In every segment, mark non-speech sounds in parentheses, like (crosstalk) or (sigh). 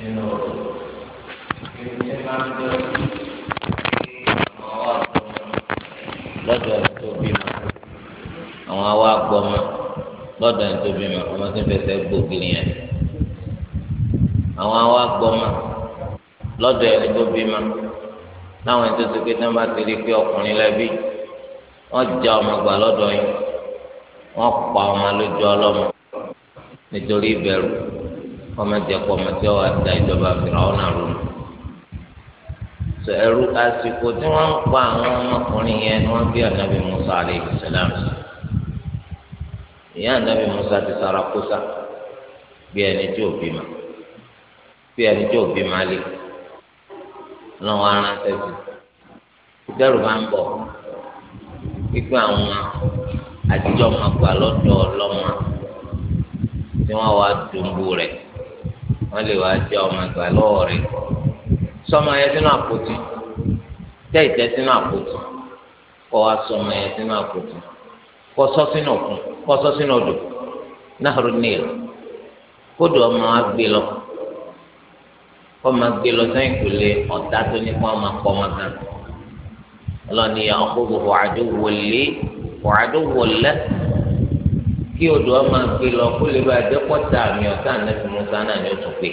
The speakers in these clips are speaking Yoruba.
sínú ọ̀rọ̀ ìpínlẹ̀ máa ń bẹ̀rù àwọn àwa àgbọ̀mọ lọ́dọ̀ ẹni tó bímọ àwọn àwa àgbọ̀mọ lọ́dọ̀ ẹni tó bímọ ọmọ tó fẹsẹ̀ gbògiri yẹn àwọn àwa àgbọ̀mọ lọ́dọ̀ ẹni tó bímọ láwọn ẹni tó ti pé tán bá ti rí pé ọkùnrin lẹ́bí wọ́n já ọmọ gbà lọ́dọ̀ yín wọ́n pa ọmọ lójú ọlọ́mọ nítorí ìbẹ̀rù ọmọ jẹ pọ ọmọ tí wọn da ìjọba fìràwọn náà rò sọ ẹrú àsìkò tí wọn ń pa àwọn ọmọkùnrin yẹn ni wọn bí anabi musa aleyhi salam ìyá anabi musa ti sara kósa bí ẹni tí ò bímọ bí ẹni tí ò bímọ alẹ lọ́wọ́ ara tẹsí ìdẹrù bá ń bọ pípé àwọn àtijọ́ máa gbà lọ́dọ̀ ọlọ́mọ tí wọ́n wá dùnbù rẹ̀. wọn lè wá jẹ ọmọ àgbà sọmọ yẹn sínú àpótí tẹ ìtẹ sínú àpótí kọ wá sọmọ yẹn sínú àpótí kọ sọ sínú òkun kọ sọ sínú náírà níl kódò ọmọ wa gbé lọ kọ máa gbé lọ tó ní máa kí odò ọmọ àgbè lọ kó lè bá ẹdẹkọta àmì ọtá ànẹfì musa náà ni ó tún pè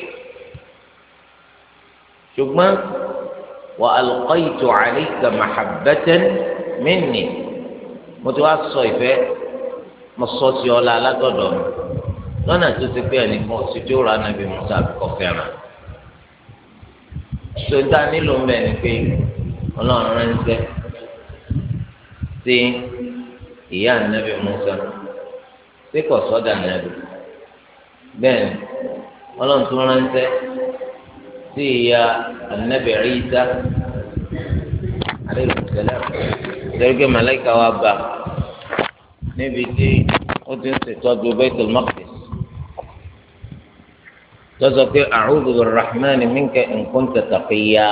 ṣùgbọ́n wà alqaytu alayka mahabbatan minni mo ti wá sọ ìfẹ́ mo sọ sí ọ la alátọ̀dọ̀ mi lọ́nà tó ti pé ẹnìkan ọ̀sìn tí ó ra ànẹfì musa kọ fẹ́ràn sọdá nílò mbẹ ni pé Ọlọ́run ránṣẹ́ sí ìyá ànẹfì musa pé kò sọ́dà nàbì bẹ́ẹ̀ ọlọ́run tó ránṣẹ́ sí ìyá ànábì Ìsá alayhi salam dẹ́rẹ́gẹ́ màláìka wa bá níbi tí ó ti ń ṣètọ́jú Baitul Maqdis tọ́sọ pé a'udhu birrahman minka in kunta taqiyya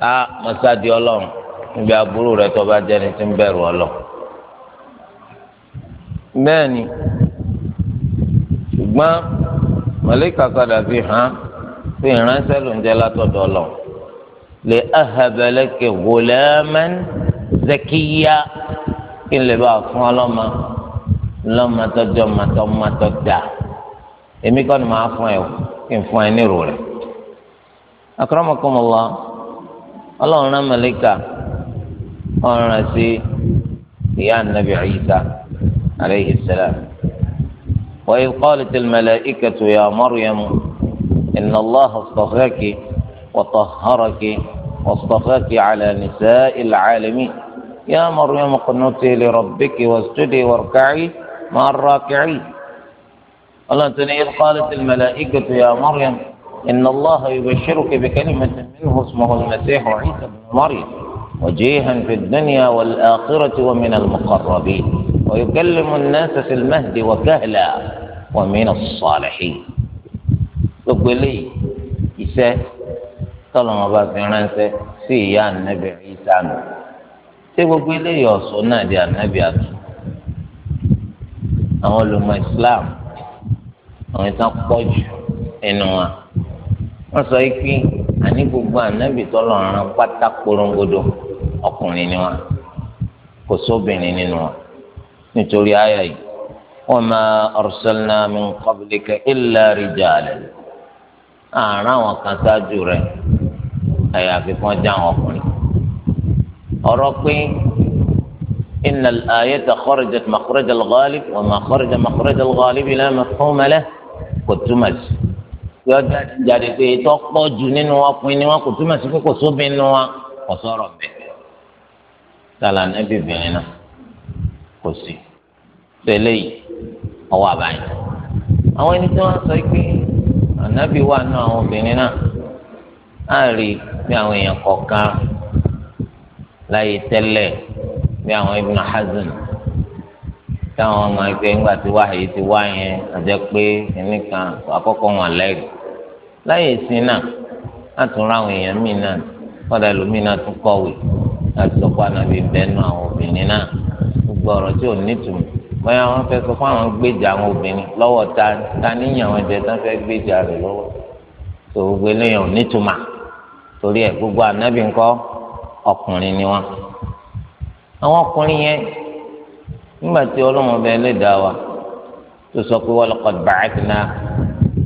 ká mọ́sáàdì ọlọ́run níbi àbúrò rẹ tó bá jẹ́ni tí ń bẹ̀rù ọlọ́run bẹ́ẹ̀ ni ṣùgbọ́n màlíkà padà fi hàn fi ìránṣẹ́ ló ń jẹ́ látọ̀dọ̀ lọ lè ahabalẹ́kẹ̀ wòlẹ́mẹ́n zẹkíyá kí n lè bá fún ọlọ́mọ lọ́mọ tọ́jọ́ mọ́tọ́ mọ́tọ́ dà èmi kọ́ ni màá fún ẹ o kí n fún ẹ nírò rẹ̀ akramakumullah ọlọ́run rán màlíkà ọ̀ràn sí ìyá nàbì Ìsá. عليه السلام وإذ قالت الملائكة يا مريم إن الله اصطفاك وطهرك واصطفاك على نساء العالمين يا مريم اقنتي لربك واسجدي واركعي مع الراكعين الله تعالى إذ قالت الملائكة يا مريم إن الله يبشرك بكلمة منه اسمه المسيح عيسى بن مريم وجيها في الدنيا والآخرة ومن المقربين ويكلم الناس في المهد وكهلا ومن الصالحين gbogbo eléyìí iṣẹ́ tọlọmọ bá fi ránṣẹ́ sí ìyá ànábì Ìsá nù ṣé gbogbo eléyìí ọ̀sọ́ náà di ànábì àtú àwọn olùmọ̀ Islam àwọn ìtàn pọ̀ jù nínú wa wọ́n sọ pé àní gbogbo ànábì tọlọ rán pátá korongodo ọkùnrin ni wa kò sóbìnrin nínú wa nítorí àyà yìí wa ma arsalna min qablika illa rijalan àárín àwọn kan ṣáájú rẹ àyàfi kan já àwọn ọkùnrin ọ̀rọ̀ pé innal ayata kharajat makhrajal ghalib wa ma kharaja makhrajal ghalib la mafhuma lahu kò túmọ̀ sí yọ jáde pé tó pọ̀ jù nínú ọkùnrin ni wọn kò túmọ̀ sí pé kò sóbin nínú wọn kò sọ̀rọ̀ bẹ́ẹ̀ tala nẹ́bí bìnrin náà kò sí. sọ eléyìí ọwọ́ àbáyé àwọn ẹni tí wọ́n sọ pé ànábì wà nù àwọn obìnrin náà á rí bí àwọn èèyàn kọ̀ọ̀kan láyé tẹ́lẹ̀ bí àwọn Ibn táwọn ti wá yẹn pé ẹnì kan wọn láyé sí náà àwọn èèyàn náà náà tún láti sọ pé ànábì nù àwọn bóyá wọn fẹ́ sọ fún àwọn gbèjà àwọn obìnrin lọ́wọ́ ta ta níyàn àwọn ẹ̀jẹ̀ tán fẹ́ gbèjà rẹ̀ lọ́wọ́ tó gbogbo eléyàn nítumà torí ẹ̀ gbogbo ànábì ńkọ́ ọkùnrin ni wọn. àwọn ọkùnrin yẹn nígbà tí ọlọ́run ọba ẹlẹ́dàá wa tó sọ pé wa laqad ba'athna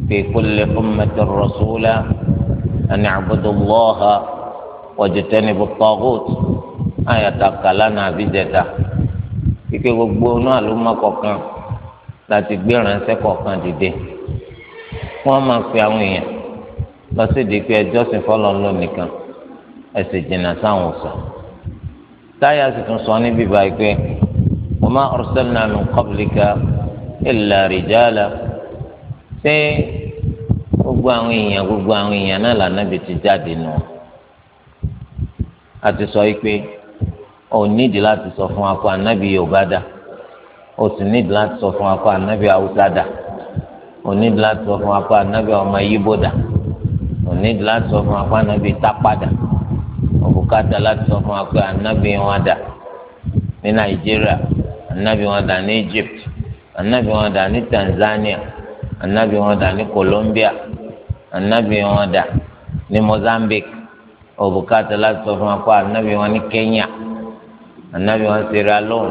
fi kulli ummatin rasula an i'budu Allaha wajtanibu at-taghut àyàtà kàlánà kíkẹ́ gbogbo inú àlùmọ́ kọ̀ọ̀kan láti gbé ìránṣẹ́ kọ̀ọ̀kan dìde wọ́n máa pe àwọn èèyàn lọ sí di pé ẹjọ́ sìn fọ́lọ́ ńlọ nìkan ẹ̀sìn jìnnà sáwọn sọ táyà sì tún sọ níbí báyìí pé wa ma arsalna min qablika illa rijala ṣé gbogbo àwọn èèyàn gbogbo àwọn èèyàn náà lànà bìí ti jáde nù àti sọ yìí pé. ó nídìí láti sọ fún wa kó anábì yorùbá dà ó sì láti sọ fún wa kó anábì haúsá dà ó nídìí láti sọ fún wa kó anábì ọmọ yíbó dà ó nídìí láti sọ fún wa kó anábì tápá dà òbúkátà láti sọ fún wa anábì wọn dà ní nàìjíríà anábì wọn dà ní egypt anábì wọn dà ní tanzania anábì wọn dà ní colombia anábì wọn dà ní mozambique òbúkátà láti sọ fún wa kó anábì wọn ní kenya. anabi wọn ti ra lóhùn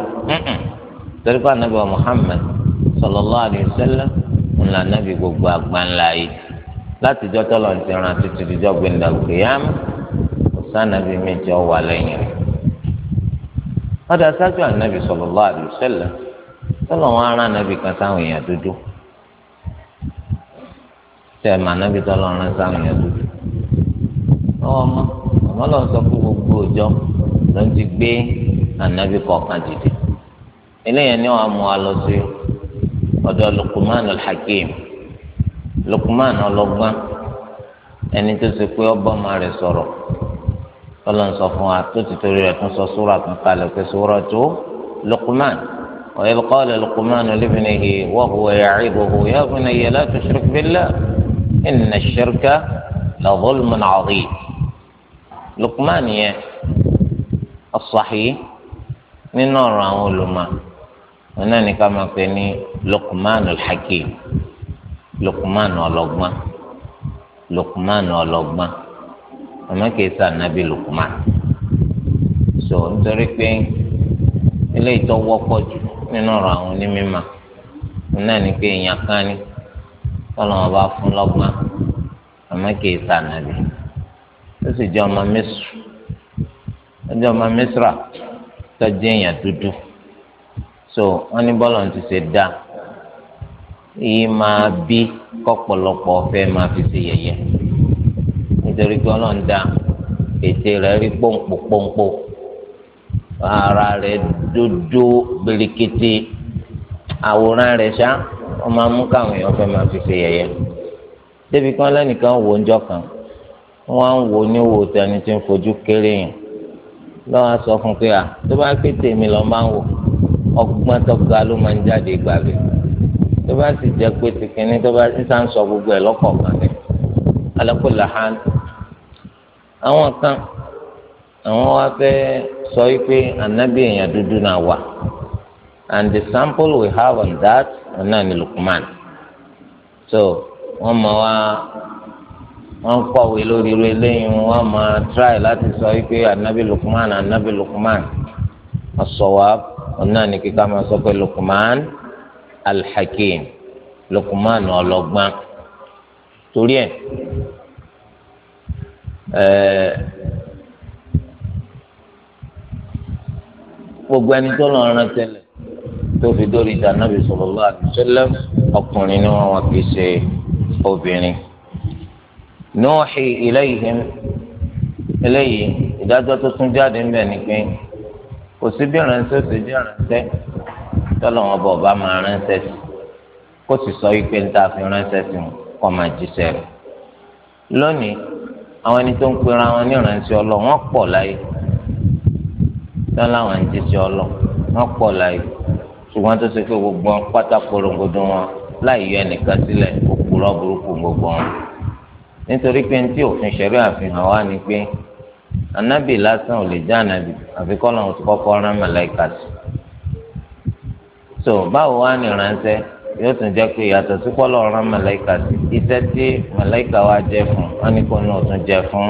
torí pé anabi wa muhammed sallallahu alayhi wa sallam ń la anabi gbogbo àgbáńlá yìí láti jọ tọ́lọ̀ ń ti ran títí dijọ́ gbẹ̀ndà òkèèyàmù kò sí anabi mi tí ó wà lẹ́yìn rẹ̀ wọ́n da sáájú anabi sallallahu alayhi wa sallam tọ́lọ̀ wọn ara anabi kan sáwọn èèyàn dúdú tẹ́ ẹ̀ mà anabi tọ́lọ̀ ran sáwọn èèyàn dúdú ọmọ ọmọ lọ́wọ́ sọ fún gbogbo ọjọ́ ló ti gbé ànábì kọ̀ọ̀kan dìde eléyàn ni wọ́n mú wa lọ sí ọ̀dọ̀ Luqman al-Hakim Luqman ọlọ́gbọ́n ẹni tó ṣe pé ọba ọmọ rẹ̀ sọ̀rọ̀ Ọlọ́run sọ fún wa tó ti torí rẹ̀ tún sọ súrà kan kalẹ̀ pé suratu Luqman wa idh qala Luqmanu libnihi wa huwa ya'iduhu ya bunayya la tushrik billah inna ash-shirka la dhulmun 'adhim Luqman yẹn as-sahih. nínú ọ̀rọ̀ àwọn olùmọ̀ wọn náà ní ká máa pè ní lukumanu hakim lukumanu ọlọ́gbọ́n lukumanu ọlọ́gbọ́n àmọ́ kìí so nítorí pé ilé ìtọ́ wọ́pọ̀ jù nínú ọ̀rọ̀ àwọn onímọ̀ wọn náà ní pé èèyàn kan ní tọ́lọ́ wọn bá fún lọ́gbọ́n àmọ́ ó sì jẹ́ ọmọ tọ́jú èèyàn dúdú so wọ́n ní bọ́ọ̀lù ti ṣe dá yìí máa bí kọ́pọ̀lọpọ̀ fẹ́ máa fi ṣe yẹ̀yẹ́ nítorí pé ọlọ́run dá ètè rẹ̀ rí pọ́ǹpọ̀ pọ́ǹpọ̀ ara rẹ̀ dúdú birikiti àwòrán rẹ̀ ṣá wọ́n máa mú káwọn èèyàn fẹ́ máa fi ṣe yẹ̀yẹ́ débi kan lẹ́nìkan wò ń jọ kan wọ́n á ń wò ní wò tẹni tí ń fojú kéré yẹn lọ́wọ́ sọ fún pé à tó bá pé tèmi lọ máa ń wò ọgbọ́n tó ga ló máa ń jáde gbàgbé tó bá sì jẹ́ pé tìkínní tó bá ń ń sọ gbogbo ẹ̀ lọ́kọ̀ọ̀kan ni alákòlá hàn àwọn kan àwọn wá fẹ́ sọ wípé ànábì èèyàn dúdú náà wà and the sample we have on that ọ̀nà ni Lukman so wọ́n mọ̀ wá wọ́n kọ̀wé lórí irú eléyìí wọ́n máa tíráì láti sọ wípé anabi lukman anabi lukman asọ̀wá ọ̀nà ní kíkà máa sọ pé lukman alhakim lukman ọlọ́gbọ́n torí ẹ̀ ẹ̀ẹ́ gbogbo ẹni tó lọ rán tẹ́lẹ̀ tó fi dórí ìdánábì sallallahu alaihi wasallam ọkùnrin ni wọ́n wọ́n fi ṣe obìnrin nọ́ọ̀hì ilayhim eléyìí ìdájọ́ tó tún jáde ń bẹ̀ ni pé kò sí bí ìrànṣẹ́ òsè jẹ́ ìrànṣẹ́ tọ́lọ́wọ́n bọ̀ bá máa ránṣẹ́ sí kó sì sọ wípé ń ta fi ránṣẹ́ sí kó máa jíṣẹ́ rẹ̀ lónìí àwọn ẹni tó ń pera wọn ní ìrànṣẹ́ ọlọ́ wọn pọ̀ láyé tán láwọn jíṣẹ́ ọlọ́ wọn pọ̀ láyé ṣùgbọ́n tó ṣe pé gbogbo wọn pátá polongodo wọn láì yọ ẹnìkan sílẹ̀ òkúrọ̀ burúkú gbogbo wọn nítorí pé ní tí òfin ṣẹ̀rí àfihàn wá ni pé anábì lásán ò lè jẹ́ anábì àfi kọ́ lọ́run kọ́kọ́ rán màláìka sí. so báwo wá ní ránṣẹ́ yóò tún jẹ́ pé yàtọ̀ sí kọ́ lọ́run rán màláìka sí iṣẹ́ tí màláìka wá jẹ́ fún wọn ní kó náà tún jẹ́ fún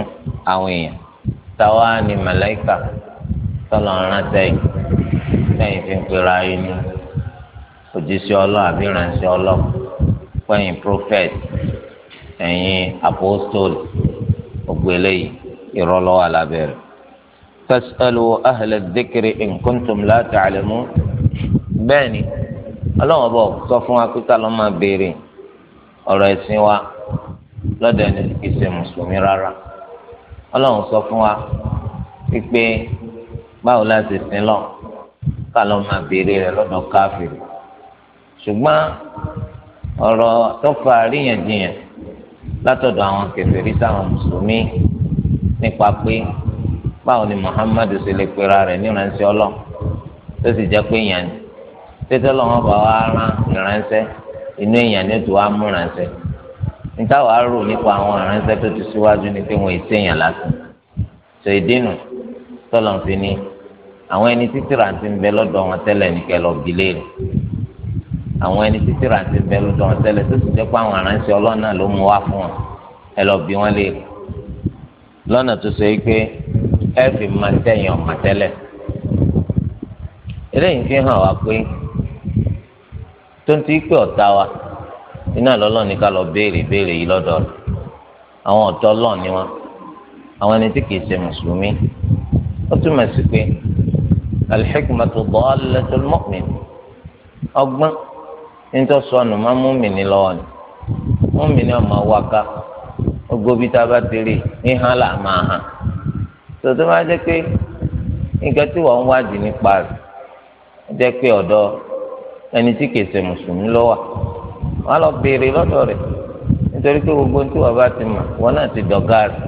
àwọn èèyàn táwa ni màláìka tọ́lọ̀ ránṣẹ́ yìí lẹ́yìn fi ń pera yín òjíṣẹ́ ọlọ́ àbí ránṣẹ́ ọlọ́ pẹ́yìn prophet ẹ̀yin apostoli gbogbo eléyìí irọ́ ló wà lábẹ́ rẹ̀. fasalu ahla dhikri in kuntum la ta'lamun bẹ́ẹ̀ ni ọlọ́wọ́n bọ̀ sọ fún wa kíkà ló máa béèrè ọ̀rọ̀ ẹ̀sìn wa lọ́dọ̀ ẹni kì í ṣe mùsùlùmí rárá ọlọ́wọ́n sọ fún wa pípé báwo la ṣe lọ ká ló máa béèrè rẹ̀ lọ́dọ̀ káfíìn ṣùgbọ́n ọ̀rọ̀ tó fa àríyànjiyàn látọ̀dọ̀ àwọn kèfèrí sáwọn mùsùlùmí nípa pé báwo ni Muhammad ṣe lè pera rẹ̀ níránṣẹ́ ọlọ́ tó sì jẹ́ pé èèyàn ni tètè lọ́wọ́ bá wa rán ìránṣẹ́ inú èèyàn ni ó ti wá mú ránṣẹ́ níta wàá rò nípa àwọn ìránṣẹ́ tó ti síwájú ni pé wọn ì séèyàn lásán tó ìdínú tọ́lọ̀ fi ni àwọn ẹni títí rántí ń bẹ lọ́dọ̀ wọn tẹ́lẹ̀ ní kẹlọ́ bílẹ̀ àwọn ẹni títí ra ti bẹ lọ́dọ̀ wọn tẹ́lẹ̀ tó sì jẹ́ pé àwọn aránṣẹ́ Ọlọ́run ló mú wá fún wọn ẹ lọ bí wọn léèrè lọ́nà tó sọ yìí pé ẹ fi máa tẹ̀yìn ọ̀mà tẹ́lẹ̀ eléyìí fi hàn wá pé lọ béèrè béèrè yìí lọ́dọ̀ rẹ̀ àwọn ọ̀tọ́ ni wọn àwọn ẹni tí kìí ṣe mùsùlùmí ó túmọ̀ sí pé nítorí sọnù máa mú mi ní lọ́wọ́ ni mú mi ní ọmọ wa ká bí tá a bá ti rí ìhàn là máa hàn tòtò máa jẹ́ pé nǹkan tí wọ́n ń wádìí nípa rẹ̀ jẹ́ pé ẹni tí kìí ṣe mùsùlùmí lọ́wọ́ wọ́n lọ béèrè lọ́dọ̀ rẹ̀ nítorí pé gbogbo tí wọ́n bá ti mọ̀ wọ́n náà ti dọ̀gá rẹ̀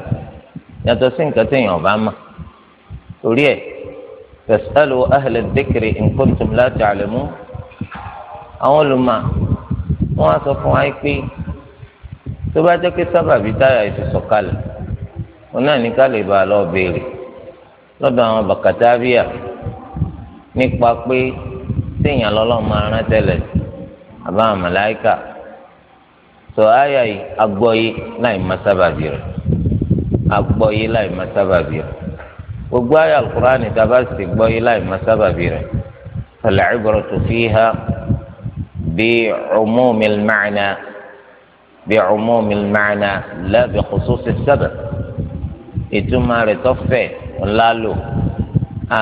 yàtọ̀ sí nǹkan bá mọ̀ torí ẹ̀ àwọn olùmọ̀ wọn á sọ fún wa pé tó bá jẹ́ pé sábàbí táyà ìfisọ̀kalẹ̀ wọn náà ní ká lè a lọ béèrè lọ́dọ̀ àwọn bàkàtàbíà nípa pé téèyàn lọ́lọ́run máa rán tẹ́lẹ̀ àbá màláìkà tó àyà yìí agbọ́yé láì má sábàbí rẹ̀ agbọ́yé láì má sábàbí rẹ̀ gbogbo àyà Al-Qur'ani tá gbọ́yé láì بعموم المعنى بعموم المعنى لا بخصوص السبب ìtumọ̀ rẹ̀ tó fẹ̀ ńlá lò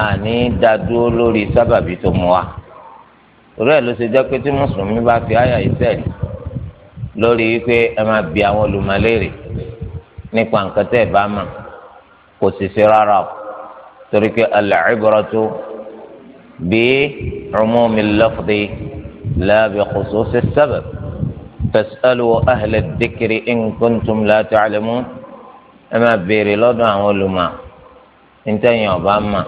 àní dádúró lórí sábàbí tó mú wa rẹ̀ ló ṣe jẹ́ pé tí mùsùlùmí bá fi àyà ìṣẹ̀lẹ̀ lórí wípé ẹ máa bi àwọn olùmọ̀lérè nípa nǹkan tẹ́ ẹ bá mọ̀ kò sì ṣe rárá o torí pé al-ibratu bi umumil lafzi. لا بخصوص السبب فاسألوا أهل الذكر إن كنتم لا تعلمون أما بيري لدى علماء انت يا أباما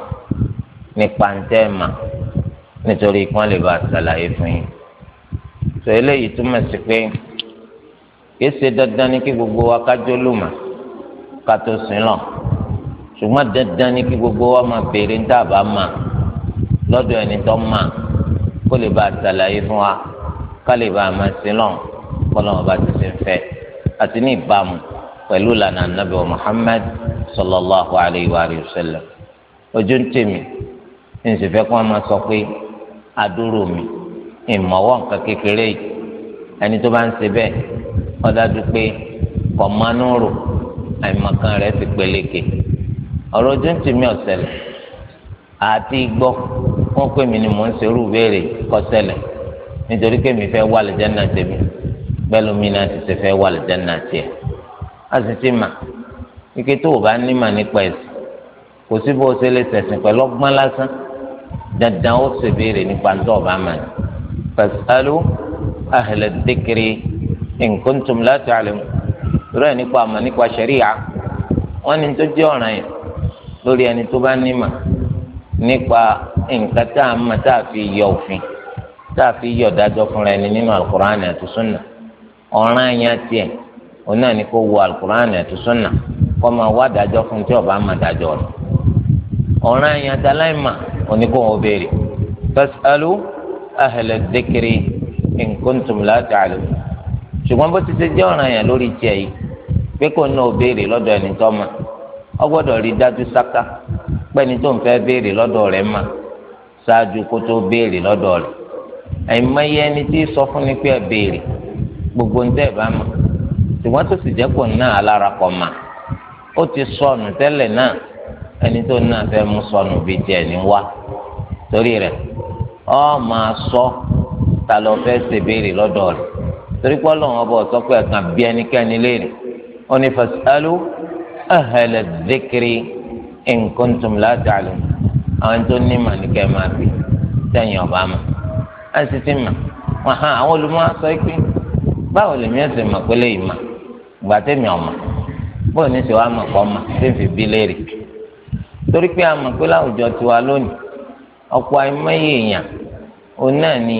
nípa ń tẹ́ mà nítorí kí lè bá ṣàlàyé fún yín. sọ eléyìí túmọ̀ sí pé kìí ṣe dandan ní kí gbogbo wa kájọ́ lùmọ̀ ká tó sin lọ ṣùgbọ́n dandan ní kí gbogbo wa máa béèrè ń tàbá mà lọ́dọ̀ ẹni tó mà kó lè bá àtàlàyé fún wa ká lè bá àmà sí lọ́n kọ́lọ́mù bá ti ṣe ń fẹ́ àti ní ìbámu pẹ̀lú lànà nàbì wa Muhammad sallallahu alayhi wa sallam ojú ń tèmi ń sì fẹ́ kó wọn máa sọ pé adúrò mi ìmọ̀wọ́ nǹkan kékeré yìí ẹni tó bá ń ṣe bẹ́ẹ̀ ó dájú pé kọ̀mánúrò àìmọ̀kan rẹ̀ ti peléke ọ̀rọ̀ ojú ń tèmi ọ̀sẹ̀lẹ̀ àti gbọ́ wọ́n pè mí ni mò ń serú béèrè kọ́sẹ́lẹ̀ nítorí pé mi fẹ́ wà lẹ́jẹ́ náà tẹ̀mí bẹ́ẹ̀ lómi náà ti ṣe fẹ́ wà lẹ́jẹ́ náà tiẹ̀ a sì ti mà ike tó o bá ní mà nípa ẹ̀sìn kò sí bó o ṣe lè ṣẹ̀sìn pẹ̀lú ọgbọ́n lásán dandan ó ṣe béèrè nípa tó o bá mà ní. fasalu ahlẹ̀ dhikri in kuntum la ta'lamu rẹ̀ nípa àmọ̀ nípa ṣẹ̀ríyà wọ́n ní tó jẹ́ ọ̀ràn yẹn lórí ẹni tó bá ní mà nípa nǹkan tá a ma tá a fi yọ òfin tá fi yọ dájọ́ fúnra ẹni nínú alukur'an àti sunna ọ̀ràn ya tiẹ̀ òun ni kó wo alukur'an àti sunna ma wá dájọ́ fún tí ọba ma dájọ́ rẹ̀ ọ̀ràn yẹn daláìmà òun ni kó wọ́n béèrè fasalu ahla dhikri in kuntum la ta'lamun ṣùgbọ́n bó ti ṣe jẹ́ ọ̀ràn lórí tiẹ̀ yìí pé béèrè lọ́dọ̀ ẹni ọ rí dájú sáká pẹ́ni tó ń fẹ́ béèrè lọ́dọ̀ rẹ̀ ma. ṣáájú kó tó béèrè lọ́dọ̀ rẹ̀ àìmọye ẹni tí sọ fún ni pé ẹ béèrè gbogbo ń tẹ́ ẹ bá mọ̀ ṣùgbọ́n tó sì jẹ́ pò náà alára kọ̀ mà ó ti sọnù tẹ́lẹ̀ náà ẹni tó náà fẹ́ mú sọnù bíi tiẹ̀ ní wá torí rẹ̀ ọ máa sọ ta ló fẹ́ ṣe béèrè lọ́dọ̀ rẹ̀ torí pé ọlọ́run ọba ọ̀sọ́ pé ẹ̀kan bí ẹnikẹ́ni léèrè ó ní fasalu ahla dhikri in kuntum àwọn tó ní mà ní kẹ́ máa bì sẹ́yìn ọ̀bá mà á sì ti mà wọn hàn àwọn olùmọ̀ sọ pé báwo lèmi ẹ̀sìn mà pé lè mà gbà tẹ̀mí ọ̀mà bóyá ní sèwà mà kọ́ mà tẹ̀ fi bí léèrè torí pé a mà pé láwùjọ tiwa lónìí ọ̀pọ̀ àìmọye èèyàn òun náà ni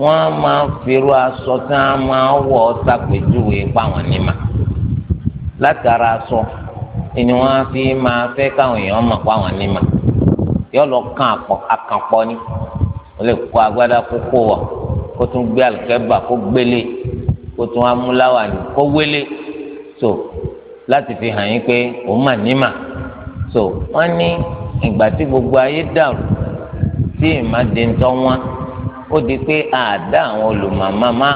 wọ́n máa ferú aṣọ tí wọ́n máa wọ̀ ọ́ sàpèjúwe páwọn ní látara aṣọ ni wọ́n fi máa fẹ́ káwọn èèyàn mà páwọn ní yọ lọ kàn àpọ̀ àkànpọ̀ ni ó lè kó agbádá kókó wọ̀ kó tún gbé àlùkẹ́bà kó gbélé kó tún amúláwà ní kó wélé so láti fi hàn yín pé òun mà nímà so wọ́n ní ìgbà tí gbogbo ayé dàrú tí ìmàdéńtọ́ wọn ó di pé àdá àwọn olùmọ̀mọ́mọ́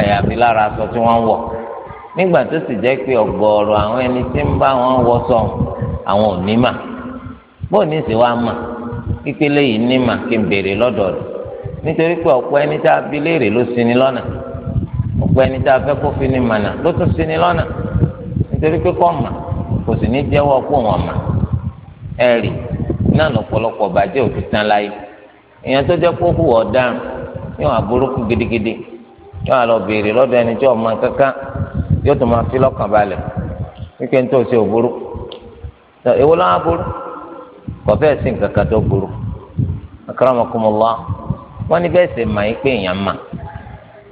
àyàfi lára aṣọ tí wọ́n ń wọ̀ nígbà tó sì jẹ́ pé ọ̀gọ̀ọ̀rọ̀ àwọn ẹni tí ń bá wọn wọ sọ àwọn ò ní bóun ní sì wá mà pípélé yìí ní mà kí n béèrè lọ́dọ̀ rẹ̀ nítorí pé ọ̀pọ̀ ẹni tá a bi léèrè ló lọ́nà ọ̀pọ̀ ẹni tá a fẹ́ kó fi ní mànà ló tún lọ́nà nítorí pé kọ́ mà kò sì ní jẹ́wọ́ kó wọn mà náà bàjẹ́ gidigidi béèrè lọ́dọ̀ ẹni tí ọmọ kankan yóò kọfẹ́ sí nǹkan kan tó burú akaramakumullah wọn ní bẹ́ẹ̀ sì máa ń pè èèyàn mà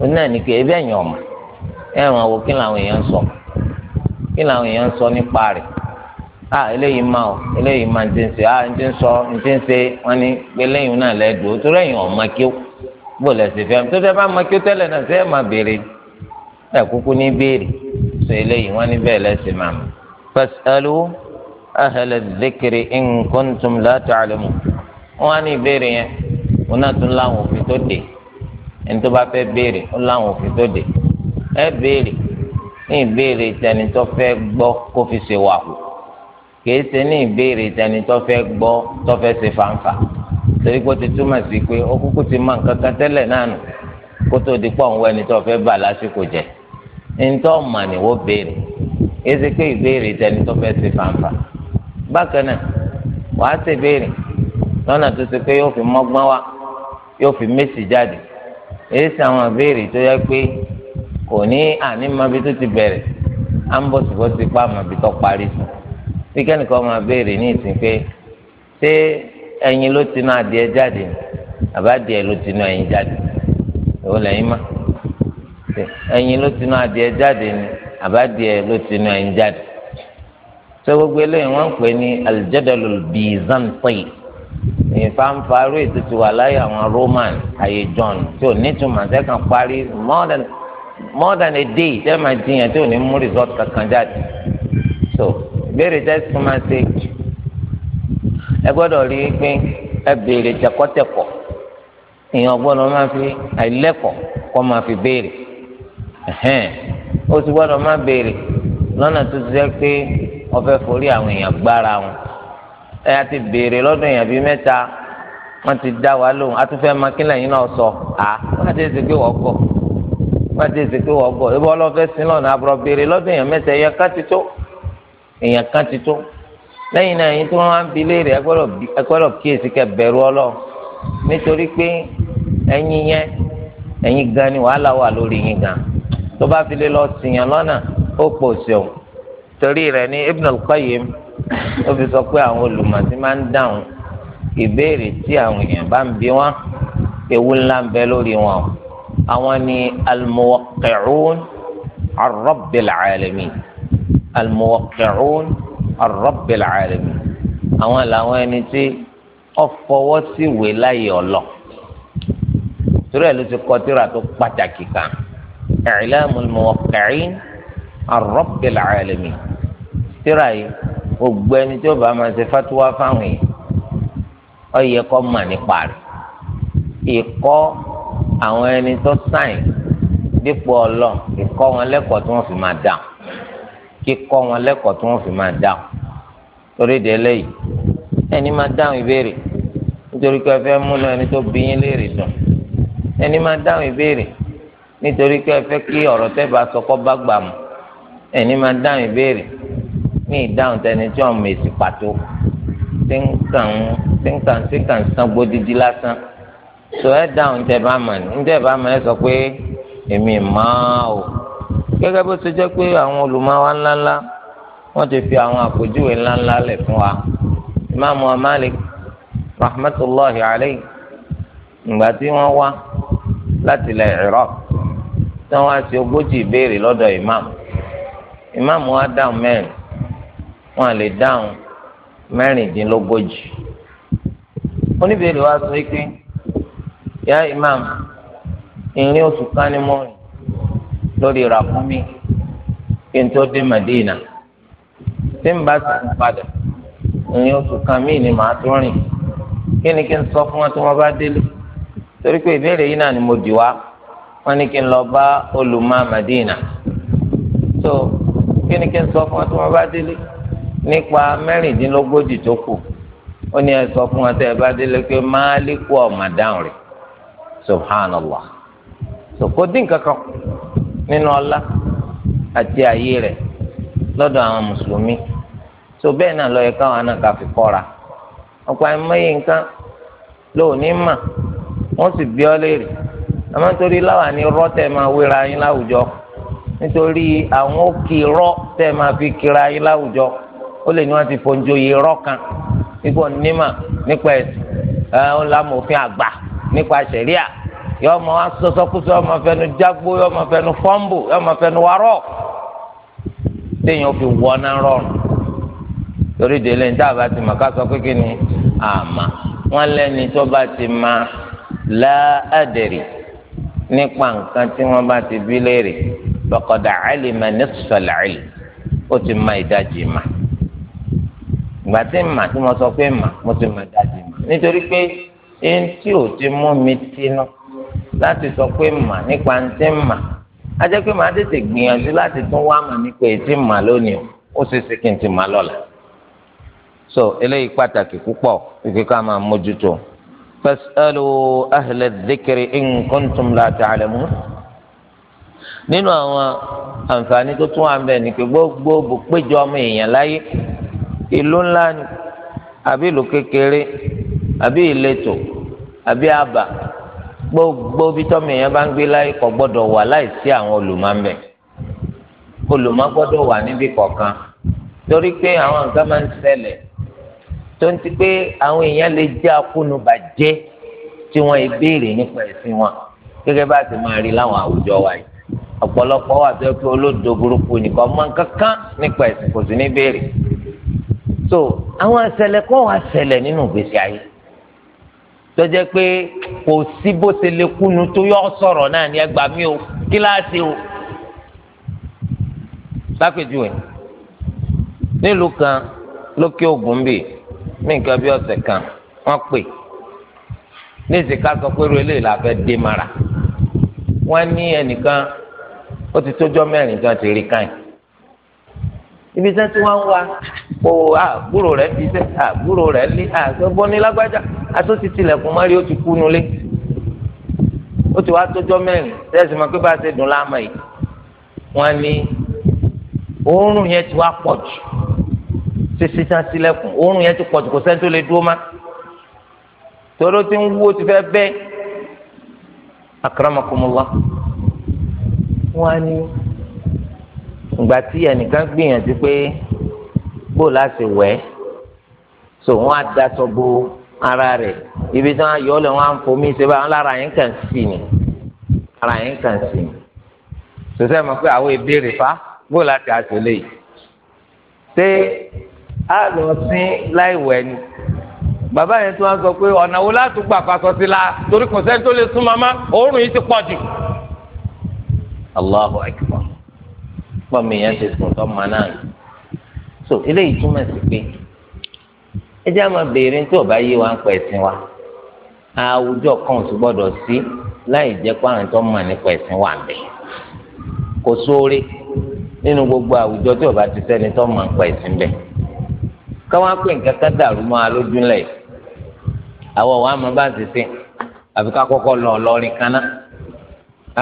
òun náà ní kí ebi ẹ̀yàn ọ̀mà wo kí làwọn èèyàn sọ kí làwọn èèyàn sọ a eléyìí máa o eléyìí ti a ti ń sọ ti ń wọn pé náà tó kí ó ma kí ó tẹ́lẹ̀ náà sẹ́ẹ̀ máa béèrè ẹ̀ kúkú ní béèrè sọ eléyìí wọn أهل الذكر إن كنتم لا تعلمون وأني بيري ونات الله في تودي أنتم بابي بيري الله في تودي ẹ بيري ní ìbéèrè tẹni tó fẹ́ gbọ́ kó fi ṣe wà kù kìí ṣe ní ìbéèrè tẹni tó fẹ́ gbọ́ tó fẹ́ ṣe fàǹfà torí kó ti túmọ̀ sí pé ó kúkú ti máa nǹkan kan tẹ́lẹ̀ náà nù kó tó di pọ̀ ń wọ tó fẹ́ bà lásìkò jẹ ní tó mà ní wọ́n béèrè kìí ṣe pé ìbéèrè tẹni fẹ́ ṣe fàǹfà. bákan náà wàá ṣèbéèrè lọ́nà tó ṣe pé yóò fi mọ́gbọ́n wá yóò fi mẹ́sì jáde èyí sì àwọn àbéèrè tó yẹ pé kò ní àní mọbi tó ti bẹ̀rẹ̀ à ń bọ̀ síbọ̀ sí pa àmọ̀bi tó parí sùn kẹ́nìkan máa béèrè ní ìsìn pé ṣé ẹyin ló tinú adìẹ jáde àbádìẹ ló tinú ẹyin jáde ìwọ ẹyin ló tinú adìẹ jáde àbádìẹ ló tinú sọ gbogbo eléyìí wọ́n ń pè ní aljadalul bizanti ìfanfaru ètò ti wà láyé àwọn roman àyè john tí ò ní túmọ̀ sẹ́kàn parí more than more than a day tẹ́ máa jiyàn tí ò ní mú result kankan jáde so ìbéèrè tẹ́ tún máa ṣe ẹ gbọ́dọ̀ rí i pé ẹ béèrè tẹ̀kọ́tẹ̀kọ́ èèyàn gbọ́dọ̀ máa fi àìlẹ́kọ̀ọ́ kọ́ máa fi béèrè ó sì gbọ́dọ̀ máa béèrè lọ́nà tó ti jẹ́ pé wọ́n fẹ́ forí àwọn èèyàn gbára wọn ẹ a ti béèrè lọ́dún èèyàn bíi mẹ́ta wọ́n ti dá wa lóhùn a tún fẹ́ máa kí lẹ́yìn náà sọ à wọ́n ti ṣe pé wọ́n gọ̀ wọ́n ti ṣe pé wọ́n gọ̀ ebi ọlọ́fẹ́ sí lọ́nà àbúrò béèrè lọ́dún èèyàn mẹ́ta èèyàn kan ti tó èèyàn kan ti tó lẹ́yìn náà yín tí wọ́n wá ń bi léèrè ẹ kíyèsí kẹ́ bẹ̀rù Ọlọ́run nítorí pé ẹ̀yin yẹn ẹ̀yin gan ni wàhálà wà lórí yín gan tó bá fi lé lọ ṣìyàn lọ́nà ó pò sẹ̀wọ̀n torí rẹ̀ ní Ibn al-Qayyim ó fi sọ pé àwọn olùmọ̀tí máa ń dáhùn ìbéèrè tí àwọn èèyàn bá ń bí wọn ewu ńlá ń bẹ lórí wọn àwọn ni al-muwaqqi'un ar-rabbil àwọn làwọn ẹni tí ó fọwọ́ sí ìwé láyé ọlọ́ọ̀ torí ẹ̀ ló ti kọ tírà tó pàtàkì kan I'lamul Muwaqqi'in. Rabbil alamin tíra yìí gbogbo ẹni tí ó bá máa ṣe fatuwa fáwọn yìí ó yẹ kó mà nípa rẹ̀ ìkọ́ àwọn ẹni tó sáìn dípò ọlọ́ ìkọ́ wọn lẹ́kọ̀ọ́ tí wọ́n fi máa dà kíkọ́ wọn lẹ́kọ̀ọ́ tí wọ́n fi máa dà torí de eléyìí ẹni máa dáhùn ìbéèrè nítorí pé ẹ fẹ́ múnú ẹni tó bí yín léèrè dùn ẹni máa dáhùn ìbéèrè nítorí pé ẹ fẹ́ kí ọ̀rọ̀ tẹ́ bá sọ kọ́ bá gbà mọ́ ẹni máa dáhùn ìbéèrè ní ìdáhùn tẹni tí wọn mèsì pàtó tí ń kàn tí ń kàn tí ń kàn san gbódìdí lásán tó ẹ dáhùn tẹ bá mà ní tẹ bá mà ẹ sọ pé èmi máa o gẹ́gẹ́ bó ṣe jẹ́ pé àwọn olùmọwá ńláńlá wọn ti fi àwọn àpèjúwe ńláńlá lẹ fún wa imaamu amalik rahmatulahi alayhi ìgbà tí wọn wá láti ilẹ̀ Iraq tí wọn wá sí ogójì ìbéèrè lọ́dọ̀ imaamu ìmáàmù wa dáhùn mẹ́rin wọn à lè dáhùn mẹ́rìndínlógójì oníbèrè wa sọ pé yá ìmáàmù ìrìn oṣù kan ni mo rìn lórí ràkúnmí kí n tó dé Madina tí n bá sì padà ìrìn oṣù kan ni màá tó rìn kí ni kí n sọ fún wọn tí wọn bá délé torí pé ìbéèrè yìí náà ni mo dì wá wọn ní kí n lọ bá olùmọ̀ Madina tó. So, kí ni kí n sọ fún wa tí wọ́n bá délé nípa mẹ́rìndínlógójì tó kù ó ní ẹ sọ fún wa tí ẹ bá délé pé máàlíkù subhanallah so kò dín kankan nínú ọlá àti ààyè rẹ lọ́dọ̀ àwọn mùsùlùmí so náà yẹ káwọn náà ọ léèrè nítorí láwa nítorí àwọn òkè rọ tẹ́ máa fi kira ayé láwùjọ ó lè ní wọ́n ti fọ́njọ yìí rọ kan nígbà onímọ̀ nípa ẹ̀sìn ẹ̀ ń lámòfin àgbà nípa ṣẹ̀ríà yọ ọmọ wa sọsọkúsọ ọmọ fẹnu jágbó yọ ọmọ fẹnu fọmbù yọ ọmọ fẹnu warọ téèyàn fi wọ náà rọrùn torí délé ní táàbà ti mọ̀ ká sọ pé kí ni àmà wọn lẹ́ni tó bá ti ma láàdẹ̀rì nípa nǹkan tí wọ́n bá ti bí léèrè lọ́kọ̀dà àlìmà nísfẹ̀lẹ̀ àlì ó ti ma ìdajì ma ìgbà tí mà tí mo sọ pé ma mo ti ma ìdajì ma nítorí pé ẹni tí ti mú mi tinú láti sọ pé mà nípa ń tí mà jẹ́ pé màá tètè gbìyànjú láti tún wá ma nípa ètí ma lónìí ó ṣe ṣe kí n ti lọ́la so eléyìí pàtàkì púpọ̀ ìfi ká máa mójútó ahlẹ̀ nínú àwọn àǹfààní tó tún wà ń bẹ ni pé gbogbo bùpéjọ ọmọ èèyàn láyé ìlú ńlá ni àbí ìlú kékeré àbí ìletò àbí àbà gbogbo bí tọ́mọ èèyàn bá ń gbé láyé kò gbọ́dọ̀ wà láìsí àwọn olùmọ̀ ń bẹ olùmọ̀ gbọ́dọ̀ wà níbi kọ̀ọ̀kan torí pé àwọn nǹkan máa ń ṣẹlẹ̀ tó ń ti pé àwọn èèyàn lè jẹ́ akúnubàjẹ́ tí wọ́n béèrè nípa ẹ̀sìn wọn gẹ́gẹ́ bá ti máa rí láwọn àwùjọ wa yìí ọ̀pọ̀lọpọ̀ wà tó yẹ kí olódo burúkú nìkan mọ kankan nípa ẹ̀sìn kò sí ní béèrè so àwọn àṣẹlẹ̀ kọ́ wá ṣẹlẹ̀ nínú ìgbésí ayé tó jẹ́ pé kò sí bó ṣe lè kúnu tó yọ sọ̀rọ̀ náà ní ẹgbàá mi o kíláàsì o lápèjúwe nílùú kan lókè Ògùn bì ní nǹkan bí ọ̀sẹ̀ kan wọ́n pè ní ìsìnká sọ pé ru eléyìí la fẹ́ dé mara wọ́n ní ẹnìkan ó ti tójọ́ mẹ́rin tí wọ́n ti rí káyìn ibi tí wọ́n ti wá ń wa kó àbúrò rẹ̀ fi sẹ́ àbúrò rẹ̀ lé àgbẹ̀bọ́ ní lágbájá àtó ti tilẹ̀kùn mọ́rí ó ti kú nulẹ̀ ó ti wá tójọ́ mẹ́rin tẹ́sí ma pé bá a ṣe dùn láàmà yìí wọ́n ní òórùn yẹn ti wá pọ̀ jù sísí tán sílẹ̀kùn òórùn yẹn ti pọ̀ jù kò sẹ́ni tó lè dúró má tọ́lọ́ ti ń wú ó ti fẹ́ bẹ́ẹ̀ akramakumullah wọ́n á ní ìgbà tí ẹnìkan gbìyànjú pé bó láti wẹ̀ so wọ́n á daṣọ bo ara rẹ̀ ibi tí wọ́n á yọ ọ́ lẹ̀ wọ́n á ń fomi ṣe báyìí lára yẹn kàn sí ni ara yẹn kàn sí ni sọsẹ mọ̀ pé àwọn ìbéèrè fa bó láti àtẹlẹ yìí ṣé a lọ sí láìwẹ̀ ni bàbá yẹn tí wọ́n sọ pé ọ̀nà wo láti gbà pàṣọ sí la torí kò sẹ́ni tó lè sún mama òórùn yìí ti pọ̀ jù. Allahu Akbar fọmi yẹn ti sùn tó ma náà so eléyìí túmọ̀ sí pé ẹ jẹ́ àmọ́ béèrè tí ọba yé wa ń pẹ̀ sí wa àwùjọ kan sì gbọ́dọ̀ sí láì jẹ́ pé àwọn tó mọ̀ nípa ẹ̀sìn wà bẹ̀ gbogbo àwùjọ tí ọba ti sẹ́ni tó mọ̀ nípa ẹ̀sìn bẹ̀ káwọn pè dàrú mọ́ alójúlẹ̀ bá ti sìn àfi ká kọ́kọ́ kaná.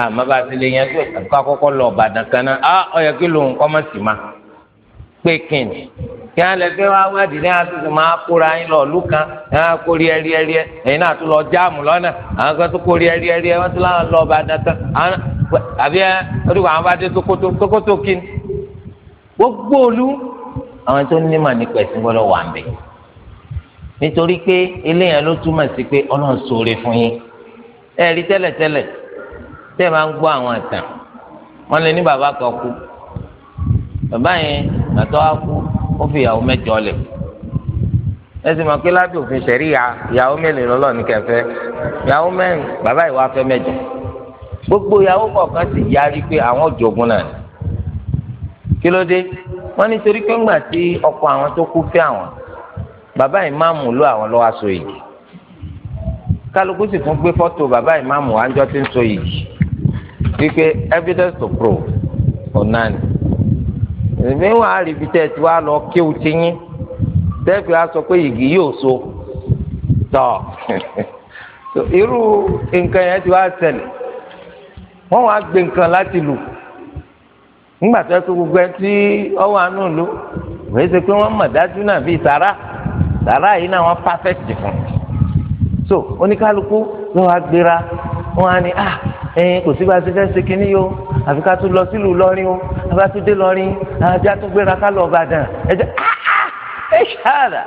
àmọ́ ah, bá a ti lè yanjú ẹ̀ka kọ́kọ́ lọ ọ̀bàdàn kan náà á ah, kí lòun kọ́ mọ̀ sí ma pé kìnnì kí á lẹ wá wádìí ní àtúntò máa kóra yín lọ ọ̀lú kan ẹ̀ á kó rí ẹrí ẹrí ẹ ẹ̀yin náà tún lọ jáàmù lọ́nà àwọn kan tún kó rí ẹrí ẹrí ẹ wọ́n tún láwọn lọ ọ̀bàdàn kan àbí ẹ àwọn gbogbo olú àwọn tó ní mà nípa ẹ̀sìn gbọ́dọ̀ wà ń bẹ̀ nítorí pé eléyàn ló túmọ̀ sí pé ọlọ́run fún yín tẹ́lẹ̀tẹ́lẹ̀ tẹ́ ẹ máa ń gbọ́ àwọn ìtàn wọ́n lè ní bàbá kan kú bàbá yẹn gbàtọ́ á kú ó fi ìyàwó mẹ́jọ lẹ̀ ẹ sì mọ̀ pé lábẹ́ òfin ṣẹ̀ríya ìyàwó mélòó lọ́lọ́ ní kẹfẹ́ ìyàwó mẹ́rin bàbá ìwà fẹ́ mẹ́jọ gbogbo ìyàwó kọ̀ọ̀kan sì yarí pé àwọn jogún náà kí ló dé wọ́n ní torí pé ńgbà tí ọkọ àwọn tó kú fẹ́ àwọn bàbá ìmáàmù ló àwọn lọ́wọ́ aṣọ yìí kálukú sì tún gbé fọ́tò bàbá ìmáàmù àńjọ tí ń so yìí wípé evidence to prove ọ̀nà ni wà á rí ibi tẹ́ lọ kéwù ti yín tẹ́ẹ̀fì á sọ pé yìgì yóò so tọ̀ (laughs) irú nǹkan yẹn ti wá wọ́n wá gbé nǹkan láti lù nígbà tó kó gbogbo ẹ tí ọwọ́ àánú lò wọ́n ṣe pé wọ́n mọ̀ dájú náà bíi sàrà sàrà perfect fún un so oníkálukú ló wá gbéra wọn á ní à ah, ẹyin kò sí bá a ti fẹ́ ṣe kínní yìí o àfi ká tún lọ sílùú lọ́rin o àbá tún dé lọ́rin àjá tún gbéra ká lọ Ìbàdàn ẹ jẹ́ ah, ah, ẹ ṣáàdà.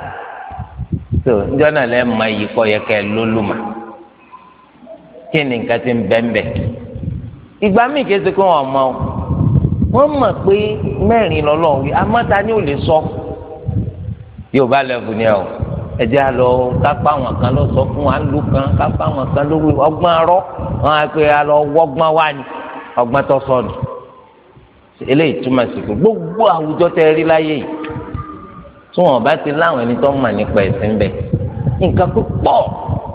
so ǹjọ́ náà lẹ́ mọ iyì kọ́ yẹ kẹ́ ẹ lólùmọ̀ kí ni nǹkan ti ń bẹ́ńbẹ́ ìgbà míì kì í ṣe kó wọn mọ o wọ́n mọ̀ pé mẹ́rin lọ́lọ́wọ́ àmọ́ ta ni ò lè sọ yóò bá lẹ́bù ni ẹ o. ẹjẹ alọ kápá àwọn kan lọ sọ fún wa lù kan kápá àwọn kan ló wí ọgbọ́n arọ wọn á pe alọ wọgbọ́n wa ni ọgbọ́n tó sọ ni eléyìí túmọ̀ sí pé gbogbo àwùjọ tẹ rí láyé yìí tí wọn bá ti láwọn ẹni tó ń mà nípa ẹ̀sìn bẹ nǹkan púpọ̀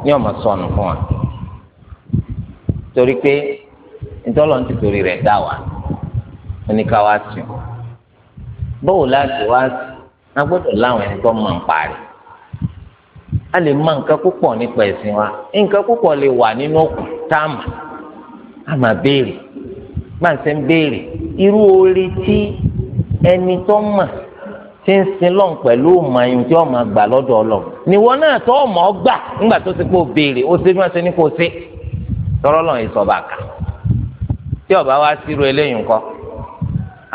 ni ọmọ sọnù fún wa torí pé ìtọ́lọ́ ti torí rẹ̀ dá wa oníkà wa sùn bóòlù àti wa a gbọ́dọ̀ láwọn ẹni tó mọ̀ ń parí. a lè ma nǹkan púpọ̀ nípa ẹ̀sìn wa nǹkan púpọ̀ lè wà nínú táàmù a máa béèrè gbàǹsẹ̀ ń béèrè irú orí tí ẹni tó ma tí ń sin lọ́n pẹ̀lú màáyùn tí ọmọ gbà lọ́dọ̀ ọlọ́ níwọ náà tó ọmọ gbà ńgbà tó ti kó béèrè ó ṣe bí wọ́n ṣe ní kó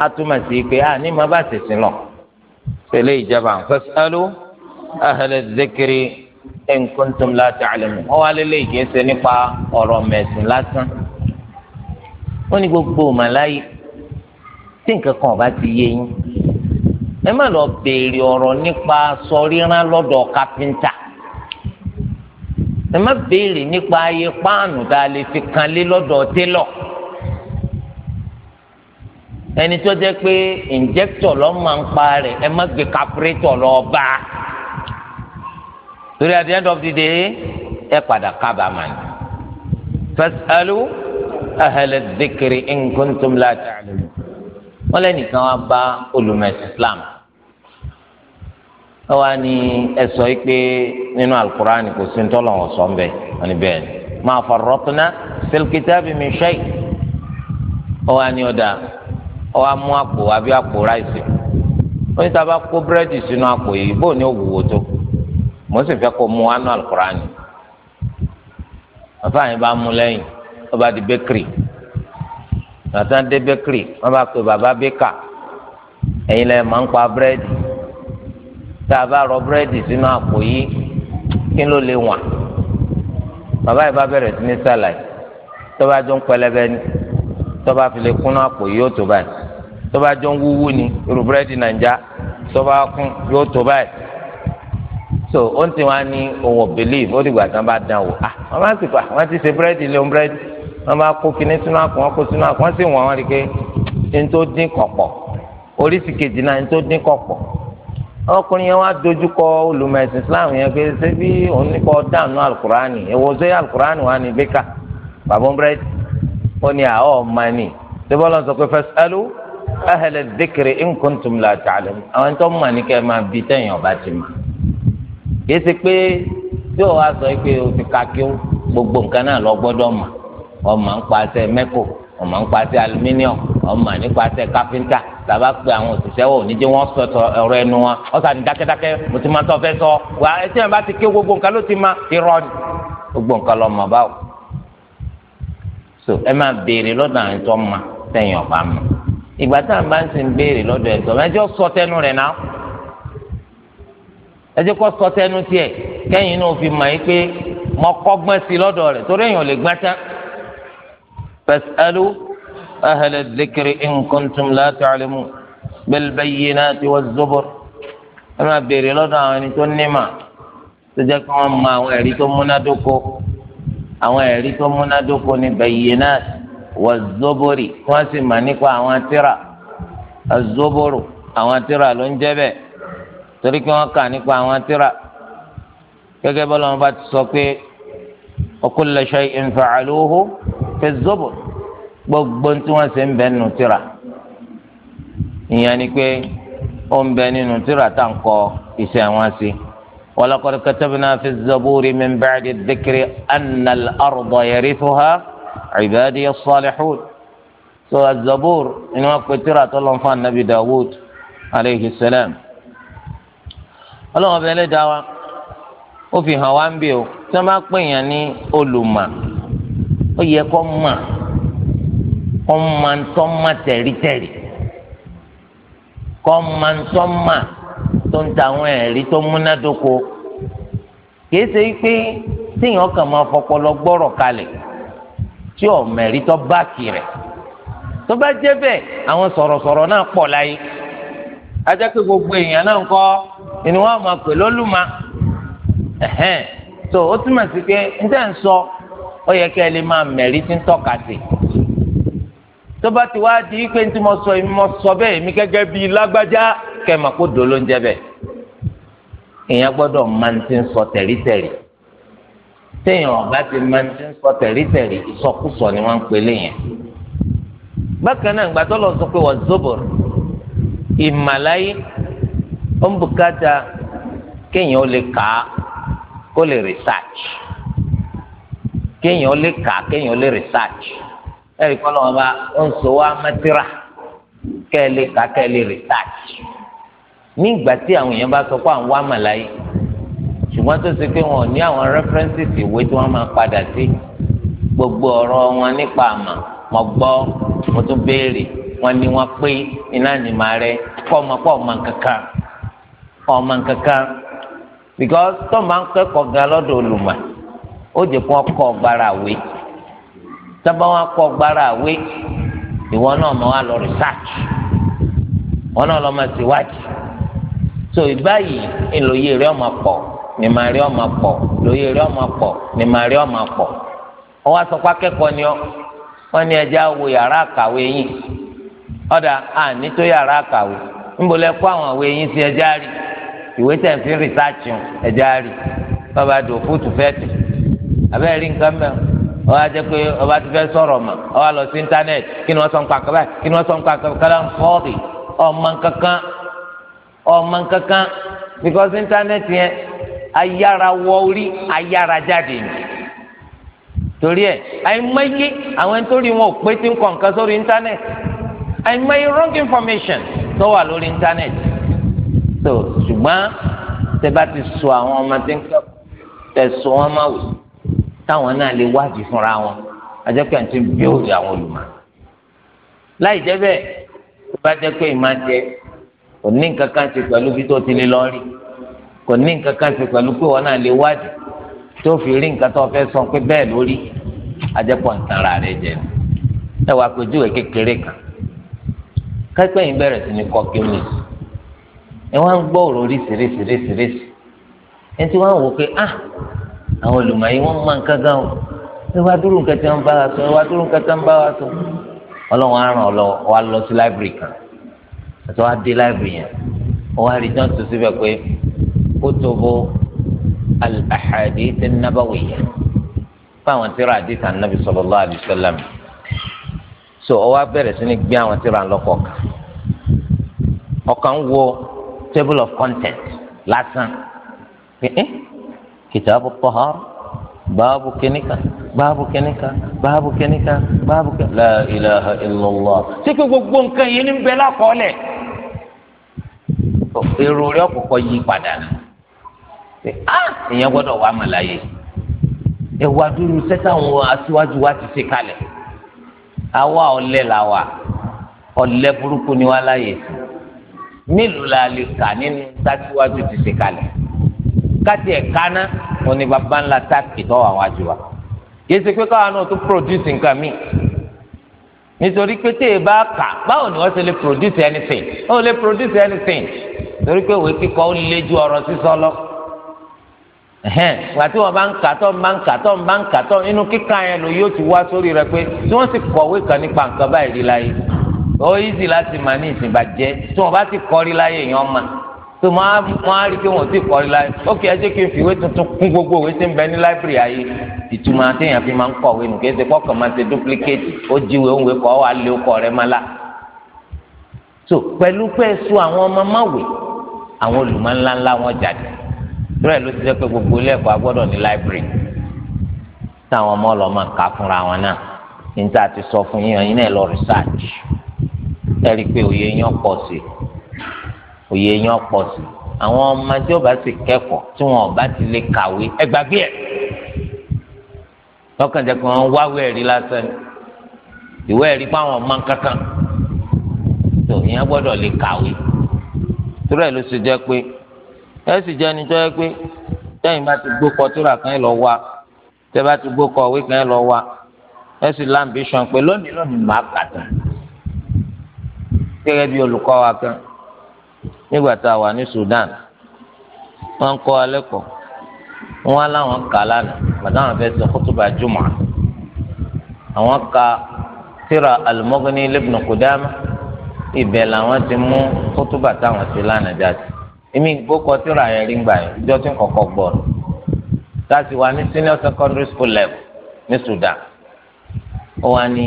a túmọ̀ sí pé a ní ma bá ṣèṣin lọ in kuntum la ta'lamun wọ́n wá lélẹ̀ ìkéṣe nípa ọ̀rọ̀ mẹ̀sìn lásán wọ́n ní gbogbo màláyé tí nǹkan kan ọba ti yé yín ẹ má lọ béèrè ọ̀rọ̀ nípa sọríran lọ́dọ̀ kápẹ́ńtà ẹ má béèrè nípa ayé páànù tá a lè fi kan lé lọ́dọ̀ ẹni tó jẹ́ pé ìǹjẹ́kítọ̀ lọ́ máa ń pa rẹ̀ ẹ má gbé kápẹ́rẹ́tọ̀ lọ́ọ́ bá a torí at the end of the day ẹ padà kábàámà ni fasalu ahẹlẹ zikiri in kuntum la ta'lamun wọn lẹnìkan wá bá olùmọ̀ẹ́sì islam wọn wá ní ẹsọ yìí pé nínú alukur'an kò sí ntọ́lọ̀ ọ̀sọ́ ń bẹ̀ wọn ni bẹ́ẹ̀ ni ma farratna fil kitabi min shay wọn wá ní ọ̀dà wọn wá mú àpò àbí àpò ráìsì wọn ní sábà kó búrẹ́dì sínú àpò yìí bóun ni ó wúwo tó mo sì fẹ́ kó mu wánú alukurani bàbá yẹn bá mu lẹ́yìn wọ́n bá di bẹ́kìrì nàtà dé bẹ́kìrì wọ́n bá pe bàbá bẹ́kà ẹ̀yin lẹ́yìn máa ń pa búrẹ́dì tá a bá rọ búrẹ́dì sínú àpò yìí kí ló lè wà bàbá yìí bá bẹ̀rẹ̀ sí ní sàlàyé tó jọ ń pẹlẹbẹ ni tó fi lè kún àpò yìí ó tó báyìí tó jọ ń wúwú ni irú nàìjà tó kún yóò tó báyìí so ó ń tì wá ní òun believe ó dìgbà tí wọ́n bá dán ah wọ́n bá sì pa wọ́n ti ṣe búrẹ́dì lé búrẹ́dì wọ́n bá kó kinní sínú àpò wọ́n kó sínú àpò wọ́n sì wọ́n wọ́n rí pé n tó dín kọ̀pọ̀ oríṣi kejì náà n tó dín kọ̀pọ̀ ọkùnrin yẹn wá dojú kọ olùmọ̀ẹ̀sìn Islam yẹn pé ṣé bí òun ní kọ́ dànù alukurani èwo ṣé alukurani wà ní bíkà bàbá búrẹ́dì ó ní àọ́ ọ̀ma ni ṣé bọ́lá sọ pé fasalu ahla dhikri in kuntum la ta'lamun àwọn tó mọ̀ ní kẹ́ máa bí tẹ̀yìn ọ̀bá ti mọ̀ kìí ṣe pé tí o wá sọ pé o ti ka kí gbogbo nǹkan náà lọ gbọ́dọ̀ mọ̀ ọmọ nípa ṣe ọmọ nípa ṣe ọmọ nípa káfíńtà tàbá pé àwọn òṣìṣẹ́ wò ní jẹ́ wọ́n sọ ọ̀rọ̀ ẹnu wọn ní dákẹ́dákẹ́ mo ti máa tọ́ fẹ́ sọ wà á ẹtí ẹ̀ bá ti ké gbogbo nǹkan gbogbo nǹkan lọ mọ̀ so ẹ máa béèrè lọ́dọ̀ àwọn sẹ́yìn ọ̀bá ìgbà bá ń sin béèrè lọ́dọ̀ sọ ẹ jẹ́ kó sọ tẹnu tiẹ̀ kẹ́yìn náà fi mọ̀ yín pé mo kọ́gbọ́n sí lọ́dọ̀ rẹ̀ torí èèyàn lè gbọ́n tán. fas'alu ahla dhikri in kuntum la ta'lamun bil bayyinati waz zubur ẹ máa béèrè lọ́dọ̀ àwọn ẹni tó ní mà tó kí wọ́n mọ àwọn ẹ̀rí tó múnádóko àwọn ẹ̀rí tó múnádóko ní bayyinati waz zuburi wọ́n sì mà nípa àwọn àtìrà az àwọn àtìrà ló ń jẹ́ bẹ́ẹ̀ torí pé wọ́n kà nípa àwọn tíra gẹ́gẹ́ bọ́lá wọn bá ti sọ pé wa kullu shay'in fa'aluhu fi zubur gbogbo tí wọ́n ṣe ń bẹ nínú tíra ìyẹn ni pé ó ń bẹ nínú tíra tá ń kọ iṣẹ́ wọn sí wa laqad katabna fi zaburi min ba'di dhikri anna al-arda yarithuha ibadiya as-salihun so az-zabur ni wọ́n pe tó lọ́n fún anabi dawud aleyhi salam. ọlọ́run ọbẹ̀ ẹlẹ́dàá wa ó fi hàn wá ń o tí wọ́n bá pè yàn ní olùmọ̀ ó yẹ kó m'ma kó mà tó mà tẹ̀rítẹ̀rì kó tó mà tó ń ta àwọn ẹ̀rí tó múnádóko kìí ṣe pé téèyàn kàn máa fọpọlọ gbọ́rọ̀ kalẹ̀ tí ò mẹ̀rí tó bá kì rẹ̀ bá jẹ́ bẹ́ẹ̀ àwọn sọ̀rọ̀sọ̀rọ̀ náà pọ̀ láyé ajá pé gbogbo èèyàn náà kọ́ ni wọ́n máa pè lólùmọ̀ ẹ̀hẹ́n tó o túmọ̀ sí pé n tẹ́ ń sọ ó yẹ kẹ́ ẹ lè máa mẹ̀rí tí ń tọ́ka sí tó bá ti wá di pé tí mo sọ mo sọ bẹ́ẹ̀ mi gẹ́gẹ́ bíi lágbájá kẹ́ kó dòó ló ń jẹ́ bẹ́ẹ̀ èèyàn gbọ́dọ̀ máa ń ti ń sọ tẹ̀rítẹ̀rí téèyàn ọ̀gá ti máa ń ti ń sọ tẹ̀rítẹ̀rí ni wọ́n ń ó ń bùkátà kéèyàn ó lè kà á kó lè research kéèyàn ó lè kà á kéèyàn ó lè research ẹ̀rí kọ́ lọ́wọ́ bá ń sọ wá mẹ́tírà kẹ́ ẹ lè kà á kẹ́ ẹ lè research nígbà tí àwọn èèyàn bá sọ pé àwọn wá màláyé ṣùgbọ́n tó ṣe pé wọn ò ní àwọn references ìwé tí wọ́n máa padà sí gbogbo ọ̀rọ̀ wọn nípa àmà mo gbọ́ mo tún béèrè wọn ni wọn pé iná ni màá rẹ kọ́ ọmọ pọ̀ mọ kankan ọmọ kankan because tó máa ń kẹ́kọ̀ọ́ gan lọ́dọ̀ olùmọ̀ ó jẹ́ kó kọ́ gbára àwé sábà wọn kọ́ gbára àwé ìwọ náà máa wá lọ research wọn náà lọ máa ṣèwádìí so ìbáyìí ìlòyè rẹ ọmọ pọ̀ nìmọ̀ rẹ ọmọ rẹ ọmọ ọmọ wá sọ pé ni ọ ní yàrá àkàwé àní tó yàrá àkàwé kó àwọn àwé sí ìwé tẹ̀ ń fi rìsáàcì ń ẹ̀jẹ̀ á rí bàbá àdó fóòtù fẹ́ẹ̀tì abẹ́rẹ́ rí nǹkan mẹ́rin wọ́n á jẹ́ pé ọba ti fẹ́ sọ̀rọ̀ mà ọ́ wá lọ sí íńtánẹ́ẹ̀tì kí ni wọ́n sọ ń pa kaba kí ni wọ́n sọ ń pa kaba ń fọ́ọ̀dì ọmọ nkankan ọmọ nkankan because íńtánẹ́ẹ̀tì yẹn ayára wọ orí ayára jáde ni torí ẹ àìmọye àwọn ẹni tó rí wọn ò pé tí ń kọ sórí íńtánẹ́ẹ̀tì àìmọye wrong information tó wà lórí íńtánẹ́ẹ̀tì tó ṣùgbọ́n tẹ bá ti sọ àwọn ọmọ tí ń kẹ́kọ̀ọ́ tẹ sọ wọn máa wò táwọn náà lè wádìí fúnra wọn ajẹ́pẹ́ àti bíọ́ọ̀dì àwọn olùmọ̀ láì jẹ́ bẹ́ẹ̀ tó bá jẹ́ pé ìmọ̀ jẹ kò ní nǹkan kan ṣe pẹ̀lú bí tó ti lè lọ rí kò ní nǹkan kan ṣe pẹ̀lú pé wọn náà lè wádìí tó fi rí nǹkan tó fẹ́ sọ pé bẹ́ẹ̀ lórí ajẹ́pọ̀ ntara rẹ jẹ ẹ wàá pèjúwe kékeré kan kápẹ́yìn bẹ̀rẹ̀ sí ní kọ́ kí ó nìyí ẹ wá ń gbọ́ ọ̀rọ̀ oríṣiríṣiríṣiríṣi ẹ ti wá ń wò pé ah àwọn olùmọ̀ọ́yé wọ́n máa ń kágá o ẹ wá dúró nǹkan tí wọ́n bá wa sọ ẹ wá dúró nǹkan tí wọ́n bá wa sọ ọlọ́run á ràn ọ́ lọ wá lọ sí láìbìrì kan àti wá dé láìbìrì yẹn wọ́n wá rí jọ́n tó síbẹ̀ pé kutubu al-ahadith an-nabawiyyah fáwọn tíra àdìsí ànábì sallallahu alaihi wasallam so ọwọ́ abẹ́rẹ́ sí ni gbé wo table of content lásán pé ẹ eh, kìtàbù pọ̀hán báàbù kìnìkan báàbù kìnìkan báàbù kìnìkan báàbù kìnìkan la ilaha illallah ṣé kí gbogbo nǹkan yìí ní bẹ́ẹ̀ lákọọ́lẹ̀ èrò rẹ̀ ọ̀kọ̀ọ̀kọ̀ yí padà ní pé á ah, èèyàn gbọ́dọ̀ wà màláyé ẹ̀wà dúró sẹ́tàwọn aṣíwájú wa ti ṣe kalẹ̀ àwa ọ̀lẹ làwà ọ̀lẹ burúkú ni wà láyè sí mélòó la lè kà nínú tájúwájú ti ṣe kalẹ̀ káti ẹ̀ kaná òní bàbá ńlá táàkì tó wà wájú wa kì pé káwọn náà tún produce nǹkan mi nítorí pé téè bá kà báwo ni wọ́n ṣe lè produce anything ó lè produce anything torí pé òwe kíkọ ó lé ju ọ̀rọ̀ sísọ lọ wà tí wọn bá ń kà tó ń bá ń kà tó ń bá ń kà tó inú kíkà yẹn ló yóò ti wá sórí rẹ pé tí wọ́n sì kọ̀wé kan nípa nǹkan báyìí rí láyé ó yíṣì láti mà ní ìsìnbàjẹ́ tí wọ́n bá ti kọ́rí láyé èèyàn mà tó wọ́n á rí pé wọ́n ti kọ́rí láyé ókè ẹ jẹ́ kí n fi ìwé tuntun kún gbogbo ìwé tí ń bẹ ní láìpìrì ayé ìtumọ̀ àtẹ̀yàn fi máa ń kọ̀wé nù kéde kọ́kàn máa ṣe duplicate ó jíwé òǹwé kọ́ wà lé ọkọ rẹ̀ má la. so pẹ̀lú pé sọ àwọn ọmọ máwèé àwọn olùmọ̀ ńláńlá wọn jáde rẹ̀ ló ti jẹ́ pé gbogbo ilé ẹ̀kọ́ agbọ́dọ̀ ní láìpìrì táwọn ọmọ research ẹ̀rí pé òye yẹn pọ̀ sí òye yẹn pọ̀ sí àwọn ọmọdé ọba sì kẹ́kọ̀ọ́ tí wọn ọba ti lè kàwé ẹgbàgbé ẹ̀ lọ́kànjẹ́ pé wọ́n wáwé ẹ̀rí lásán ìwé ẹ̀rí pé àwọn ọmọ kankan tó ìyẹn gbọ́dọ̀ lè kàwé tóra ẹ̀ ló ṣe jẹ́ pé ẹ̀ sì jẹ́ ẹni tó yẹ pé tẹ́yìn bá ti gbó kọ tóra kan ẹ̀ lọ wá tẹ́ bá ti gbó kọ òwe kan lọ wá ẹ̀ sì pé lónìí lónìí màá kàtà gẹ́gẹ́ bí olùkọ́ wa kan nígbà tá a wà ní Sudan wọ́n ń kọ́ alẹ́ kọ́ wọ́n á láwọn kà lánàá bàtà àwọn fẹ́ẹ́ sọ kótóbà jùmọ̀ àwọn ka tírà al-Mughni libn Qudama ibẹ̀ làwọn ti mú kótóbà táwọn ti lánàá jáde èmi gbókọ tírà yẹn rí gbà yẹn ìjọ tí ń kọ́kọ́ gbọ́ ọ tá a sì wà ní senior secondary school level ní Sudan ó wà ní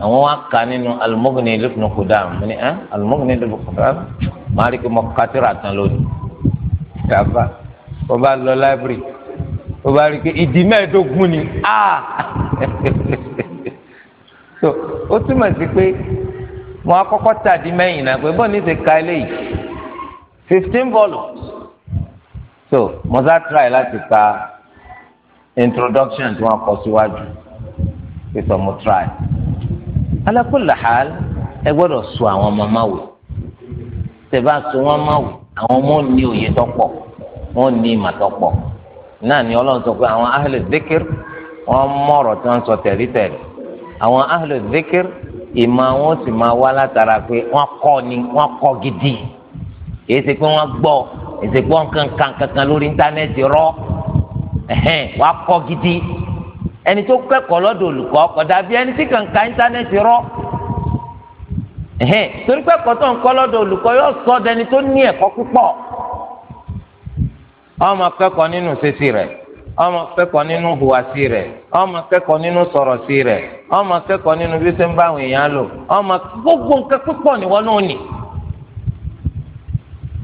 àwọn wa kà nínú al-Mughni ibn Qudama mo ní ẹ al-Mughni ibn Qudama màá rí i pé mo ka tírà tán lónìí kàfà mo bá lọ láìbírì mo bá rí i pé ìdí mẹ́ẹ̀ẹ́dógún ni a ah! (laughs) so ó túmọ̀ sí pé mo akọ́kọ́ tàdí mẹ́yìn náà pé bọ́ọ̀ ti ka eléyìí fifteen volumes so mo sá try láti ka introduction tí wọ́n kọ síwájú pé sọ mo try ala kulli hal ẹ gbọ́dọ̀ sọ àwọn ọmọ máa wò tẹ́ bá sọ wọn máa wò àwọn ọmọ ní òye tọ́pọ̀ wọn ní ìmọ̀ tọ́pọ̀ náà ni Ọlọ́run sọ pé àwọn ahlu dhikr wọn mọ̀rọ̀ tí wọ́n sọ tẹ̀lítẹ̀lí àwọn ahlu dhikr ìmọ̀ wọn sì máa wá látara pé wọ́n kọ́ ni wọ́n kọ́ gidi èyí pé wọ́n gbọ́ èyí pé wọ́n kankan kankan lórí íńtánẹ́ẹ̀tì rọ́ wọ́n kọ́ gidi ẹni tó kẹ́kọ̀ọ́ lọ́dọ̀ olùkọ́ kò dàbí ẹni tí kàn íńtánẹ́ẹ̀tì rọ́ torí kẹ́kọ̀ọ́ tó ń kọ́ lọ́dọ̀ olùkọ́ yóò sọ dẹni tó ní ẹ̀kọ́ púpọ̀ ọmọ kẹ́kọ̀ọ́ nínú sẹ́sì rẹ̀ ọmọ kẹ́kọ̀ọ́ nínú hùwàsí rẹ̀ ọmọ kẹ́kọ̀ọ́ nínú sọ̀rọ̀sí rẹ̀ ọmọ kẹ́kọ̀ọ́ nínú bí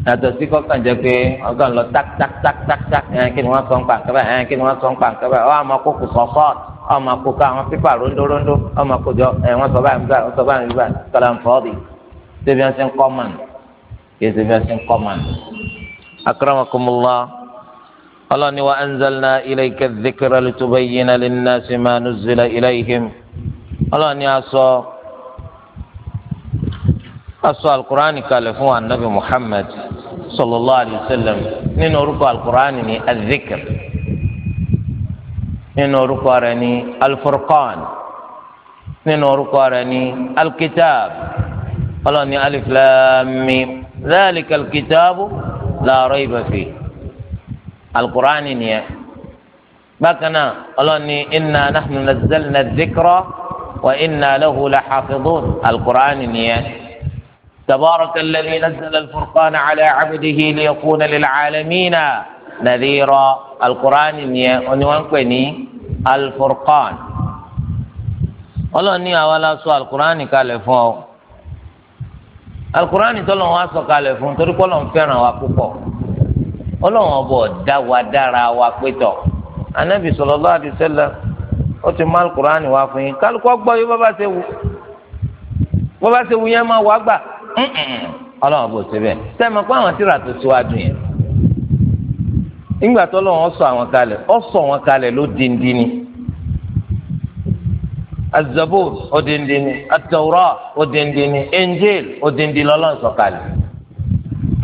yàtọ̀ sí kọ́kàn jẹ́ pé ọgá ń lọ tak tak tak tak tak ẹ̀ kí ni wọ́n sọ ń pa nǹkan báyìí ẹ̀ kí ni wọ́n sọ ń pa nǹkan báyìí ọ́ àmọ́ kókò sọ́kọ́ ọmọ akókò àwọn pípà rondórondó ọmọ akójọ ẹ̀ wọ́n sọ báyìí nígbà wọ́n sọ báyìí nígbà kọ́lá ń fọ́ọ̀dì ṣébi wọn ṣe ń kọ́ màn kí ṣébi wọn ṣe ń kọ́ màn. akramakumullah ọlọ́ni wa anzalna ilayka dhikra litubayyina lin-nasi ma nuzzila ilayhim ọlọ́ni aṣọ aṣọ alukur'ani kalẹ̀ fún wa nabi muhammad sallallahu alayhi wa sallam nínú orúkọ alukur'ani ni azikir nínú orúkọ rẹ̀ ni alfurqan nínú orúkọ rẹ̀ ni alkitab ọlọ́ni ni lam mim dhalika alkitabu la rayba fi alukur'ani nìyẹn bákan náà ọlọ́ni inna nahnu nazzalna adh-dhikra wa inna lahu alukuraani ni nìyẹn. تبارك الذي نزل الفرقان على عبده ليكون للعالمين نذيرا القرآن ونوانكني الفرقان ọlọ́ọ̀ni àwa la sọ alukur'ani kalẹ̀ fún ọ alukur'ani tọ́lọ̀ wọn sọ kalẹ̀ fún torí pọ́lọ̀ ń fẹ́ràn wa púpọ̀ ọlọ́wọ́n bọ̀ dá wa dára wa pétọ̀ anabi sallallahu alaihi wasallam ó ti mú alukur'ani wá fún yín kálukọ́ gbọ́ yín bọ́ bá ṣe wù bọ́ bá ṣe wù yẹn máa wà gbà ọlọ́run bò síbẹ̀ sẹ́mi pé àwọn tíra tó síwájú yẹn nígbà tó lọ́wọ́ sọ àwọn kalẹ̀ ọ sọ wọn kalẹ̀ ló dindin ni azabur ó dindin ni atawura ó dindin ni angel ó dindin lọ́lọ́run sọ kalẹ̀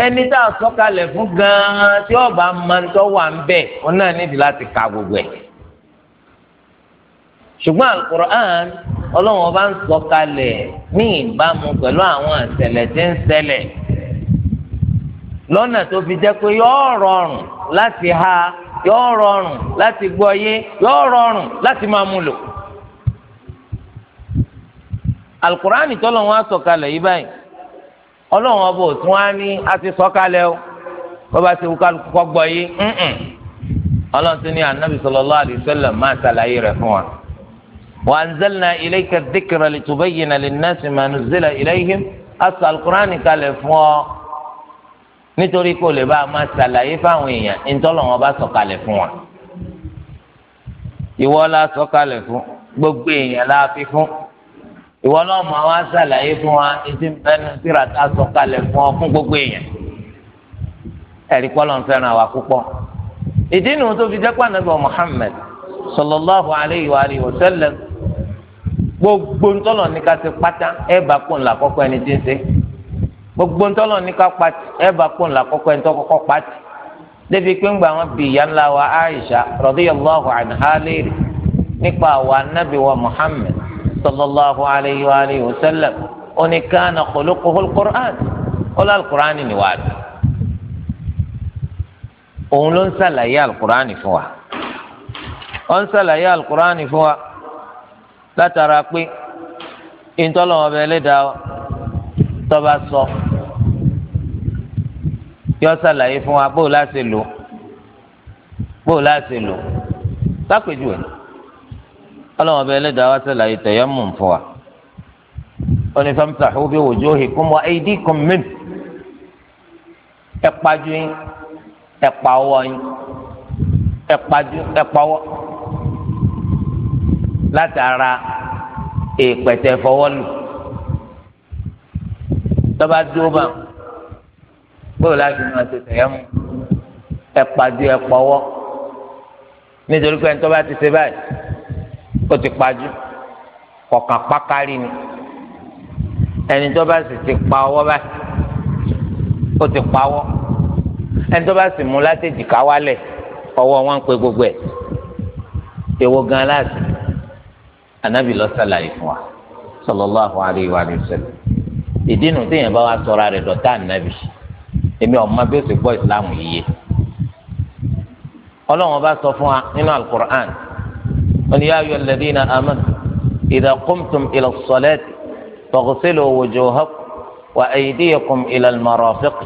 ẹni tá a sọ kalẹ̀ fún gan-an tí ọba máa ń tọ́ wà ń bẹ̀ ọ náà nídìí láti ka gbogbo ẹ̀. ṣùgbọ́n alukur'an ọlọ́run ọba ń sọ kalẹ̀ ní ìbámu pẹ̀lú àwọn àṣẹlẹ̀ tí ń ṣẹlẹ̀ lọ́nà tó fi jẹ́ pé yóò rọrùn láti ha yóò rọrùn láti gbọ́yé yóò rọrùn láti máa mú lò. alukur'an tọ́lọ̀ wọn á sọ kalẹ̀ yìí báyìí ọlọ́run ọba ò tún á ní a ti sọ kalẹ̀ o bọ́ba ti wù kálukú kọ́ gbọ́yé ọlọ́run tún ní anabi sallallahu alaihi máa ṣàlàyé rẹ̀ fún wa. وأنزلنا إليك الذكر لتبين للناس ما نزل إليهم أصل القرآن قال nítorí kó lè bá a máa ṣàlàyé fáwọn èèyàn ntọ́lọ̀ wọn bá sọ̀kalẹ̀ fún wa ìwọ la sọ̀kalẹ̀ fún gbogbo èèyàn la fi fún ìwọ náà máa wá ṣàlàyé fún wa etí bẹnu síra tá a fún ọ fún gbogbo èèyàn ẹ̀rí pọ́lọ̀ ń fẹ́ràn wa púpọ̀ ìdí nu tó fi jẹ́ pàǹdàgbọ̀ Muhammad sallallahu alayhi wa alihi wa sallam gbogbo ntọ́lọ̀ ní ká ti pátá ẹ bá kó ńlá kọ́kọ́ ẹni tí ń ṣe gbogbo ntọ́lọ̀ ní ká pátí ẹ bá kó ńlá kọ́kọ́ ẹni tó kọ́kọ́ pátí débi pé ń gba àwọn bí wa Aisha radiyallahu anha nípa àwọn anábì wa Muhammad sallallahu alayhi wa alayhi wa sallam oníkànnà khuluquhul Qur'an ọlọ́ alukur'ani ni wàá òun ló ń sàlàyé alukur'ani fún wa ó ń sàlàyé alukur'ani fún wa látara pé ìtọ́lọ́wọ́ bẹ lẹ́dàá tọ́ba sọ yọ sàlàyé fún wa bó láti lò bó láti lò lápèjúwe ọlọ́wọ́ bẹ lẹ́dàá wa sàlàyé tẹ̀yẹ́mù fún wa oní famsahu bi wujuhikum wa aydikum min ẹ̀pájú yín ẹ̀pá ọwọ́ yín ẹ̀pájú ẹ̀pá ọwọ́ látara èèpẹ̀tẹ̀ fọwọ́lù tọ́ba dúró bá bóyá láti máa ṣe tẹ̀yẹ́ mu ẹ pàdé ẹ pọ̀wọ́ nítorí pé tọ́ba ti ṣe báyìí ó ti pajú kọ̀ọ̀kan pákárí ni ẹni tọ́ba sì ti pa ọwọ́ báyìí ó ti pawọ́ ẹni tó sì mú látẹ̀jìká wálẹ̀ ọwọ́ wọn ń pe gbogbo ẹ̀ èwo gan láti anabi lọ sàlàyé fún wa sallallahu alayhi wa sallam ìdí nu téèyàn bá wa sọra rẹ̀ dọ̀tá anabi èmi ọmọ bí ó ti gbọ́ ìsìláàmù yìí ọlọ́run bá sọ fún wa nínú alukur'an wọn yá ayọ alladhina amanu idha qumtum ila as-salati faghsilu wujuhakum wa aydiyakum ila al-marafiq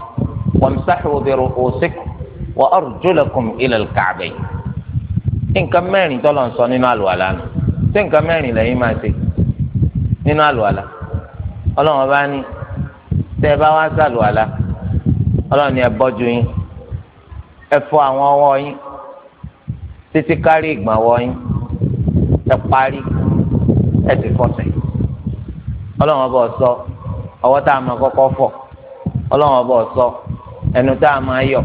wamsahu bi ru'usikum wa arjulakum ila al-ka'bayn nǹkan mẹ́rin tọ́lọ̀ ń nínú àlùwàlá ṣé nǹkan mẹ́rin lẹ́yìn máa ṣe nínú àlùwàlà ọlọ́run bá ní tẹ́ ẹ bá wá sàlùwàlà ọlọ́run ni ẹ bọ́jú yín ẹ fọ àwọn ọwọ́ yín títí kárí ìgbọ̀nwọ́ yín ẹ parí ẹ sì fọsẹ̀ ọlọ́run ọba ọ̀sọ́ ọwọ́ tá a máa kọ́kọ́ fọ̀ ọlọ́run ọba ọ̀sọ́ ẹnu tá a máa yọ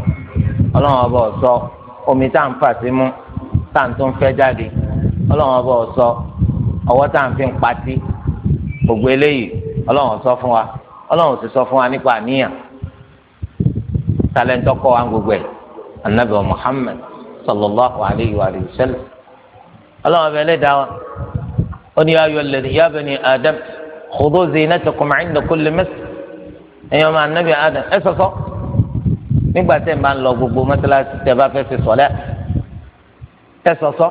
ọlọ́run ọba ọ̀sọ́ omi tá à ń fà sí mú tá à tún fẹ́ jáde ọlọ́run ọba ọ̀sọ́ ọwọ́ tá à ń fi ń patí gbogbo eléyìí ọlọ́run ọ̀sọ́ fún wa ọlọ́run sì sọ fún wa nípa àníyàn talẹ́ńtọ́ kọ́ wa gbogbo ẹ̀ anabi muhammed sallallahu alayhi wa sallam ọlọ́run ọba ẹlẹ́dàá wa ó ní ayọ̀ lẹ́dí yá bẹ́ni adam khudhu zinatakum inda kulli masjid ẹ̀yọ́ máa anabi adam ẹ̀ sọ́sọ́ nígbà tẹ́ ẹ̀ máa ń lọ gbogbo mọ́tàlásí tẹ́ bá fẹ́ ṣe sọ́lẹ́ ẹ̀ sọ́sọ́.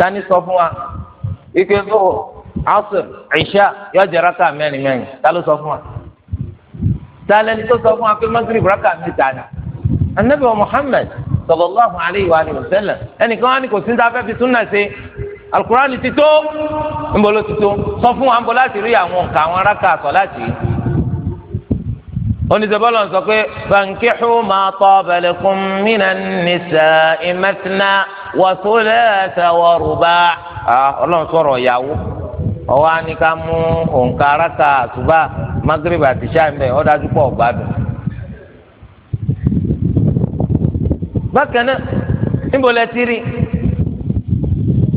tani sọ fún wa ike zuhur asr isha yọ jẹ raka mẹ́rin mẹ́rin ta ló sọ fún wa talẹni tó sọ fún wa pé magrib raka mi ta ni anabi wa muhammed sallallahu alayhi wa alayhi wa sallam ẹnìkan wa ni kò sí dáfẹ́ fi súnà ṣe alukurani ti tó nbolo ti tó sọ fún wa nbolo láti rí àwọn nǹkan àwọn raka sọ láti oníṣẹ́bọ́lọ̀ sọ pé fankihu ma taba lakum minan nisa'i matna wa thulatha wa ruba' ọlọ́run sọ̀rọ̀ ìyàwó ọwọ́ á ní ká mú òǹkà aráka àtúbà magreba àti sàmẹ́ ọ̀dájú pọ̀ gbádùn. bákan náà níbo lẹ ti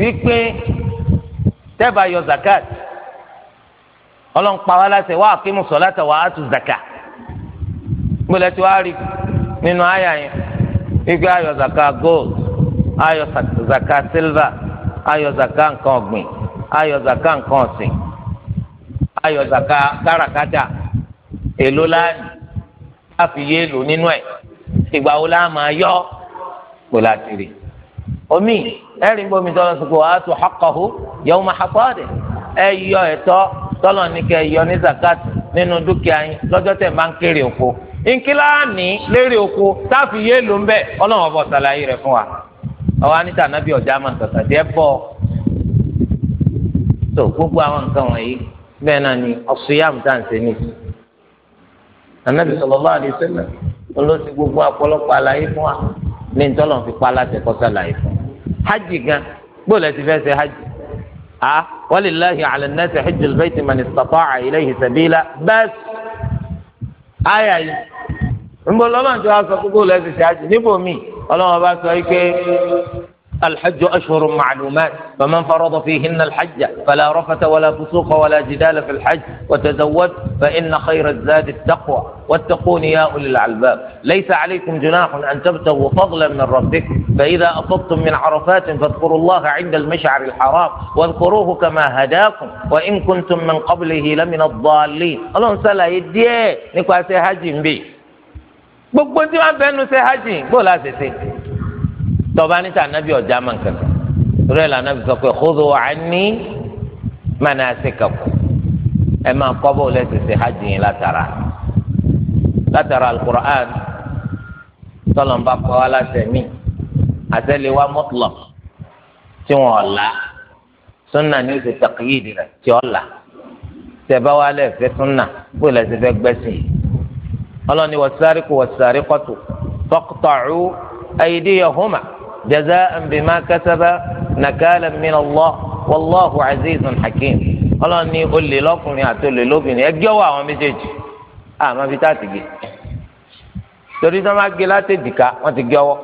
wípé tẹ́bà yọ zakat ọlọ́run pa wá láṣẹ wá aqimu salata wa atu zakat gbọ́dọ̀ tí wàá rí nínú àyà yẹn wípé ayọ̀ zaka gold ayọ̀ zaka silver ayọ̀ zaka nǹkan ọ̀gbìn ayọ̀ zaka nǹkan ọ̀sìn ayọ̀ zaka káràkátà èlò láàyè láfi yé lò nínú ẹ̀ ìgbà wo la máa yọ gbọ́dọ̀ àti rí omi ẹ̀rín bomi tọ́lọ́ sọ pé wàá tó haqqahu yawma hasadihi ẹ yọ ẹ̀tọ́ tọ́lọ́ ní kẹ́ ẹ yọ ní zakat nínú dúkìá yín lọ́jọ́ tẹ̀ máa ń kéré òfo. nkilaani lérí oko táàfì yé ló ń bẹ ọlọ́run ọbọ̀ sàlàyé rẹ̀ fún wa ọwọ́ anita anabi ọ̀já máa ń tọ̀tà díẹ̀ bọ̀ tó gbogbo àwọn nǹkan wọ̀nyí bẹ́ẹ̀ náà ni ọ̀ṣùyàm dáǹsẹ̀ ni anabi sallallahu alaihi gbogbo àpọ̀lọpọ̀ àlàyé fún wa ní ntọ́lọ̀ fi pa aláṣẹ kọ́ sàlàyé fún hajj gan gbọ́dọ̀ ti fẹ́ ṣe hajj àyà yìí ńgbọ́n lọ́lọ́run tí wàá sọ kókó lẹ́sìn ṣáájú níbòmí ọlọ́run ọba sọ ike. الحج أشهر معلومات فمن فرض فيهن الحج فلا رفث ولا فسوق ولا جدال في الحج وتزود فإن خير الزاد التقوى واتقون يا أولي الألباب ليس عليكم جناح أن تبتغوا فضلا من ربكم فإذا أفضتم من عرفات فاذكروا الله عند المشعر الحرام واذكروه كما هداكم وإن كنتم من قبله لمن الضالين الله سلا يديه نكواسي سيهاجين بي gbogbo ما wọn bẹnu ṣe hajj tọba ní sàn nàbí ọjà máa ń kankan torí ẹ̀ lànà bí sọ pé khudhu anni manasikakum ẹ máa kọ́ bó lẹ́sẹ̀ ṣe hajj yín látara látara alukur'an tọ́lọ̀ ń bá kọ́ wa láṣẹ mí àtẹ́lẹ̀ wa mutlaq tí wọ́n la sunna ní oṣù taqyid rẹ̀ tí ó la tẹ̀bá wa lẹ̀ fẹ́ sunna bó lẹ́sẹ̀ fẹ́ gbẹ́sìn ọlọ́ni wasariqu wasariqatu faqta'u aydiyahuma. jaza'an bima kasaba nakalan min Allah wallahu azizun hakim ọlọ́run ní olè lọ́kùnrin àti olè lóbìnrin ẹgbẹ́ wọ àwọn méjèèjì àmọ́ fi táàtì gé torí tí wọ́n bá gé láti ti gé ọwọ́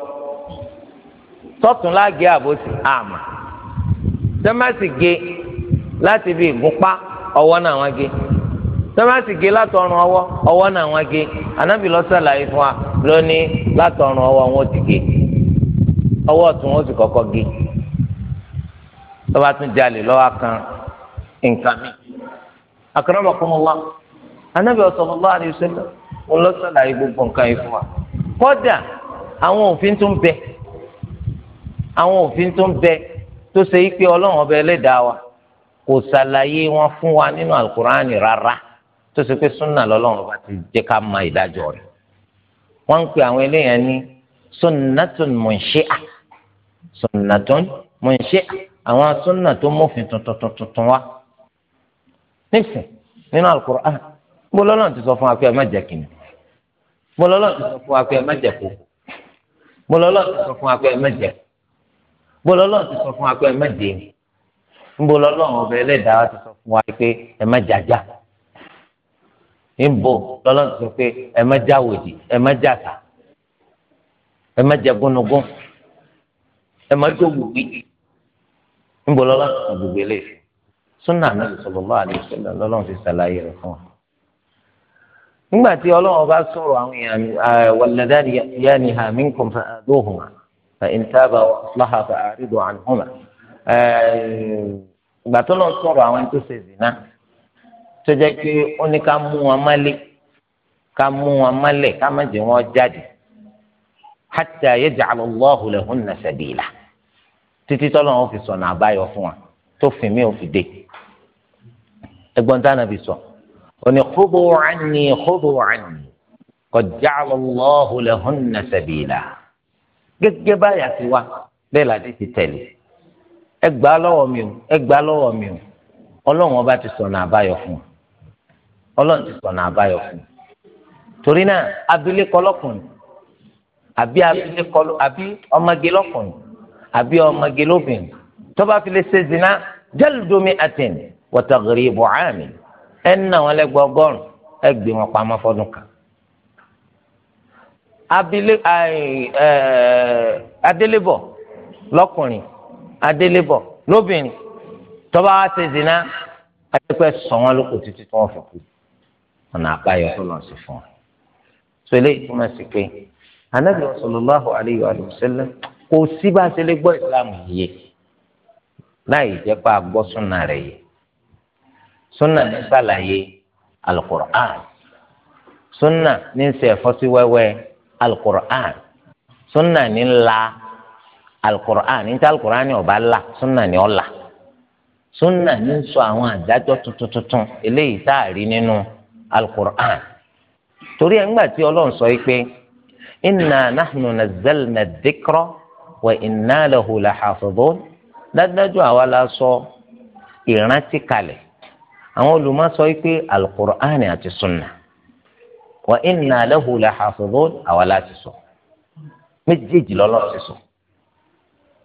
tọ́tún láàgé àbòsí àmọ́ tí wọ́n bá sì gé láti sì gé ọwọ́ ọwọ́ náà wọ́n gé fún wa lónìí ọwọ́ wọn ọwọ́ ọ̀tún ó sì kọ́kọ́ gé lọ́wọ́ tún jalè lọ́wọ́ kan nǹkan mi. akramakumullah anábì sallallahu alaihi wasallam ń lọ sàlàyé gbogbo nǹkan yìí fún wa. kọ́dà àwọn òfin tó ń bẹ àwọn òfin tó ń bẹ tó ṣe é pé ọlọ́run ọba ẹlẹ́dàá wa kò sàlàyé wọn fún wa nínú alukur'ani rárá tó ṣe pé súnà lọ́lọ́run ọba ti jẹ́ ká mọ ìdájọ́ rẹ̀. wọ́n ń pè àwọn eléyàn ní sunnatun munshi'ah sunnatun munshi'a àwọn sunna tó mọ̀fin tuntun tuntun wa nífẹ̀ẹ́ nínú alukur'an gbólọ́lọ́ ti sọ fún wa pé ẹ má jẹ kìnnì gbólọ́lọ́ ti sọ fún wa pé ẹ má jẹ kó gbólọ́lọ́ ti sọ fún wa pé ẹ má jẹ gbólọ́lọ́ ti sọ fún wa pé ẹ má jẹ gbólọ́lọ́ ọbẹ̀ ẹlẹ́dàá ti sọ fún wa pé ẹ jàjà ìbò lọ́lọ́ ti sọ pé ẹ jáwèdì ẹ má jàtà jẹ gúnugún. ẹ máa jó gbùgbé níbo lọ́la gbùgbé lè fi súnà náà sallallahu alaihi wasallam lọ́lọ́run fi ṣàlàyé rẹ̀ fún wa. nígbà tí ọlọ́run bá sọ̀rọ̀ àwọn èèyàn ah, walladhani yaniha minkum fa'aduhuma fa in taba wa aslaha fa'aridu anhuma. Eh, ìgbà tó lọ́n sọ̀rọ̀ àwọn tó ṣe tó jẹ́ pé ó ní ká mú wọn ká mú wọn ká má jẹ́ wọn jáde sabila. títí tọ́lọ́run fi sọ̀nà àbáyọ fún wa tó fi mí ò fi dé ẹgbọ́n tá a nàbì sọ òní khudu anni khudu anni qad ja'ala Allahu lahunna sabila gẹ́gẹ́ báyà ti wá bẹ́ẹ̀ làdí ti tẹ̀lé ẹ gbà lọ́wọ́ mi o ẹ gbà lọ́wọ́ mi o ọlọ́run ọba ti sọ̀nà àbáyọ fún wa ọlọ́run ti sọ̀nà àbáyọ fún wa torí náà abilékọ lọ́kùnrin àbí abilékọ àbí ọmọge lọ́kùnrin àbí ọmọge lóbìnrin tó bá fi lè ṣe zina jálùdómi àtẹn wọtagìrì ìbò àmì ẹ ń nà wọn lẹgbẹ ọgọ́rùn ẹ gbé wọn pamọ́ fọ́dún kan. adélébọ̀ lọ́kùnrin adélébọ̀ lóbìnrin tó bá ṣe zina àtẹpẹ sọ wọn lóko títí tí wọn fi kú ọ̀nà àbáyọ tó lọ sí fún wọn. sọlẹ́ ìtumọ̀ sí pé anábìyàn sallallahu alayhi wa sallam kò sí bá a ṣe lè gbọ́ ìsìlámù yìí láì jẹ́ pé a gbọ́ súnà rẹ̀ yìí súnà ní sàlàyé alukur'an súnà ní ṣe ẹ̀fọ́síwẹ́wẹ́ alukur'an súnà ní la alukur'an ní tí alukur'an ní ọba la súnà ní ọ̀la súnà ní sọ àwọn àdájọ́ tuntun tuntun eléyìí tá a rí nínú alukur'an torí ẹ̀ ńgbà tí ọlọ́run sọ yìí pé inna nahnu nazzalna dhikra. wa inna lahu lahafizun dájúdájú àwa la sọ ìrántí kalẹ̀ àwọn olùmọ̀ sọ pé alukur'ani àti sunna wa inna lahu lahafizun àwa la ti sọ méjèèjì ti sọ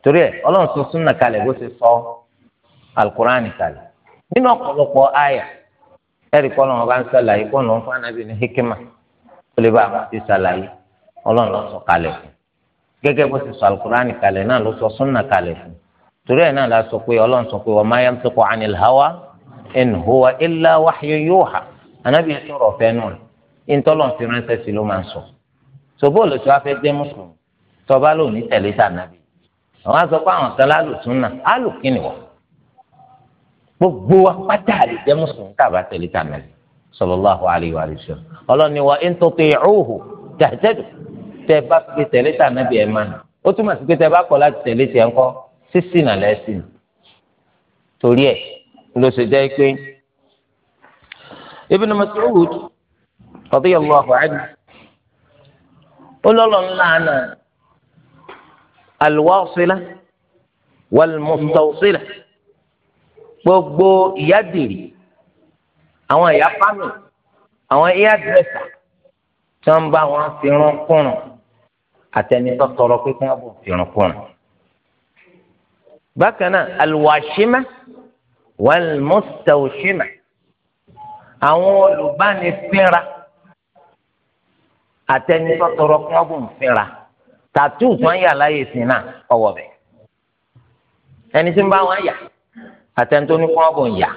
torí ẹ sọ sunna kalẹ̀ bó ti sọ alukur'ani kalẹ̀ nínú ọ̀pọ̀lọpọ̀ àyà ẹ̀rí kọ́ lọ́wọ́ bá ń sàlàyé kọ́ hikima ó lè bá a ti sàlàyé gẹ́gẹ́ bó ti sọ alukurani kalẹ̀ náà ló sọ súnà kalẹ̀ fún torí ẹ̀ náà la sọ pé ọlọ́run sọ pé wa ma yantiqu anil hawa in huwa illa wahyu yuha anábì ẹ̀ sọ̀rọ̀ fẹ́ nù rẹ̀ ìtọ́lọ̀ fi ránṣẹ́ sí ló máa sọ ṣòbó ló ti wá fẹ́ ló ní tẹ̀lé sànàbì àwọn sọ pé àwọn kan lálù súnà álù kíni wọ gbogbo wa pátá lè jẹ́ mùsùlùmí tàbá tẹ̀lé sànàbì sallallahu wa sallam ọlọ́ni wa in tuti'uhu tẹ bá fi tẹ̀lé tà nàbì ẹ̀ máa nà ó túmọ̀ sí pé tẹ bá kọ̀ láti tẹ̀lé tiẹ̀ ńkọ́ sísì nà lẹ́sìn torí ẹ̀ ló ṣe jẹ́ pé Ibn Mas'ud radiyallahu anhu ó lọ́lọ́ ńlá náà alwasila walmustawsila gbogbo ìyádìrí àwọn ìyá fámì àwọn ìyá dírẹ́sà tí wọ́n bá wọn fi rán kùnrùn àtẹni tó tọrọ pé kí wọn bò fìrùn kùn. bákan náà alwashima walmustawshima àwọn olùbánifínra àtẹni tó tọrọ kí wọn bò fínra tàtú tó ń yà láyè sí náà ọwọ bẹ ẹni tí ń bá wọn yà àtẹni tó ní kí wọn ń yà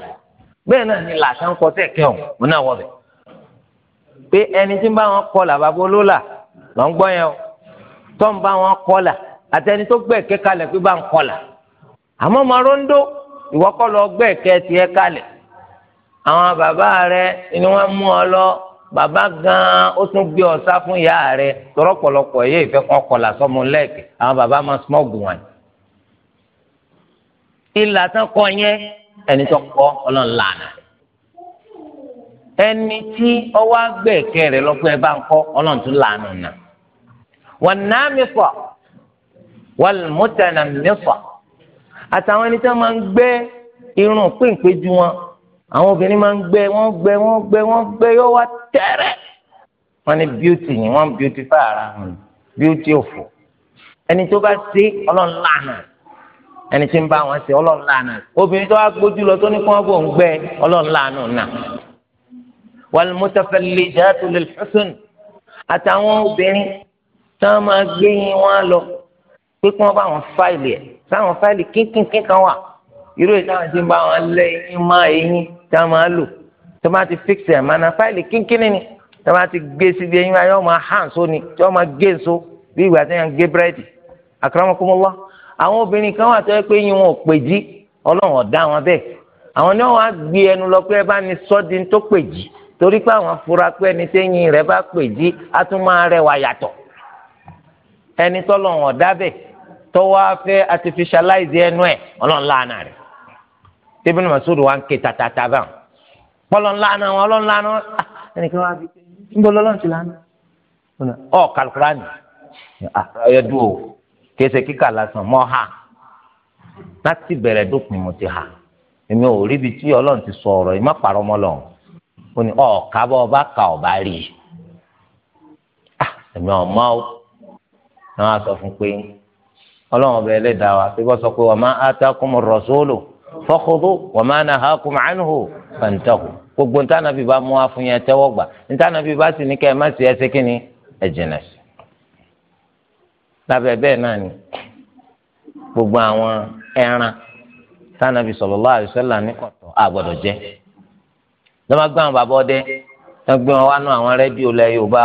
bẹ́ẹ̀ náà ni làtàn kọ tẹkẹ ọ mo náà wọ bẹ pé ẹni tí ń bá wọn kọ làbàbọ ló là ń gbọ́ yẹn o tó ń bá wọn kọlà àtẹni tó gbẹ ẹkẹ kalẹ̀ pé bá ń kọlà àmọ́ marondo ìwọ kọ́ lọ gbẹ ẹkẹ tiẹ̀ kalẹ̀ àwọn bàbá rẹ ni wọ́n mú ọ lọ bàbá gan ó tún gbé ọsá fún ìyá rẹ tọrọ pọ̀lọpọ̀ yẹ ìfẹ́ kan kọlà sọmọ lẹẹkì àwọn bàbá máa smọgù wọn. ìlà tán kọ yẹn ẹni tó kọ Ọlọ́run lànà ẹni tí ọwọ́ àgbẹ̀kẹ́ rẹ̀ lọ́pọ̀ bá ń kọ́ Ọlọ́run tún lànà náà wànàmísọ̀ wàlmùtànàmísọ̀ àtàwọn ẹni tí wọ́n máa ń gbé irun pèǹpéjú wọn àwọn obìnrin máa ń gbé wọ́n gbé wọ́n gbé wọ́n gbé yóò wá tẹ́rẹ̀ wọ́n ní bíútì ni wọ́n bíútífà ara wọn bíútì òfò ẹni tó bá sí ọlọ́run lànà ẹni tí ń bá wọn ṣe ọlọ́run obìnrin tó wá gbójú lọ tó ní kí wọ́n bò ń gbẹ ọlọ́run lànà náà wàlmùtàfẹ́lẹ́jà tó lè fẹ́sùn àtàwọn obìnrin tá a máa gbé yín wọn lọ pé kí wọ́n bá wọn fáìlì ẹ̀ sáwọn fáìlì kínkínkín kan wà irú èyí táwọn ti ń bá wọn lé yín má eyín tá a máa lò tó bá ti fíksì ẹ̀ máa fáìlì kínkínní ni tó bá ti gbé síbi eyín wa yóò máa hàn so ni yóò máa gé so bí ìgbà tí wọ́n gé búrẹ́dì àkàràmọ́kọ́mọ́lá àwọn obìnrin kan wà tó yẹ pé yín wọn ò pè jí ọlọ́run ọ̀dá wọn bẹ́ẹ̀ àwọn ni wọ́n á gbé ẹnu lọ pé ẹ bá ní sọ́ọ́dì tó pè jí torí pé àwọn fura ẹni tẹ́yìn rẹ̀ bá pè jí á tún máa rẹwà yàtọ̀ ẹni tọ́lọ̀ wọn dábẹ̀ tọ́wọ́ afẹ́ artificialize ẹnu ẹ̀ ọlọ́run lánà rẹ̀ tẹ́bí ní Masud wa ń ké tatata bá wọn ọlọ́run lánà wọn ọlọ́run lánà wọn ẹnìkan wá bí ń bọ́ lọ́lọ́run ti lánà ọ kàlùkùránì ẹ̀dùn ah, o kése kíkà lásán mọ́ ha láti bẹ̀rẹ̀ dópin mo ti ha èmi ò rí ibi tí ọlọ́run ti sọ ọ̀rọ̀ yìí má pàrọ̀ mọ́ lọ́run ó ní ọ̀ kábọ̀ ọba kà ọba rí i ẹ̀mi ah, ọ̀ máa náà a sọ fún pé ọlọ́run ọba ẹlẹ́dàá wa pé wọ́n sọ pé wa ma atakumur rasulu fakhudhu wa ma nahakum anhu fantahu gbogbo ntànàbí bá mú wa fún yẹn tẹ́wọ́ gbà ntànàbí bá sì ní kẹ́ ẹ má sì ẹsẹ̀ kínní ẹ jìnà sí. lábẹ́ bẹ́ẹ̀ náà ni gbogbo àwọn ẹran tànàbí sallallahu alaihi wasallam ní àgbọ̀dọ̀ jẹ́ lọ́mọ gbọ́n bàbá ọdẹ ẹgbẹ́ wọn wá àwọn rédíò lẹ Yorùbá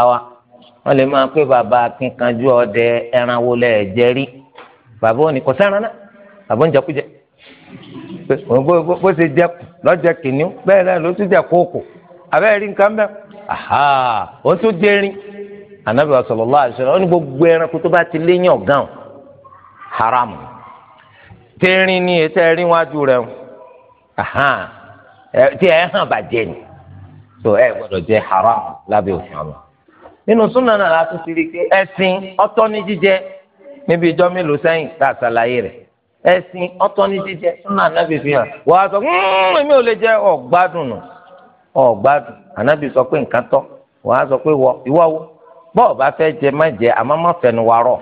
wọ́n lè máa pé bàbá akínkanjú ọdẹ ẹran wo lẹ̀ jẹ́ rí bàbá òní kò sẹ́ran náà bàbá òní jẹkújẹ bó ṣe jẹ lọ́jọ́ kìnìún bẹ́ẹ̀ náà ló tún jẹ kóòkò abẹ́rẹ́ rí nǹkan bẹ́ẹ̀ aha òun tún dé rí anabi sallallahu alaihi wasallam ó ní gbogbo ẹranko tó bá ti léyìn ọ̀gán haramu tẹ́rin ní etí ẹ̀rín wájú rẹ̀ tí ẹ̀ hàn bàjẹ́ ni tó ẹ̀ gbọ́dọ̀ jẹ́ haram lábẹ́ òfin ọ̀nà. nínú súnà náà láti ti rí i pé ẹ̀sìn ọ̀tọ̀ ní jíjẹ níbi ìjọ mélòó sẹ́yìn tá a ṣàlàyé rẹ̀ ẹ̀sìn ọ̀tọ̀ ní jíjẹ súnà fi hàn wọ́n á sọ hmm, èmi ò lè jẹ ọ̀gbádùn nù ọ̀gbádùn ànábì sọ pé nǹkan tọ́ wọ́n sọ pé wọ wo bá fẹ́ jẹ má jẹ àmọ́ má fẹnu wa rọ̀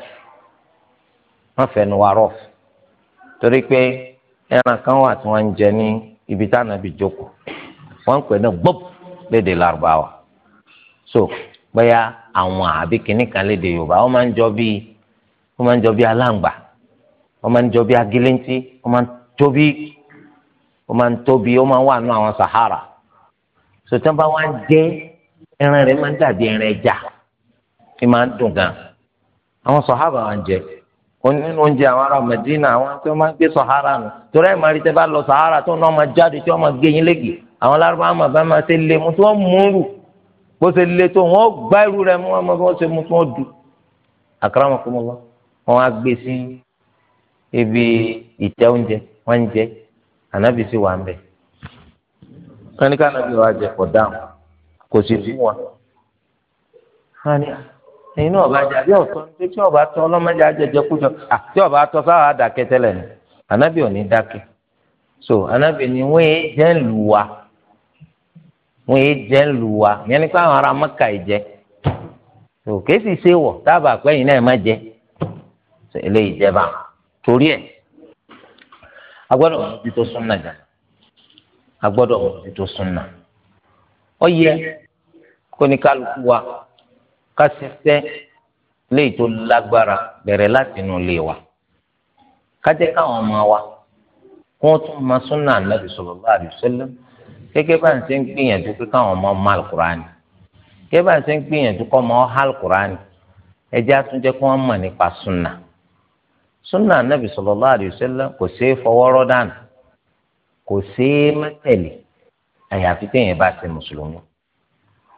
má fẹnu wa rọ̀ torí pé ẹran kan wà tí wọ́n ń jẹ ní ibi táwọn ànábì jókòó wọ́n ń pè ní so bóyá àwọn àbí kìnnì kan léde yorùbá wọ́n máa ń jọ bíi wọ́n máa ń jọ bíi aláǹgbà wọ́n máa ń jọ bíi agilẹ́ntì wọ́n máa ń tóbi wọ́n máa ń tóbi wọ́n máa ń wà nù àwọn sahara sọtẹ́ bá wá ń jẹ́ ẹran rẹ̀ máa ń dàbí ẹran ẹja kí máa ń dùn gan àwọn sahara wa ń jẹ nínú oúnjẹ àwọn ará Mẹdínà àwọn tí wọ́n máa ń gbé sahara nù torí ẹ̀ máa rí tẹ́ bá lọ sahara tó náà máa jáde tí wọ́n máa gé yín lẹ́gì àwọn lárúbáwá máa bá lé bó ṣe le tó wọn gbá irú rẹ̀ mú wọn bó ṣe mú tí wọn dù akramakumullah wọn á gbé sí ibi ìtẹ́ oúnjẹ wọn ń jẹ ànábì sì wà ń bẹ wọn ní ká ànábì wà jẹ kọ dáhùn kò sì fi wọn. ẹyin náà bá jẹ àbí ọ̀tọ́ tí ọba tọ́ ọlọ́mọdé ajẹjẹ kújọ àti ọba tọ́ sáwà á dàkẹ́ tẹ́lẹ̀ ànábì ò ní dákẹ́ so ànábì ni wọ́n yé jẹ́ ń lù wá. wọn je jẹ́ ń lù wá yẹn ni pé àwọn ará mọ́kà yìí jẹ́ òkè sì ṣe wọ̀ dábàá pé ẹ̀yin náà má jẹ́ eléyìí jẹ́ bá torí ẹ̀ agbọ́dọ̀ mọ̀tí tó súnà jà agbọ́dọ̀ mọ̀tí tó súnà ó yẹ kó ní kálukú wa ká ṣiṣẹ́ léyìí tó lágbára láti inú ilé wa ká jẹ́ káwọn ọmọ wa kó tún máa gẹ́gẹ́ bá ń ṣe ń gbìyànjú pé káwọn ọmọ ọmọ alukurani gẹ́gẹ́ bá ń ṣe ń gbìyànjú kọ́ ọmọ ọha alukurani ẹjẹ́ àtúnjẹ́ kí wọ́n mọ̀ nípa sunna sunna anabi sallallahu alaihi wasallam kò ṣeé fọwọ́rọ́ dànù kò ṣeé mẹ́tẹ̀lẹ̀ àyàfi téèyàn bá ṣe mùsùlùmí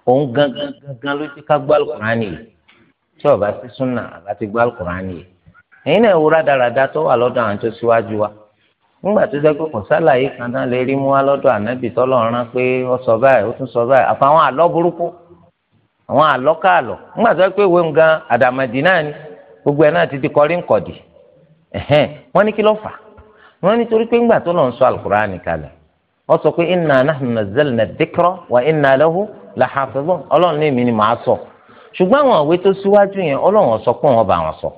òun gangan gangan ló ti ká gbọ́ alukurani yìí tí ó bá sí sunna àbá ti gbọ́ alukurani yìí ẹ̀yin náà wúrà dáradá tó wà lọ́dọ̀ àwọn tó síwájú wa nígbà tó jẹ́ pé kò sálàyé kan tán lè rí mú wá lọ́dọ̀ ànábì tọ́lọ́run pé ó sọ báyìí ó tún sọ báyìí àfàwọn àlọ́ burúkú àwọn àlọ́ káàlọ́ nígbà tó jẹ́ pé ìwé nǹkan àdàmàdì náà ni gbogbo ẹ̀ náà ti di kọrí nkọ̀dì ẹ̀hẹ́n wọ́n ní kí ló fà wọ́n ní pé ńgbà tó lọ́n sọ alukur'ani kalẹ̀ ó sọ pé inna nahnu nazzalna dhikra wa inna lahu lahafizun ọlọ́run ní èmi ni màá sọ ṣùgbọ́n àwọn òwe tó síwájú yẹn ọlọ́run sọ pé wọ́n bá wọn sọ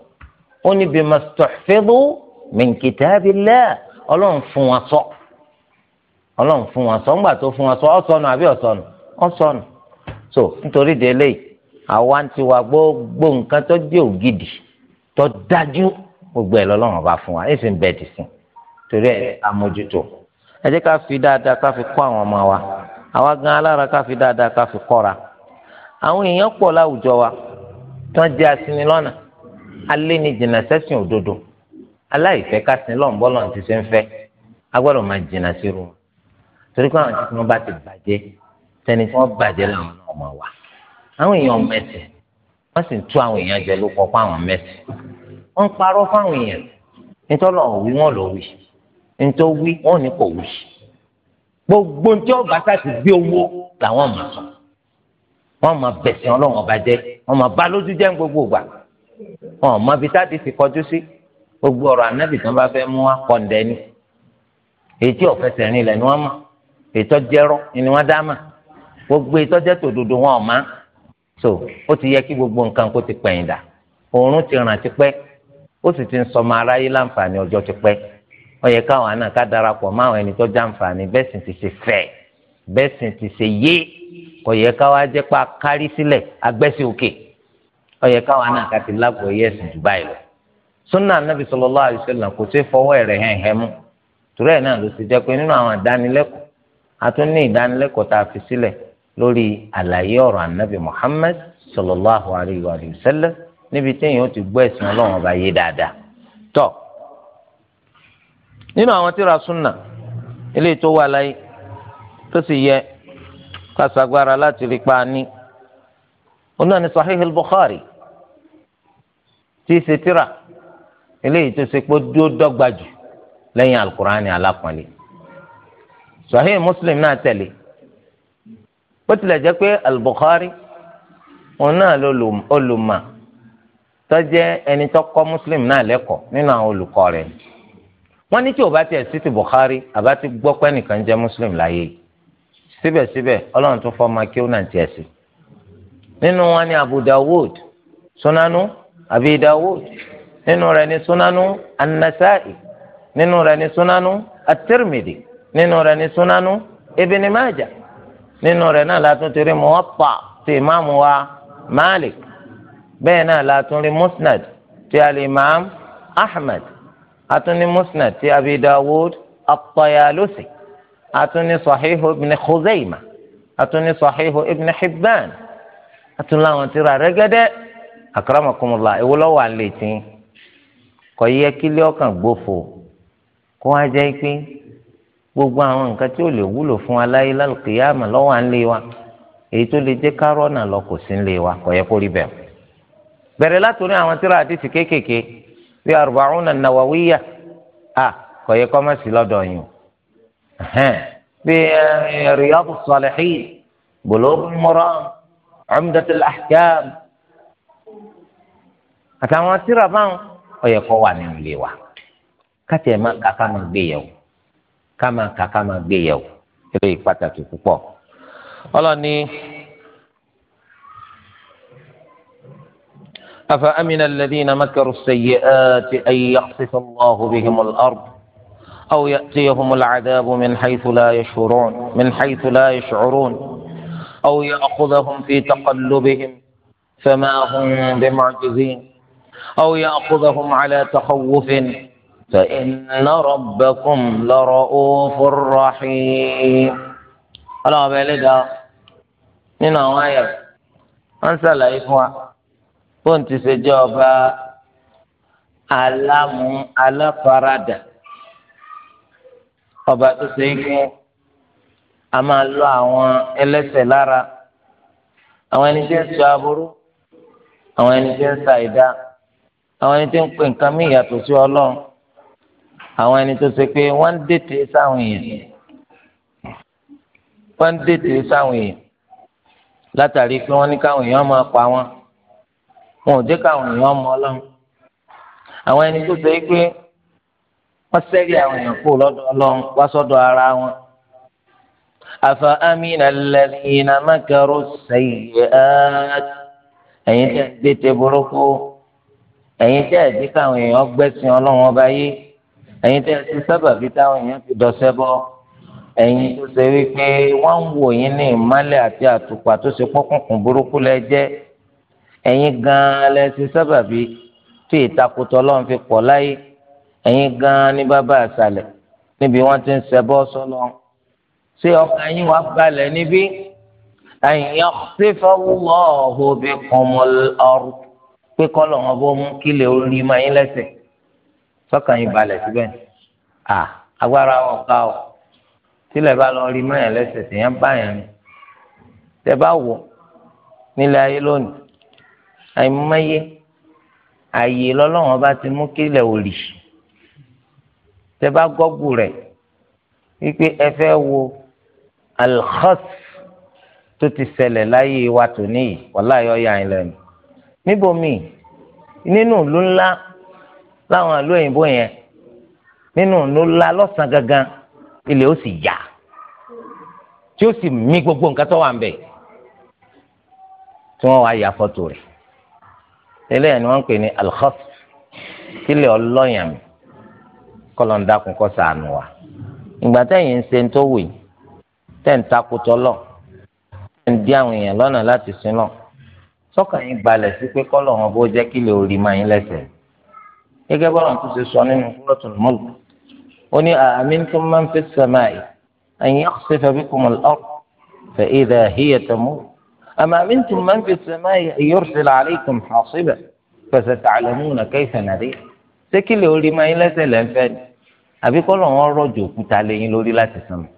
ó ní bima stuhfizu min kitabillah ọlọ́run fún wọn sọ ọlọ́run fún wọn sọ ńgbà tó fún wọn sọ ọ̀sọ̀nù àbí ọ̀sọ̀nù ọ̀sọ̀nù so nítorí délé àwa ń tiwa gbogbo nǹkan tó jẹ́ ògidì tó dájú gbogbo ẹ̀ lọ́lọ́run ọba fún wa ẹ̀ sì ń bẹ̀ dì sí torí ẹ̀ amójútó ẹ jẹ́ ká fi dáadáa ká fi kọ́ àwọn ọmọ wa àwa gan alára ká fi dáadáa ká fi kọ́ra àwọn èèyàn pọ̀ láwùjọ wa tó ń jẹ́ asinilọ́nà alẹ́ ni jìnnà sẹ́sìn òdodo aláìfẹ́ ká sin lọ́n bọ́lọ̀ ti ṣe ń fẹ́ a gbọ́dọ̀ máa jìnnà sí irú wọn torí pé àwọn tí wọ́n bá ti bàjẹ́ tẹni tí wọ́n bàjẹ́ làwọn náà máa wà àwọn èèyàn mẹ́sẹ̀ wọ́n sì ń tú àwọn èèyàn jẹ ló pọ̀ fún àwọn mẹ́sẹ̀ wọ́n ń parọ́ fáwọn èèyàn nítorí ọ̀rọ̀ wí wọ́n lọ wí nítorí wí wọ́n ní kò wí gbogbo tí ọba sá ti gbé owó làwọn máa sọ wọ́n máa bẹ̀sẹ̀ ọlọ́run ọba jẹ́ wọ́n máa bá lójú jẹ́ gbogbo ìgbà wọ́n máa fi táàdì ti kọjú sí. gbogbo ọrụ anábì kan bá fẹ́ mú wa ni ètí ọ̀fẹsẹ̀ rìn ni ètò ni dá gbogbo ètò jẹ́ tòdodo wọn ò so ó ti yẹ kí gbogbo nǹkan kó ti pẹ̀yìn dà òórùn ti ràn ti pẹ́ ó sì ti ń sọmọ aráyé láǹfààní ọjọ́ ti yẹ káwọn àna ká àwọn ẹni tó já sì ti ṣe fẹ́ bẹ́ẹ̀ sì ti ṣe yé kò yẹ lọ. sunna anabi sallallahu alaihi wasallam kò sí fọwọ́ ẹ̀rẹ̀ hẹ̀hẹ̀ mú torí ẹ̀ náà ló ti jẹ́ pé nínú àwọn ìdánilẹ́kọ̀ọ́ a tún ní ìdánilẹ́kọ̀ọ́ tá a fi sílẹ̀ lórí àlàyé ọ̀rọ̀ anabi muhammad sallallahu alaihi wasallam níbi téèyàn ti gbọ́ ẹ̀sìn ọlọ́run ọba yé dáadáa tọ́ nínú àwọn tíra sunna ilé tó wà láyé tó sì yẹ kásagbára láti rí pa ní onáni sahih bukhari tí í ṣe tíra eléyìí tó ṣe pé dúró dọ́gba jù lẹ́yìn alukur'ani alápọ̀nlé sahih muslim náà tẹ̀lé bó tilẹ̀ jẹ́ pé al-Bukhari òun náà olùmọ̀ tó jẹ́ ẹni tó kọ́ muslim náà lẹ́kọ̀ọ́ nínú àwọn olùkọ́ rẹ̀ wọ́n ní tí o bá tiẹ̀ sí ti Bukhari àbá ti gbọ́ pé nìkan jẹ́ muslim láyé síbẹ̀síbẹ̀ ọlọ́run tó fọ́ máa kí ó náà tiẹ̀ sí nínú wọn ni Abu Dawud sunanu Abi Dawud nínú rẹ̀ ní sunanu anasai nínú rẹ̀ ní sunanu atirimidi nínú rẹ̀ ní sunanu ibini maja nínú rẹ̀ náà látún torí muwatta ti imaamu wa malik bẹ́ẹ̀ náà látún rí musnad ti alimam ahmed atúni musnad ti abi dawud at-tayalusi atúni sahihu ibn khuzaima atúni sahihu ibn hibban atúni láwọn tírà rẹ́gẹ́dẹ́ akramakumullah ìwúlọ́wọ́ àlè tìǹ kò yẹ kílé ọkàn gbófo kó wá jẹ́ pé gbogbo àwọn nǹkan tí ò lè wúlò fún aláyé lálùkìyàmà lọ́wọ́ à ń lé wa èyí tó lè jẹ́ kárọ́nà lọ kò sí ń lé wa kò yẹ kó rí bẹ́ẹ̀. bẹ̀rẹ̀ látòrí àwọn tíra àdìsí kéékèèké bí arbaun an-nawawiyya à kò yẹ kó má lọ́dọ̀ yìí bí eh, riyadus salihin bulughul maram àtàwọn tíra báwọn. ó yẹ kó wà nínú ilé wa káti ẹ̀ máa kàkà máa gbé yẹ̀wò ká máa kàkà máa gbé yẹ̀wò eléyìí pàtàkì púpọ̀ ọlọ́ni. أفأمن الذين مكروا السيئات أن يخسف الله بهم الأرض أو يأتيهم العذاب من حيث لا يشعرون من حيث لا يشعرون أو يأخذهم في تقلبهم فما هم بمعجزين أو يأخذهم على تخوف فإن ربكم لرؤوف رحيم ọlọ́wọ́ bẹ lé dáa nínú àwọn ayọ̀ wọ́n ń ṣàlàyé fún wa fóun ti ṣe jẹ́ ọba alámú aláfaradà ọba tó ṣe é kí a máa lọ àwọn ẹlẹ́ṣẹ̀ lára àwọn ẹni tí ń sọ aburú àwọn ẹni tí ń sa ìdá àwọn ẹni tí ń pè nǹkan mí ìyàtọ̀ sí ọlọ́run àwọn ẹni tó ṣe pé wọ́n ń dètè sáwọn èèyàn wọ́n ń dètè sáwọn èèyàn látàrí pé wọ́n ní káwọn èèyàn máa pa wọn wọn ò jẹ́ káwọn èèyàn mọ ọlọ́run àwọn ẹni tó ṣe pé wọ́n sẹ́rí àwọn èèyàn kú lọ́dọ̀ ọlọ́run wá sọ́dọ̀ ara wọn. afa amina alladhina makaru sayyi'at ẹ̀yin tẹ̀ ń dètè burúkú ẹ̀yin tẹ́ ẹ̀ dín káwọn èèyàn gbẹ́sìn ọlọ́run ọba yé ẹ̀yin tẹ́ ẹ̀ ti sábà fi táwọn èèyàn fi dọ̀sẹ́ bọ́ ẹ̀yin tó ṣe wípé wọ́n ń wò yín ní ìmọ́lẹ̀ àti àtùpà tó ṣe pọ́kùnkùn burúkú lẹ jẹ́ ẹ̀yin gan-an lẹ ti sábà fi tí ìtakùtọ̀ ọlọ́run fi pọ̀ láyé ẹ̀yin gan ní bàbá àṣàlẹ̀ níbi wọ́n ti ń ṣẹbọ́ sọ́nà ṣé ọkàn yín wàá balẹ̀ níbí ẹ̀yin ọ̀sẹ̀ fọwọ́ ọ̀hún bí kọ́mọ́lọ́rùn pé kọ́lọ̀ wọn bó mú kí lè rí máa yín lẹ́sẹ̀ sọ́kàn yín balẹ̀ síbẹ̀ à agbára wọn ká o tílẹ̀ bá lọ rí máa yín lẹ́sẹ̀ tèèyàn bá yẹn ni tẹ bá wọ nílẹ̀ ayé lónìí àìmọye àyè lọ́lọ́wọ́n bá ti mú kí lẹ̀ ò rì tẹ bá gọ́gù rẹ̀ wípé ẹ fẹ́ wo alhas tó ti ṣẹlẹ̀ láyé wa tòní yìí wàláyọ̀ yà yín lẹ́nu níbòmíì nínú ìlú ńlá láwọn ìlú òyìnbó yẹn nínú ìlú ńlá lọ́sàn-án gangan ilẹ̀ ó sì yá tí ó sì mí gbogbo nǹkan tó wà ń bẹ̀ tí wọ́n wá ya fọ́tò rẹ̀ eléyà ni wọ́n ń pè ní alkhaf kílẹ̀ ọlọ́yàn kọ́lọ̀ ń dákun kọ́ sànù wa ìgbà tẹ̀yìn ń ṣe ń tó wì tẹ̀ ń takùtọ̀ lọ tẹ̀ ń dí àwọn èèyàn lọ́nà láti sin náà sọ́kàn yín balẹ̀ sí pé kọ́lọ̀ wọn bó jẹ́ kí lè orí máa yín lẹ́sẹ̀ gẹ́gẹ́ bọ́lá tó ṣe sọ nínú Suratul Mulk ó ní a'amintum man fis samaa'i an yakhsifa bikumul ard fa idha hiya tamur am a'amintum man fis samaa'i an yursila alaykum hasiban fa máa yín lẹ́sẹ̀ lẹ́ńfẹ́ ni àbí kọ́lọ̀ wọn rọ̀jò òkúta lẹ́yìn lórí láti sánmà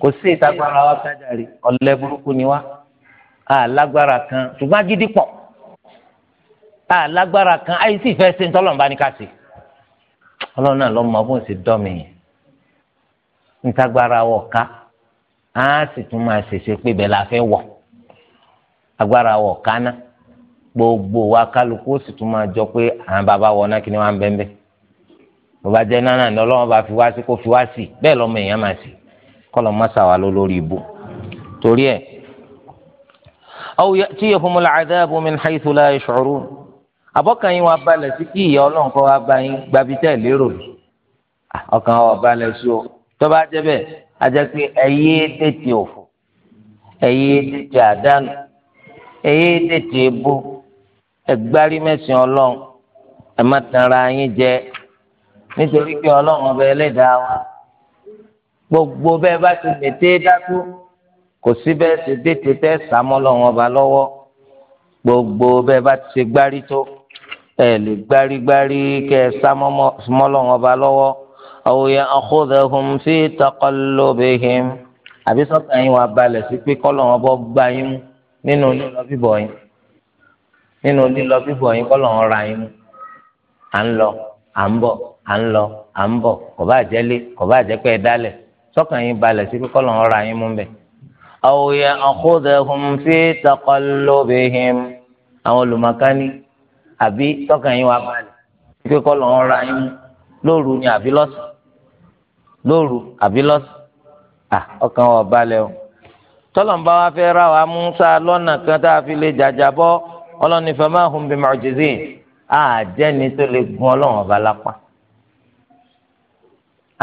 kò alágbára kan ṣùgbọ́n agídí pọ̀ alágbára kan ayé sì fẹ́ ṣe ń tọ́lọ̀ ń bá ní ká ṣe ọlọ́run náà lọ́mọ bó ń ṣe dọ́mi yẹn ntagbara wọ̀ ká á sì tún máa ṣèṣe pé bẹ́ẹ̀ la fẹ́ wọ̀ agbára wọ̀ ká ná gbogbo wa kálukú sì tún máa jọ pé àwọn bàbá wọ̀ náà kí ni wọ́n á bẹ́ẹ̀ bẹ́ẹ̀ bàbá jẹ́ náà ni ọlọ́run bá fi wá sí kó fi wá sí bẹ́ẹ̀ lọ́mọ èèyàn máa sì kọ́ lọ́ aw ya'tiyahum al-'adhabu min haythu la yash'urun àbọ̀kàn yín wá balẹ̀ sí kí ìyà ọlọ́run kọ́ wá bá yín gbabi tẹ̀ lérò lò ọkàn wá balẹ̀ sí o tó bá jẹ́ bẹ́ẹ̀ a jẹ́ pé tètè òfò ẹ̀yé tètè àdánù ẹ̀yé tètè ebó ẹ̀gbárí mẹ́sìn ọlọ́run ẹ̀ má tanra yín nítorí pé ọlọ́run ọba ẹlẹ́dàá wa gbogbo bẹ́ẹ̀ bá ti mètè kò sí bẹ́ẹ̀ ṣe dètè tẹ́ sàmọ́lọ́ wọn bá lọ́wọ́ gbogbo bẹ́ẹ̀ bá ti ṣe gbárí tó ẹ lè gbárígbárí kẹ́ ẹ sàmọ́lọ́ wọn bá lọ́wọ́ aw ya'khudhahum fi taqallubihim àbí sọ́kàn yín wà balẹ̀ sí pé kọ́lọ̀ bọ́ gbá yín mú nínú lílọ yín nínú lílọ yín kọ́lọ̀ ra yín mú à ń lọ à ń bọ̀ à ń lọ à ń bọ̀ kò bá jẹ́ lé kò bá jẹ́ pé ẹ dálẹ̀ sọ́kàn yín balẹ̀ sí pé kọ́lọ̀ ra yín mú bẹ́ẹ̀. أو يأخذهم في تقلبهم أو المكان أبي تكن يوابان كي كل أوران lóru ni àbí lọ́sàn lóru àbí lọ́sàn à ọkàn wa balẹ̀ o tọ́lọ̀mùbá wa fẹ́ ra wa musa lọ́nà kan tá a fi lè jàjà bọ́ ọlọ́ni fama hum bi mu'jizin àjẹni tó lè gun ọlọ́run ọba lápá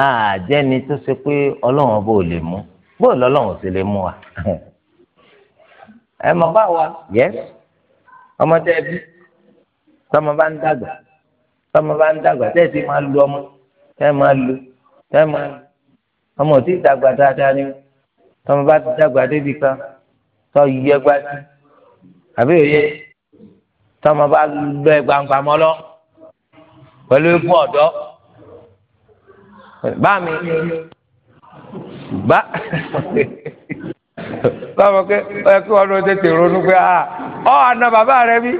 àjẹni tó ṣe pé ọlọ́run ọba ò lè mú bóò lọ́lọ́run sì lè mú wa ẹ mọ̀ bá wa yẹ ọmọ tẹ bí tọmọ bá ń dàgbà tọmọ bá ń dàgbà tẹ́ ẹ ti máa lu ọmọ tẹ́ ẹ máa lu tẹ́ ẹ máa lu ọmọ tí dàgbà dáadáa ni tọmọ bá ti dàgbà débi kan tọ yẹ gbá sí àbí òye tọmọ bá lọ gbangba mọ́ lọ pẹ̀lú ikú ọ̀dọ́ bá bá báwo pé ẹ kí wọn lọ tètè ronú pé ah, ọ àna bàbá rẹ bí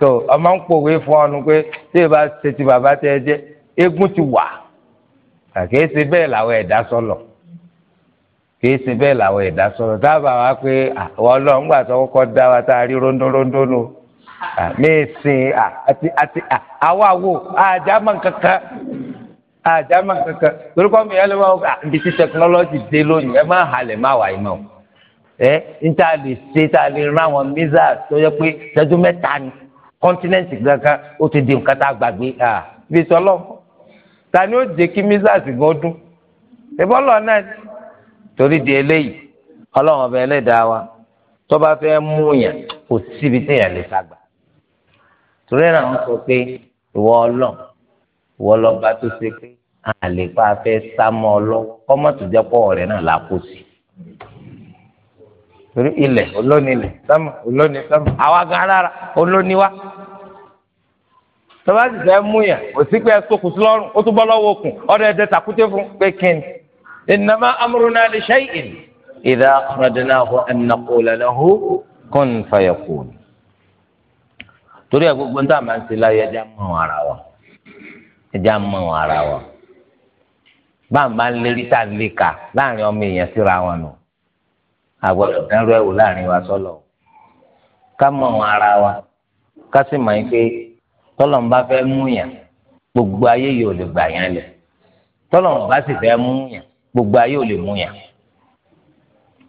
tó ọmọ ń pòwe fún ọ nu pé tí ì bá bàbá tẹ ẹ jẹ eégún ti wà kìí ṣe bẹ́ẹ̀ làwọn ẹ̀dá sọlọ kìí ṣe bẹ́ẹ̀ làwọn sọlọ dábàá wa pé àwọn gbà tó dá wa tá a rí nu mí àti àti kankan. àdámà kankan lórúkọ mi yẹn ló wá wọ́n àbí ah, tí tẹkinọ́lọ́jì dé lónìí ẹ má halẹ̀ má wà iná ẹ níta lè ṣe tá lè rán àwọn mísà tó yẹ pé ṣẹ́jú mẹ́ta ni kọ́ńtínẹ́ǹtì kankan ó ti di nǹkan tá a gbàgbé bí sọlọ́ ta ni ó jẹ́ kí mísà sì gan dún ìbọ́lọ̀ náà torí di eléyìí ọlọ́run ọba ẹlẹ́dàá wa tó bá fẹ́ mú yàn kò síbi téèyàn lè sàgbà torí náà wọ́n sọ pé ìwọ ọlọ́run wọlọba tó ṣe pé àlefa fẹ́ sámọ ọlọ kọmọtòjẹpọ rẹ náà là kó sí torí ilẹ̀ olónilẹ̀ sámọ olóni sámọ àwa gan rárá olóniwa tọ́ba ti fẹ́ mú yàn òsì pé ẹ̀sùn kùsù lọ́rùn ó tún bọ́ lọ́wọ́ okùn ọ̀dọ̀ ẹ̀dẹ̀ tàkúté fún pé kín innama amruna li shay'in idha aradnahu an naqula lahu kun fayakun. torí ẹ̀ gbogbo ń tà máa ń ẹja mọ ara wa báńbá ń lérí tá a lè kà láàrin ọmọ èèyàn síra wọn nù àgbọ̀dọ̀ dánrú ẹ̀wò láàrin wa sọ́lọ̀ ká mọ ara wa ká sì mọ̀ pé tọ́lọ̀ ń bá fẹ́ mú yàn gbogbo ayé yóò lè gbà yàn lẹ̀ tọ́lọ̀ ń sì fẹ́ mú yàn gbogbo ayé ò lè mú yàn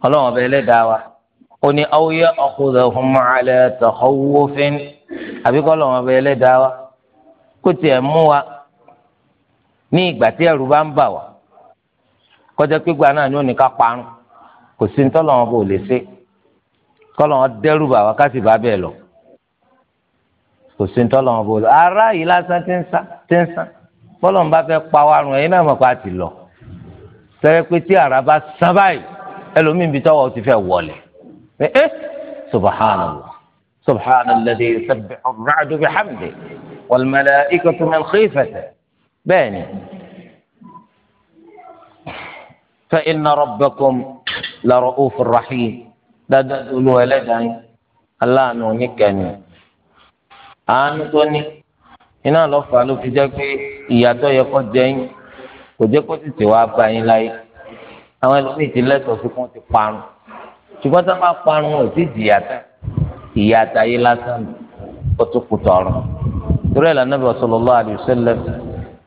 ọlọ́run ọba ẹlẹ́dàá wa ó ní awúyẹ́ ọkùnrin ọ̀hún mọ́ra lẹ́tọ̀ọ́ wọ́fẹ́ àbíkọ́ ọlọ́run ọba ẹlẹ́dàá wa kó tiẹ̀ mú wa ní ìgbà tí ẹ̀rù bá ń bà wá kọjá pípa náà ni ó ní ká parun kò sí ntọ́lọ̀ wọn kò lè ṣe kọ́lọ̀ wọn dẹ́rù bà wá ká sì bá bẹ́ẹ̀ lọ kò sí ntọ́lọ̀ wọn kò lè ara yìí lásán ti ń sá ti ń sá bọ́lọ̀ ń bá fẹ́ pa wá run ẹ̀yin náà mọ̀ pé ti lọ sẹ́yẹ́ pé tí ara bá sán báyìí ẹlòmíín bí tọ́wọ́ ti fẹ́ wọlé ẹ ẹ eh, subhanallah subhanalladhi yusabbihu ar-ra'du bihamdihi wal mala'ikatu min khifatihi bẹ́ẹ̀ ni fa inna rabbakum la ra'ufur rahim dáadáa olú ẹlẹ́dàá yín aláàánú oníkẹ́ni àánú tó ní iná lọ́fà ló fi jẹ́ pé ìyàtọ̀ yẹ kó jẹ yín kò jẹ́ kó tètè wá bá yín láyé àwọn ẹlòmíì ti lẹ́tọ̀ọ́ sí kún ti parun ṣùgbọ́n tá a bá parun ò sí ìyàtọ̀ ìyàtọ̀ ayé lásán ó tún kù torí ẹ̀ lànà bí sallallahu alaihi wasallam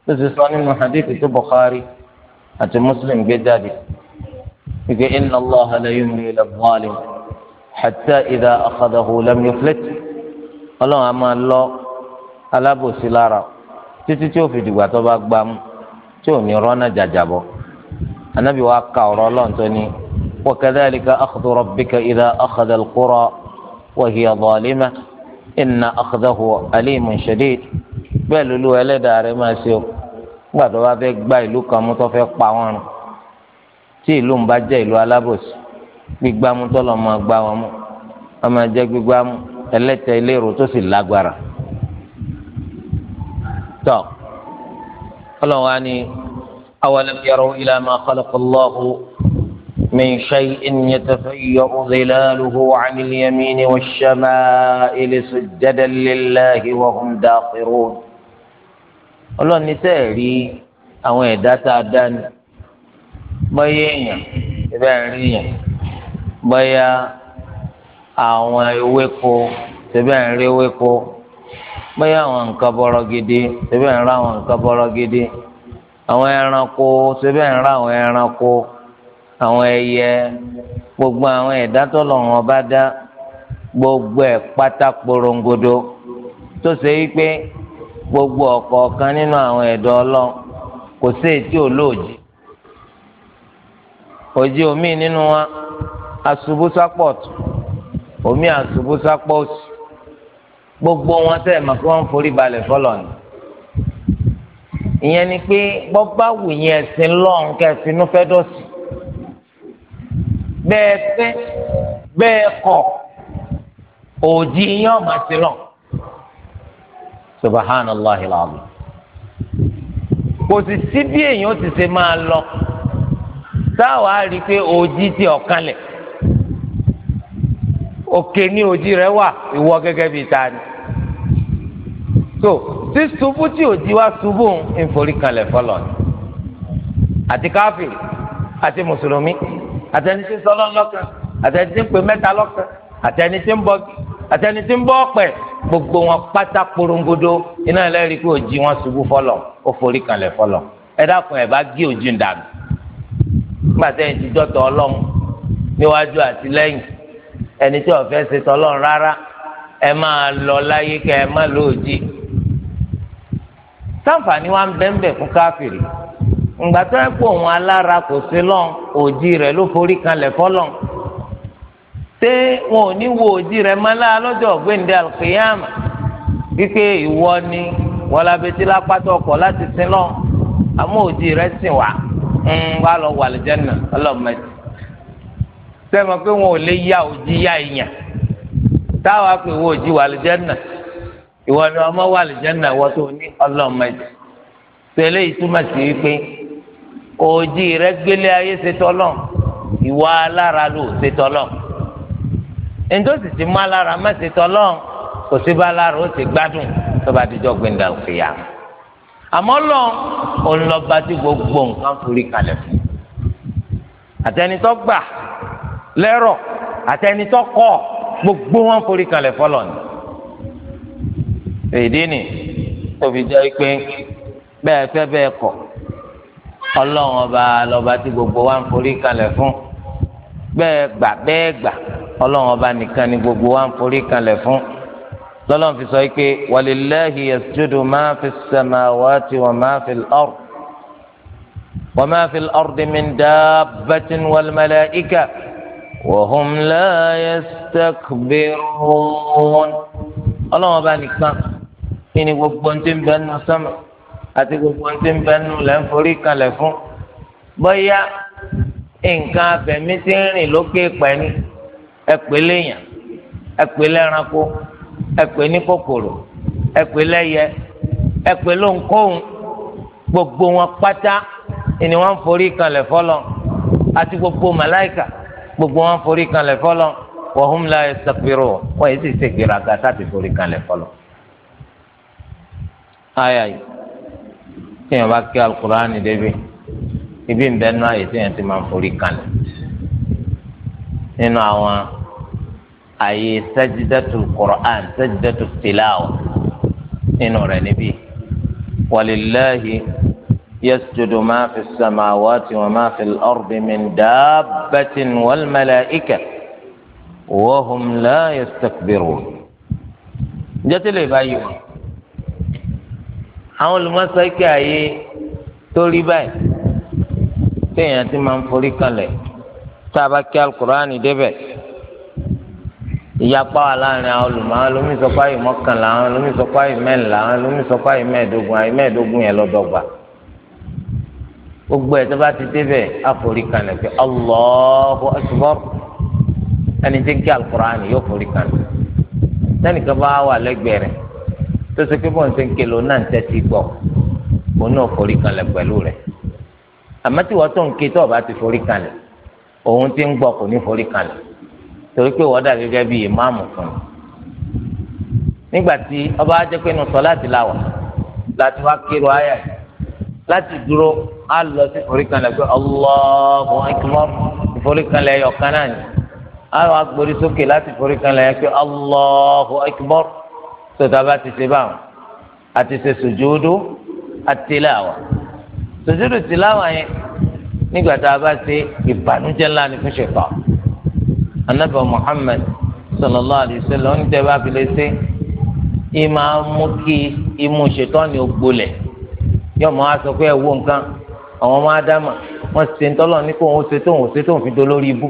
tó ti sọ nínú hadith tó Bukhari àti Muslim gbé jáde wípé inna Allah la yumli lil-zalim hatta idha akhadhahu lam yuflit ọlọ́run a máa lọ alábòsí lára títí tí ó fi dìgbà tó bá gbá mu tí ò ní rọ́nà jàjàbọ̀ anábì wa ka ọ̀rọ̀ ọlọ́run tó ní wa kadhalika akhdhu rabbika idha akhadha al-qura wa hiya zalimah inna akhdahu alimun shadid bẹ́ẹ̀ lólu ẹlẹ́dàá rẹ máa ṣe o nígbà tó bá fẹ́ gba ìlú kan mú tó fẹ́ pa wọn rùn tí ìlú ń bá jẹ́ ìlú alábòsí gbígbá mú tọ́lọ̀ máa gbá wọn mú wọn máa jẹ́ gbígbá mú ẹlẹ́tẹ̀ eléèrò tó sì lágbára tọ́ ọlọ́wà ni awalam yaraw ila ma khalaqa Allahu min shay'in yatafayyu dhilaluhu 'anil yamini wash-shama'ili sujjadan lillahi wa ọlọ́ni tẹ́ ẹ̀ rí àwọn ẹ̀dá tá a dá ni bọ́yá èèyàn ìbá ń rí èèyàn bọ́yá àwọn ewéko ìbá ń rí ewéko bọ́yá àwọn nǹkan bọ́rọ̀ gidi ìbá ń rí àwọn nǹkan bọ́rọ̀ gidi àwọn ẹranko ìbá ń rí àwọn ẹranko àwọn ẹyẹ gbogbo àwọn ẹ̀dá tó lọ́wọ́n bá dá gbogbo ẹ̀ pátá porongodo tó ṣe é pé gbogbo ọ̀kọ̀ọ̀kan nínú àwọn ẹ̀dọ̀ ọlọ́run kò sí ètí olóòjì òjì omi nínú wa àṣubú sápọ̀tù omi àṣubú sápọ̀tù gbogbo wọn tẹ̀ mọ̀ kí wọ́n ń forí balẹ̀ fọlọ̀ ni ìyẹn ni pé bọ́bá wù yẹn ẹ̀sìn lọ́run kẹsìnú fẹ́ dọ̀sì bẹ́ẹ̀ fẹ́ bẹ́ẹ̀ kọ̀ òjì yẹn ọ̀mà sí lọ́run. subahana allah ilaahu kò sì sí bí èèyàn ti ṣe máa lọ táwa rí i pé ti ọ̀kan lẹ̀ òkè ní rẹ wà ìwọ gẹ́gẹ́ bíi ta ni so tí ṣubú tí òjì wá ṣubú ń fọlọ́ ni àti káfíìrì àti mùsùlùmí Ati tí ń sọ lọ́nà ati àtẹni tí ń pè mẹ́ta lọ́kàn tí ń bọ́ tí ń bọ́ gbogbo wọn pátá porongodo iná ẹlẹ́rìí pé òjì wọn ṣubú fọlọ̀ ó forí kanlẹ̀ fọlọ̀ ẹ dákun ẹ̀ bá gé òjì ń dànù nígbà tẹ́yìn ti dọ́tọ̀ ọlọ́run níwájú àti lẹ́yìn ẹni tí ọ̀fẹ́ ṣe tọ́lọ́run rárá ẹ máa lọ láyé kẹ́ ẹ má lòójì sáǹfààní wa ń bẹ́ńbẹ̀ fún káfìrí ǹgbà tó ẹ pò wọn alára kò sí lọ́n òjì rẹ̀ ló forí kanlẹ̀ fọlọ́n ṣé wọn ò ní wo òdì rẹ mọ́ láà lọ́jọ́ ọ̀gbẹ́ndé alùpùpù wípé ìwọ ni wọlé abetí lápátọ̀ ọkọ̀ láti sin lọ àmọ́ òdì rẹ sìn wá ń wá lọ wà lẹ́jẹ̀nà ọlọ́mọdé sẹ́mi pé wọn ò lè ya òdì ya ìyàn táwa pé wọn òdì wà lẹ́jẹ̀nà ìwọ ni ọmọ wà lẹ́jẹ̀nà wọ́n tó ní ọlọ́mọdé tẹ̀lé ìtumọ̀ sí wípé òdì rẹ gbélé ayé ṣetọ́lọ́ ìwọ alára ẹnitọ́sì ti mú alára mẹ́sẹ̀ tọ́lọ́ kò sí bá alára ó ti gbádùn tó bá dijọ́ gbẹ̀ndà òkèèyà àmọ́ lọ òun lọ bá tí gbogbo nǹkan forí kalẹ̀ fún àtẹnitọ́ gbà lẹ́rọ̀ àtẹnitọ́ kọ̀ gbogbo wọn forí kalẹ̀ fọlọ́ ni èdè ni tóbi jẹ́ pé bẹ́ẹ̀ fẹ́ bẹ́ẹ̀ kọ̀ ọlọ́run ọba lọ́ba tí gbogbo wa ń forí kalẹ̀ fún bẹ́ẹ̀ gbà bẹ́ẹ̀ gbà ọlọ́run ọba nìkan ni gbogbo wa ń forí kanlẹ̀ fún lọ́lọ́run fi sọ pé walillahi yasjudu ma fi samawati wa ma fi al-ard wa ma fi al-ardi min dabbatin wal malaika wa hum la yastakbirun ọlọ́run ọba nìkan kí ni gbogbo ń ti ń bẹ́ẹ̀ nù àti gbogbo ń ti ń bẹ́ẹ̀ lẹ́ ń forí kanlẹ̀ fún bóyá nǹkan abẹ̀mí ti ń rìn lókè pẹ̀lú. ẹpè léèyàn ẹpè lẹ́ranko ẹpè nikokoro kòkòrò ẹpè lẹ́yẹ ẹpè lóńkóhùn gbogbo wọn pátá ni wọn forí kanlẹ̀ fọlọ àti gbogbo malaika, gbogbo wọn forí kanlẹ̀ fọlọ wọhùn la ẹsẹpẹrọ wọn yìí sì ṣe gbéraga sáti forí kanlẹ̀ fọlọ. ayà yìí téèyàn bá kí alukóraani débi ibi ń bẹ́ẹ̀ náà yìí téèyàn ti máa forí nínú àwọn. àyè sajidatu qur'an sajidatu tilawa nínú rẹ̀ níbí walillahi yasjudu ma fi samawati wa ma fi al-ardi min dabbatin wal malaika wa hum la yastakbirun. jẹ́tìlẹ̀ ìbáyìí wọn àwọn olùmọ̀sáìkì àyè torí báyìí téèyàn ti máa ń forí kalẹ̀ tá a bá kí alukur'ani débẹ̀ ìyapa wà láàrin àwọn olùmọ̀ àwọn olómi sọ pé àyè mọ́kànlá àwọn olómi sọ pé àyè mẹ́ńlá àwọn olómi sọ pé àyè mẹ́ẹ̀ẹ́dógún àyè mẹ́ẹ̀ẹ́dógún yẹn lọ́dọ̀gba gbogbo ẹ̀ tó bá ti débẹ̀ àforí kanlẹ̀ pé Allahu akbar ẹni tí ń kí Al-Qur'ani yóò forí kanlẹ̀ sẹ́nìkan bá wà lẹ́gbẹ̀ẹ́ rẹ̀ tó ṣe pé bọ́ǹsẹ̀ ń kele náà ń tẹ́tí gbọ́ òun náà forí kanlẹ̀ pẹ̀lú rẹ̀ àmọ́ tí wọ́n tó ń ké tó bá torí pé wọ́n dà gẹ́gẹ́ bíi ìmáàmù fún un nígbà tí ọba ajẹ́ pé inú sọ láti la wà láti wá kírun ayà yìí láti dúró á lọ sí ìforíkanlẹ̀ pé Allahu Akbar ìforíkanlẹ̀ ẹ̀yọ̀kan náà ni á wá gbórí sókè láti ìforíkanlẹ̀ yẹn pé Allahu Akbar sọ̀tà bá ti ṣe báwọn àti ṣe sùjúdù àtìláwà sùjúdù tìláwà yẹn nígbà tá a bá ṣe ìbànújẹ́ ńlá ni fún ṣèpá anabi muhammed sallallahu alayhi wa sallam oníṣẹ́ bá fi lè ṣe é máa mú kí imú ṣètọ́ni ògbólẹ̀ yóò máa sọ pé ẹ wo nǹkan àwọn ọmọ ádámà wọn ṣe ń tọ́lọ̀ ní kó òun ṣe tóun ṣe tóun fi dolórí ibú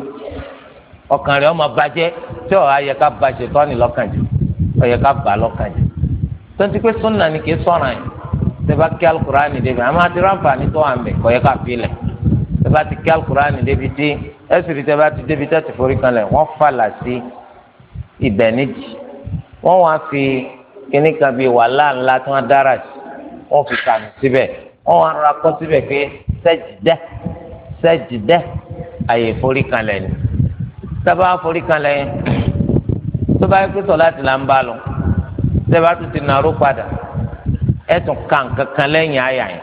ọkàn rẹ̀ ọmọ bàjẹ́ tí ọ̀ ayẹ ká ba ṣètọ́ni lọ́kàn jù ọ̀yẹ ká bà lọ́kàn tonti pé sunna ni kì í sọ̀ràn yìí tẹ́bá kí alukur'ani débi àmọ́ àti ráǹfààní tó wà ń bẹ̀ ká fi lẹ̀ tẹ́bá ti kí alukur'ani débi dé ẹsìrì tẹ bá ti débi tẹ ti forí kan lẹ̀ wọ́n fàlà sí ibẹ̀ níjì wọ́n wá fi kíní kan bíi wàhálà ńlá tí wọ́n dára sí wọ́n fi kànú síbẹ̀ wọ́n wá rọra kọ síbẹ̀ pé sẹjìdẹ sẹjìdẹ àyè forí kan lẹ̀ ni sábà forí kan lẹ̀ yẹn tó bá yẹ sọlá ti là ń bá lọ sẹbà tó ti nàró padà ẹ tún kàn kankan lẹ́yìn àyà yẹn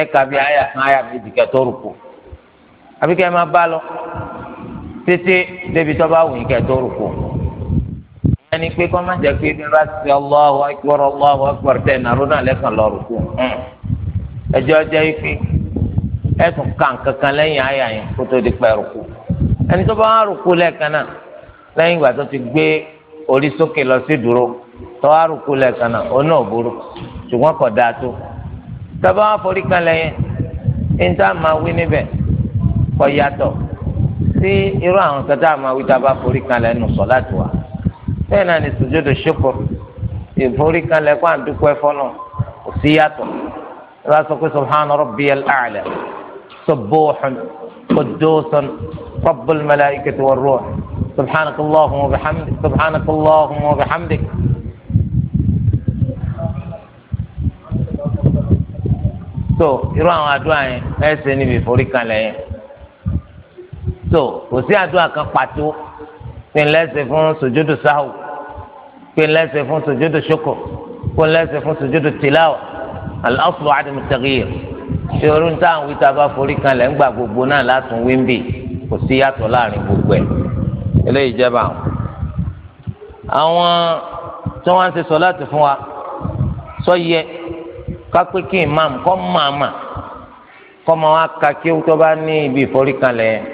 ẹ kà bí àyà kan àyà méjì kẹtọ rúkọ àbí kẹ́ ẹ máa bá lọ títí débi tó bá wù yín kẹ́ ẹ tó rò kù ẹni pé kọ́ má jẹ́ pé bí wọ́n ti Allahu Akbar Allahu Akbar tẹ̀ nàró náà lẹ́kàn lọ rò kù hmm. ẹjọ́ jẹ́ ife ẹ̀sùn kàn kankan lẹ́yìn àyà yẹn kó tó di pẹ́ rò kù ẹni tó bá wà rò kù lẹ́ẹ̀kan náà lẹ́yìn ìgbà tó ti gbé orí sókè lọ sí dúró tó wà rò kù lẹ́ẹ̀kan náà ó náà kọ́ yàtọ̀ sí irú àwọn kan tá a máa wí tá a bá forí kanlẹ̀ nù sọ láti wá bẹ́ẹ̀ náà ni sùjúdù ṣùkúr ìforí kanlẹ̀ kó à ń dúpẹ́ fọ́nà kò sí yàtọ̀ ẹ bá sọ pé subhana rabbiyal a'la subuhun qudusun rabbul malaikati war ruh subhanakallahumma wa bihamdik subhanakallahumma wa so irú àwọn àdúrà ẹ ṣe níbi ìforí kanlẹ̀ yẹn so kò sí àdúrà kan pàtó pé ńlẹ́sẹ̀ fún sojúdù sáhù pé ńlẹ́sẹ̀ fún sojúdù ṣokò pé ńlẹ́sẹ̀ fún sojúdù tìláwà aláṣọ àdìmú tẹ̀gìyẹ ṣé orun táwọn wí tá a bá forí kanlẹ̀ ńgbà gbogbo náà látún wíńbì kò sí yàtọ̀ láàrin gbogbo ẹ̀ eléyìí jẹba àwọn tí wọ́n ti sọ láti fún wa sọ yẹ kápé kí imam kọ́ máa mà kọ́ máa wá ka kí ó tó bá ní ibi ìforí kanlẹ̀ yẹn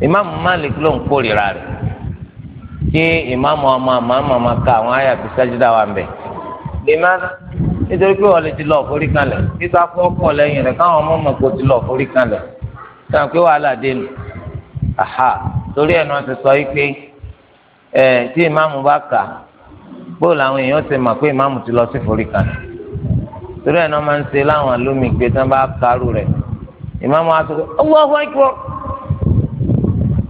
ìmáàmù Malik ló ń kórìíra rẹ̀ kí ìmáàmù ọmọ àmàmù ọmọ ká àwọn àyà fi sájúdà wà mbẹ lèmánà nítorí pé wọ́n lè ti lọ forí kanlẹ̀ títà kọ ọkọ lẹ́yìn rẹ̀ káwọn ọmọ ọmọ kò ti lọ forí kanlẹ̀ sàn pé wàhálà dé nu aha torí ẹ̀ náà ti sọ yìí pé ẹ tí ìmáàmù bá kà bó làwọn èèyàn ti mà pé ìmáàmù ti lọ sí forí kanlẹ̀ torí ẹ̀ náà máa ń ṣe láwọn alómi gbé tán bá kárù rẹ̀ ìmáàmù á sọ pé ọwọ́ ọwọ́ ìkọ́.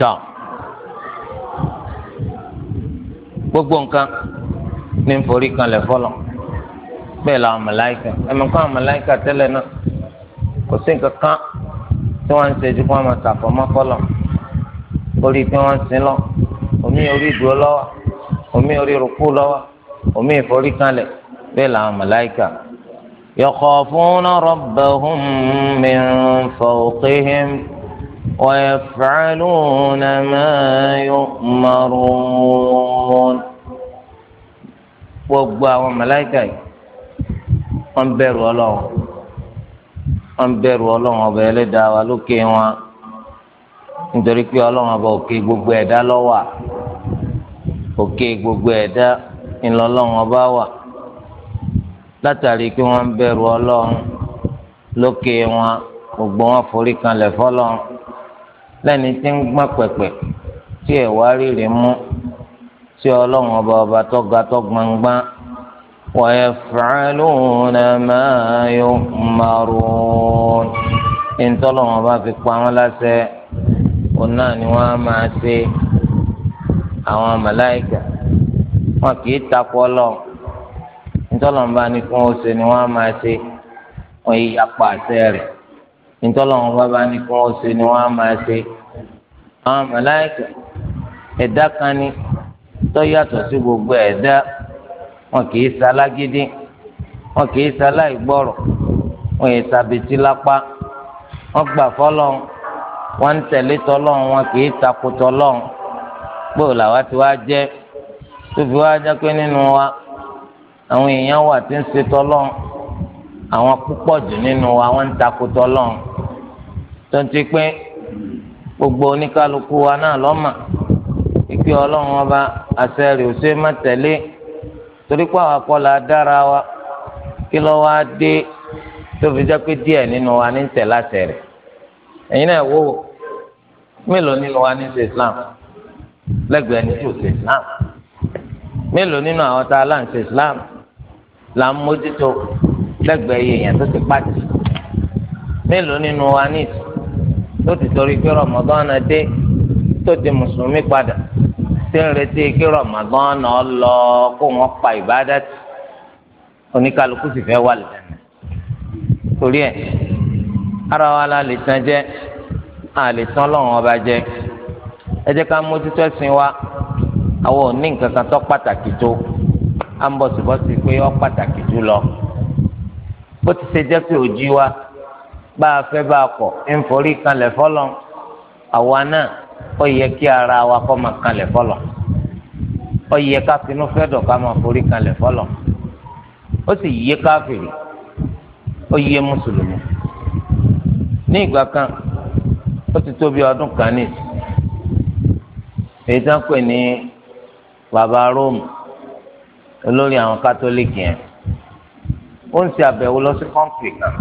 tọ gbogbo nǹkan ní nforí kanlẹ̀ fọlọ bẹ́ẹ̀ làwọn màláíkà ẹ̀mí kọ́ àwọn màláíkà tẹ́lẹ̀ náà kò sí nǹkan kan tí wọ́n ń ṣe ju kí wọ́n máa ṣàfọ̀mọ́ fọlọ orí pé wọ́n ń sin lọ omi orí ìdúró lọ́wọ́ omi orí rúkú lọ́wọ́ omi ìforí kanlẹ̀ bẹ́ẹ̀ làwọn màláíkà yakhafuna rabbahum min fawqihim. ويفعلون ما يؤمرون gbogbo àwọn màláíkà yìí wọ́n ń bẹ̀rù Ọlọ́run wọ́n nítorí pé Ọlọ́run ọba òkè gbogbo ẹ̀dá ló òkè gbogbo ẹ̀dá ńlọlọrun ọba wà látàrí pé wọ́n ń bẹ̀rù Ọlọ́run lókè wọn gbogbo wọn forí kanlẹ̀ fọ́lọ́run. lẹ́ni tí ń gbọ́n pẹ̀pẹ̀ tí ẹ̀ wá rírì mú tí ọlọ́run ọba ọba tọ́ga tó gbangba wọ́yẹ fàálùnà máa yọ márùn. ìtọ́lọ́run ọba fi pa wọn láṣẹ òun náà ni wọ́n á máa ṣe àwọn màláìkà wọn kì í takọ ọlọ́run ìtọ́lọ́run bá ní kí wọ́n ni wọ́n á máa ṣe wọ́n yí apá àṣẹ rẹ̀ ntọ́lọ́wọ́n bábá ní kí wọ́n ṣe ni wọ́n á máa ṣe àwọn màláíkà ẹ̀dá kan ní tó yàtọ̀ sí gbogbo ẹ̀dá wọn kì í ṣalágídí wọn kì í ṣaláìgbọ́rọ̀ wọn kì í ṣàbètí lápá wọn gbà fọ́lọ́run wọn ń tẹ̀lé tọ́lọ́run wọn kì í takò tọ́lọ́run gbòò làwa ti wá jẹ́ tó fi wá jẹ́ pé nínú wa àwọn èèyàn wà tí ń ṣe tọ́lọ́run àwọn púpọ̀ jù nínú wa wọ́n ń takò tọ́lọ́run. tonti pé gbogbo oníkálukú wa náà lọ́mà ìpè ọlọ́run ọba àṣẹ rẹ̀ ma má tẹ̀lé torí pé àwọn dára wa kí lọ́ wá dé tó fi jẹ́ pé díẹ̀ nínú wa ní tẹ̀ náà wò Islam lẹ́gbẹ̀ẹ́ ní tó Islam mélòó nínú àwọn tá Islam là ń mójútó lẹ́gbẹ̀ẹ́ yìí èèyàn tó ti pàtì mélòó tó ti torí pé rọmọdọ́nà dé tó di mùsùlùmí padà tí ń retí kí rọmọdọ́nà lọ kó wọn pa ìbádà tì oníkálukú sì fẹ́ wà lẹ́nu torí ẹ̀ ara wa la lè tán jẹ́ a lè tán lọ́wọ́n ọba jẹ́ ẹ jẹ́ ká mójútó ẹ̀sìn wa àwọn ò nǹkan kan tó pàtàkì tó à ń bọ̀ síbọ̀ sí pé ó pàtàkì jù lọ bó ti ṣe jẹ́ pé òjì wa bá a fẹ́ bá a kọ̀ ń forí kanlẹ̀ fọlọ́ àwa náà ó yẹ kí ara wa kọ́ máa kanlẹ̀ fọlọ́ ó yẹ ká finú fẹ́ dọ̀ ká máa forí kanlẹ̀ fọlọ́ ó sì yẹ káfìrí ó yẹ mùsùlùmí ní ìgbà kan ó ti tó bí ọdún kan ní èyí tó pè ní bàbá róòmù olórí àwọn kátólíìkì yẹn ó ń ṣe àbẹ̀wò lọ sí kọ́ńtì kan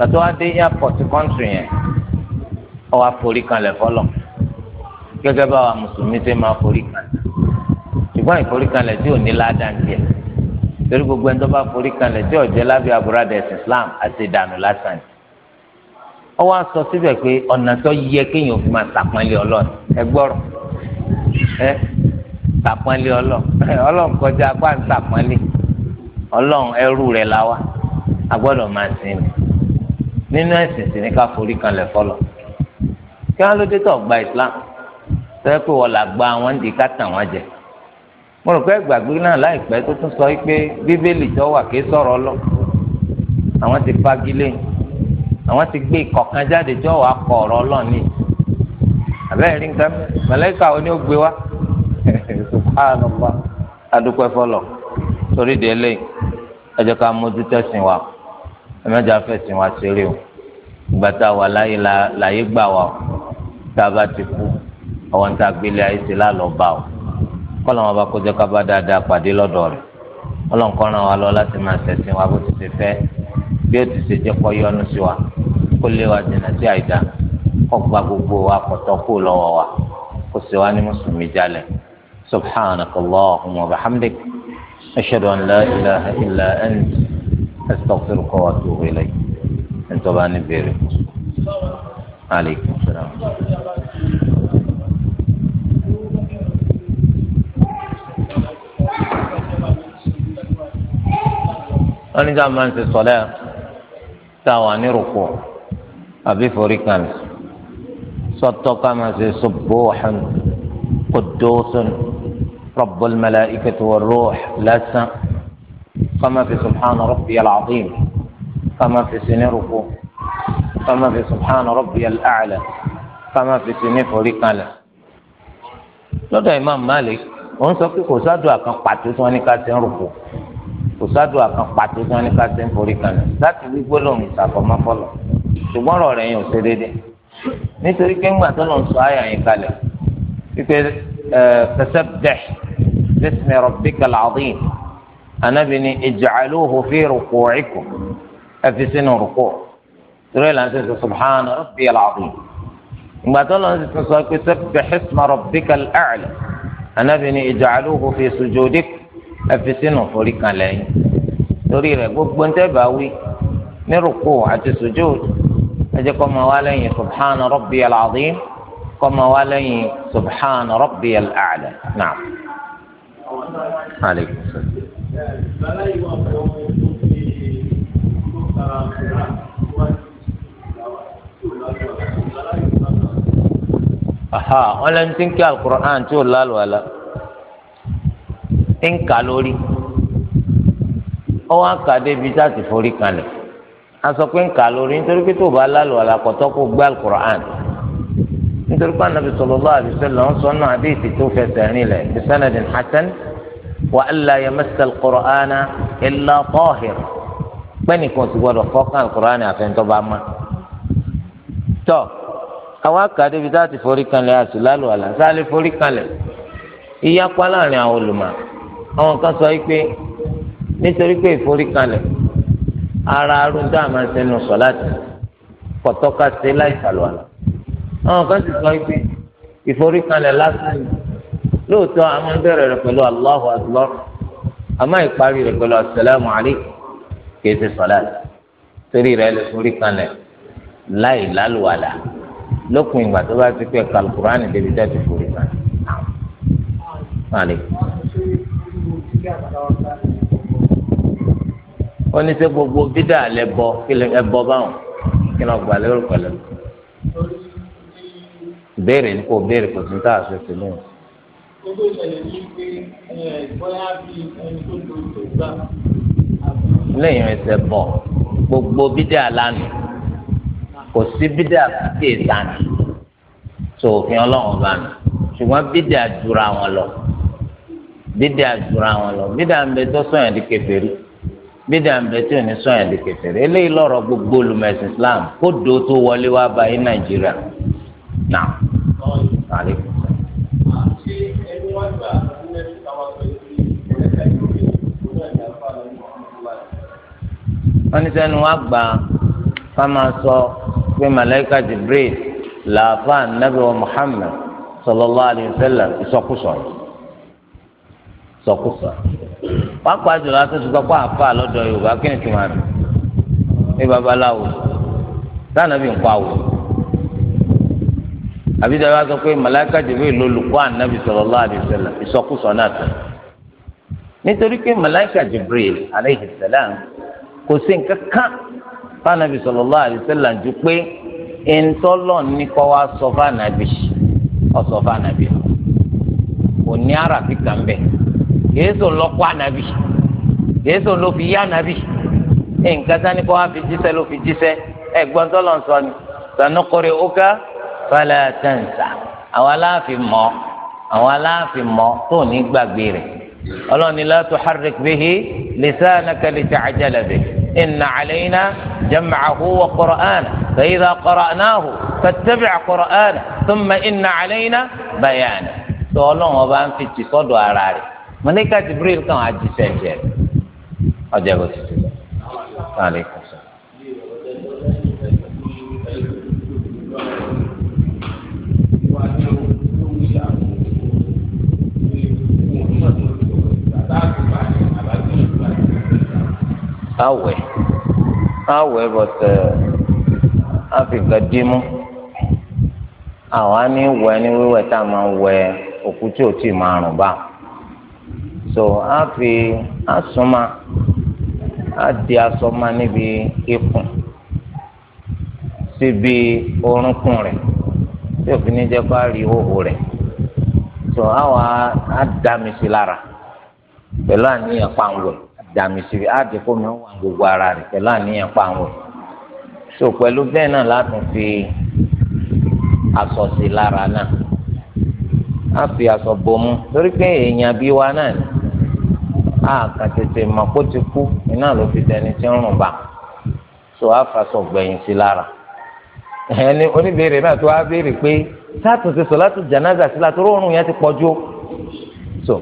gbàtọ́ wá dé airport country yẹn ọ wá forí kanlẹ̀ fọlọ́ gẹ́gẹ́ báwa mùsùlùmí ṣe máa forí kanlẹ̀ ṣùgbọ́n ìforí kanlẹ̀ tí ò ní ládàá tiẹ̀ torí gbogbo ẹni tó bá forí kanlẹ̀ tí ọ̀jẹ́ lábẹ́ àbúradà ẹ̀sìn Islam àti ìdànù lásán ni ọ wá sọ síbẹ̀ pé ọ̀nà tó yẹ kéèyàn fi máa sàpọ́nlé Ọlọ́run ẹ gbọ́rọ̀ ẹ sàpọ́nlé Ọlọ́run (laughs) Ọlọ́run kọjá apá ń sàpọ́nlé Ọlọ́run ẹrú rẹ̀ la wá a gbọ́dọ̀ máa sìn ní nínú ẹ̀sìn sì ní ká forí kanlẹ̀ fọlọ kí wọn ló dé tó gba islam tó yẹ pé wọn là gba àwọn di ká tàn wọn jẹ mo rò pé gbàgbé náà láìpẹ́ tó tún sọ pé bíbélì tó wà kí sọ̀rọ̀ lọ àwọn ti fagilé àwọn ti gbé ìkọ̀kan jáde tó wà kọ ọ̀rọ̀ ọlọni àbẹ́rẹ́ rí nǹkan mẹlẹ́kà ó ní ó gbé wá adúpẹ́ (laughs) fọlọ torí délé ẹ ká mójútó ẹ̀sìn wa ẹmẹjọ afẹsìn wa ṣeré o ìgbà tá a wà láyé láyé gbà wá o tá a bá ti kú àwọn ń ta gbélé ayé ṣe lálọ́ bá o kọ́lọ́ wọn bá kọjá ká bá dáadáa pàdé lọ́dọ̀ rẹ̀ ọlọ́nkọ́ràn wa lọ láti máa ṣẹ̀sìn wa bó ti ṣe fẹ́ bí ó ti ṣe jẹ́ kọ́ yọnu sí wa kó lé wa dènà sí àìdá kó gba gbogbo wa kọ̀tọ́ kó lọ́wọ́ wa kó sì wá ní mùsùlùmí jálẹ̀ subhanakallahumma wa bihamdik ashhadu an أستغفرك وأتوب إليك أنت بأني بيري عليكم السلام wọ́n ní sáà máa ń ṣe sọ́lẹ́ táwa ní rúkú àbí forí kan sọ́tọ́ ká máa ṣe subuuxan quduusan rabbul malaa'ikati wa ruux lásán. kama fi subhana rabbiyal azim kama fi sini ruku kama fi subhana rabbiyal a'la kama fi sini forí kalẹ̀ lọ́dọ̀ imam malik wọ́n sọ pé kò sádùn àkàn pàtó tí wọ́n ní ká ṣe ń rùkù kò sádùn àkàn pàtó tí wọ́n ní ká ṣe ń forí kalẹ̀ láti wí gbólóhùn ìsàfọ̀mọ́ fọlọ̀ ṣùgbọ́n ọ̀rọ̀ rẹ̀ yẹn ò ṣe déédéé nítorí pé ńgbà tó lọ́n sọ àyà yẹn kalẹ̀ wípé fasabbih bismi rabbikal azim anabi ni ij'aluhu fi ruku'ikum ẹfi sínú rúkú torí la ń sọ subhana rabbiyal azim ìgbà tó lọ́n sọ sọ pé sabbih isma rabbikal a'la anabi ni ij'aluhu fi sujudikum ẹfi sínú forí kan lẹ́yìn torí rẹ̀ gbogbo ń tẹ́ bá wí ní rúkú àti sujud ẹjẹ kọ́ máa wá lẹ́yìn subhana rabbiyal azim kọ́ máa wá lẹ́yìn subhana rabbi a'la naam. aleykum salaam. aha wọn lẹnu tí ń kí alukur'an tí ò lálù àlá ń kà lórí ó wá kà débi tá a ti forí kalẹ̀ a sọ pé ń kà lórí nítorí pé tó o bá lálù àlá kọ̀tọ́ kó gbé alukur'an nítorí pé anabi sallallahu alaihi wasallam ń sọ náà àdéhìí tó fẹsẹ̀ rìn lẹ̀ bisanadin hasan. وألا يمس القرآن إلا طاهر بني كنت تقول فوق القرآن عفين طبعا ما تو àwọn akadébi tá a ti forí kanlẹ̀ àtúlálù àlà tá a lè forí kanlẹ̀ ìyapa láàrin àwọn olùmọ̀ àwọn kan sọ pé nítorí pé ìforí kanlẹ̀ ara arún tá a máa ń sẹnu sọ láti pọ̀tọ́ka ṣe láì sàlùwàlà àwọn kan sì sọ pé ìforí kanlẹ̀ lásán yìí lóòótọ́ a máa ń bẹ̀rẹ̀ rẹ̀ pẹ̀lú Allahu Akbar a máa ń parí rẹ̀ pẹ̀lú asalaamu alaykum kìí ṣe sọ́láàt torí rẹ̀ lè forí kanlẹ̀ láì lálùwàlà lókun ìgbà tó bá ti pẹ́ kàlùkùránì débi tẹ́ ti forí kanlẹ̀. wọ́n ní sẹ́ gbogbo bídà lẹ́bọ ẹbọ báwọn kí lọ́ọ́ gbà lérò béèrè ní kò béèrè kò tún tá a ṣe yìí tó ìṣẹ̀lẹ̀ yìí pé bóyá bí ẹni tó lò ó gbà. lẹ́yìn ẹsẹ̀ bọ̀ gbogbo bídẹ́ àlánà kò sí bídẹ́ àkókò ìlànà tó òfin ọlọ́run bá nù ṣùgbọ́n bídẹ́ àjùra wọn lọ bídẹ́ àjùra wọn lọ bídẹ́ àmbẹ tó sọ̀yàn di kèfèrí bídẹ́ àmbẹ tí ò ní sọ̀yàn di kèfèrí eléyìí lọ́rọ̀ gbogbo olùmọ̀ẹ̀sìn Islam kó do tó wọlé wá báyìí Nàìjíríà náà. wọ́n ní sẹ́nu wá gbà ká máa sọ pé màláìka jibril làáfà nàbẹ̀ wa muhammed sallallahu alayhi wa sallam ìsọkúsọ ìsọkúsọ. wọ́n pa jùlọ àtúntò sọ pé àfa lọ́dọ̀ yorùbá kí ni tí wọ́n rí ní babaláwo sáà bí nǹkan àwò àbí dábàá sọ pé màláìka jibril lolùkọ́ ànábì sallallahu alayhi wa ìsọkúsọ náà tó nítorí pé màláìka jibril alayhi salam. kò sí nǹkan kan fanabi sallallahu alaihi wasallam ju pé ntọ́lọ̀ ní kọ́ wa sọ fanabi ọsọ fanabi kò ní arabi kan bẹ yéésù ló kọ́ anabi yéésù ló fi yá anabi nǹkan sani kọ́ wa fi jíṣẹ́ ló fi jíṣẹ́ ẹ̀gbọ́n tọ́lọ̀ sọ ni sanukuri uka fala tansa àwọn aláàfin mọ́ àwọn aláàfin mọ́ tó ní gbàgbé rẹ̀. ọlọ́run ni la tuharrik bihi lisanaka lita'jala bihi inna alayna jam'ahu wa qur'ana fa idha qara'nahu fattabi' qur'ana thumma inna alayna bayana. sọ ọlọ́run ọba ń fi tì sọ́dọ̀ ara rẹ̀ mọ̀lẹ́kà jibril kan àjíṣẹ́ jẹ́ ọjọ́ ìbò tuntun. awẹ awẹ bọtẹ afika dimu àwa ní wẹ ní wíwẹ̀ tá a máa ń wẹ òkú rùn bá so afi asoma, adi asoma di asọma níbi ikùn síbi orúnkún rẹ̀ tí òfin ní jẹ́ kó a rí ìhòhò rẹ̀ so awa á lara pẹ̀lú àníyàn pàǹwẹ̀ dàmì sí àti fómi wà gbogbo ara rẹ̀ pẹ̀lú àníyàn pàǹwẹ̀ so pẹ̀lú bẹ́ẹ̀ náà látún fi aṣọ sí lára náà á fi aṣọ bomú torí pé èèyàn bíi wa náà ni a kàn tètè mọ̀ kó ti kú iná ló fi dẹni tí ń rùn bá so á faṣọ gbẹ̀yìn sí lára ẹni oníbèrè náà tó á béèrè pé sátùn ti sọ láti jànáza sí láti rọrùn yẹn ti pọ̀jù so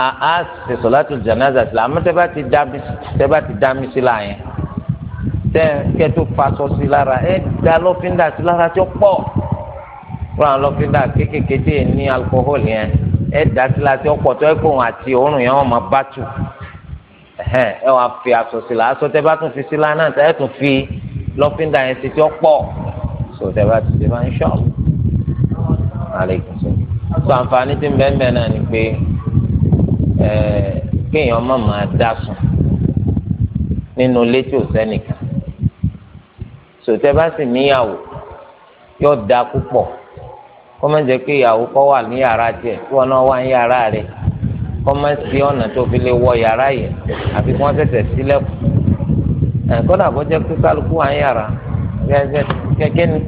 àá ṣe sọ̀látù jánásà sílẹ̀ àmọ́ tẹ́ bá ti dá tẹ́ bá ti dá mi sílẹ̀ yẹn tẹ́ kẹ́tù fasọ sí lára ẹ̀ dá lọ́fíńdà sí lára tó pọ̀ fún àwọn lọ́fíńdà kéékèèké tí yẹn ní alukóhólì yẹn ẹ̀ dá sí lára tó pọ̀ tó ẹ̀ kóhun àti òórùn yẹn wọ́n máa bá tù ẹ wàá fi aṣọ sílẹ̀ aṣọ tẹ́ bá tún fi sílẹ̀ náà tẹ́ tún fi lọ́fíńdà yẹn ti tó pọ̀ so tẹ́ bá ti ṣe máa ń ṣọ́ọ̀ alaikum sọ àǹfààní tí ń bẹ́ẹ̀ Eh, kéèyàn má máa dá sùn nínú ilé tí ò sẹ́nìkan sòtẹ́ bá sì níyàwó yóò da púpọ̀ kó má jẹ́ pé ìyàwó kọ́ wà ní yàrá tiẹ̀ kí wọn náà wà ní yàrá rẹ̀ kọ́ má sí ọ̀nà tó fi lè wọ yàrá yẹn àfi kí wọ́n tẹ̀tẹ̀ sílẹ̀kùn eh, kódà bó jẹ́ pé kálukú wà ní yàrá kẹ́kẹ́ ni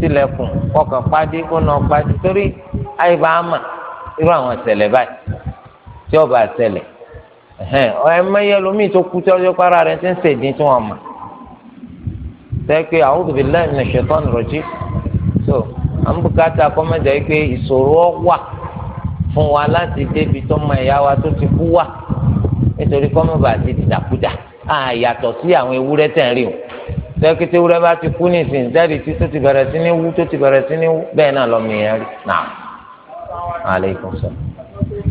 sílẹ̀kùn kọkàn pàdé kó náà pàdé torí àyè bá a mà irú àwọn ìṣẹ̀lẹ̀ báyìí tí ọba àtẹlẹ ẹ mẹyẹ lomi tó kú tí ọjọ́ para rẹ ti ń ṣèdín tí wọn mọ sẹ́kẹ́ a'udhu billahi minash shaitani rajim so àmúkàtà kọ́mẹ́jà yìí pé ìṣòro wà fún wa láti débi tó mọ ẹ̀yà wa tó ti kú wà nítorí kọ́mẹ́bà ti dìdàkudà àyàtọ̀ sí àwọn ewúrẹ́ tẹ̀ ń rí o sẹ́kẹ́ tí ewúrẹ́ bá ti kú ní ìsìn jáde tí tó ti bẹ̀rẹ̀ sí ní wú tó ti bẹ̀rẹ̀ sí ní wú náà lọ́mọ ìyẹn rí náà alaikum salaam.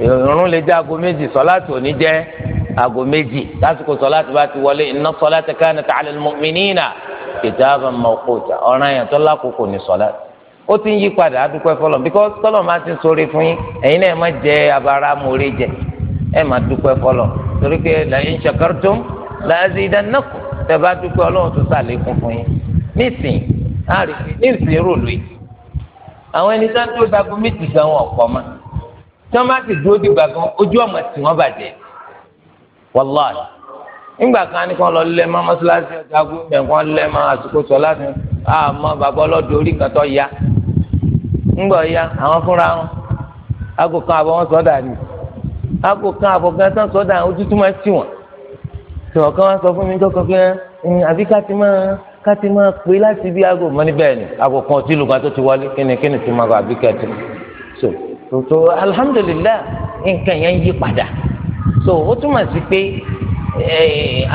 ìrún lè jẹ aago méjì sọláàtì òní jẹ aago méjì lásìkò sọláàtì bá ti wọlé inna salata kanat ala al-mu'minina kitaban mawquta ọ̀ràn yẹn tó lákòókò ní sọláàtì ó ti ń yí padà adúpẹ́ fọlọ́ because tọ́lọ̀ máa ti sórí fún yín ẹ̀yin náà má jẹ abara mórí jẹ ẹ̀ má dúpẹ́ fọlọ́ torí pé la in shakartum la azidannakum tẹ́ bá dúpẹ́ ọlọ́run tó sàlékún tí wọ́n bá sì dúró oju kan ojú ọmọ tí wàláì kan ní kàn lọ lẹ mọ mọ́ṣáláṣí ọjà gómìnà kàn lẹ mọ àsìkò sọ láti àmọ́ bàbá ọlọ́dún ya ńgbọ̀ ya àwọn fúnra wọn aago kan àbọ̀ wọn sọ́dà ni aago kan àbọ̀ gan tán sọ́dà ojú tó máa tì wọ́n tí kàn wá sọ fún mi pé àbí ká ti máa ká ti máa pè láti bí aago mọ́ níbẹ̀ ni ti wọlé kíni kíni ti máa bá tòótọ́ alhamdulilayi nǹkan yẹn ń yí padà so ó túmọ̀ sí pé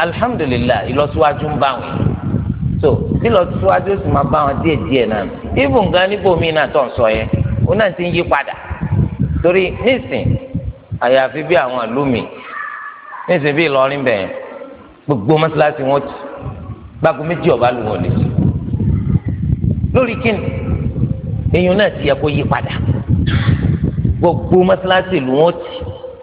alhamdulilayi ìlọsíwájú ń bá wọn so bí ìlọsíwájú sì máa bá wọn díẹ̀ díẹ̀ náà ibùn gan níbòmí náà tó ń sọ yẹn ó náà ti ń yí padà torí nísìn àyàfi bí àwọn àlùmí nísìn bí Ìlọrin bẹ̀yẹn gbogbo mọ́sálásí wọn ti gbàgbọ́ méjì ọ̀bá lù wọ́n lè lórí kíni èèyàn náà ti yẹ kó yí padà gbogbo mọ́sálásí ìlú wọn ti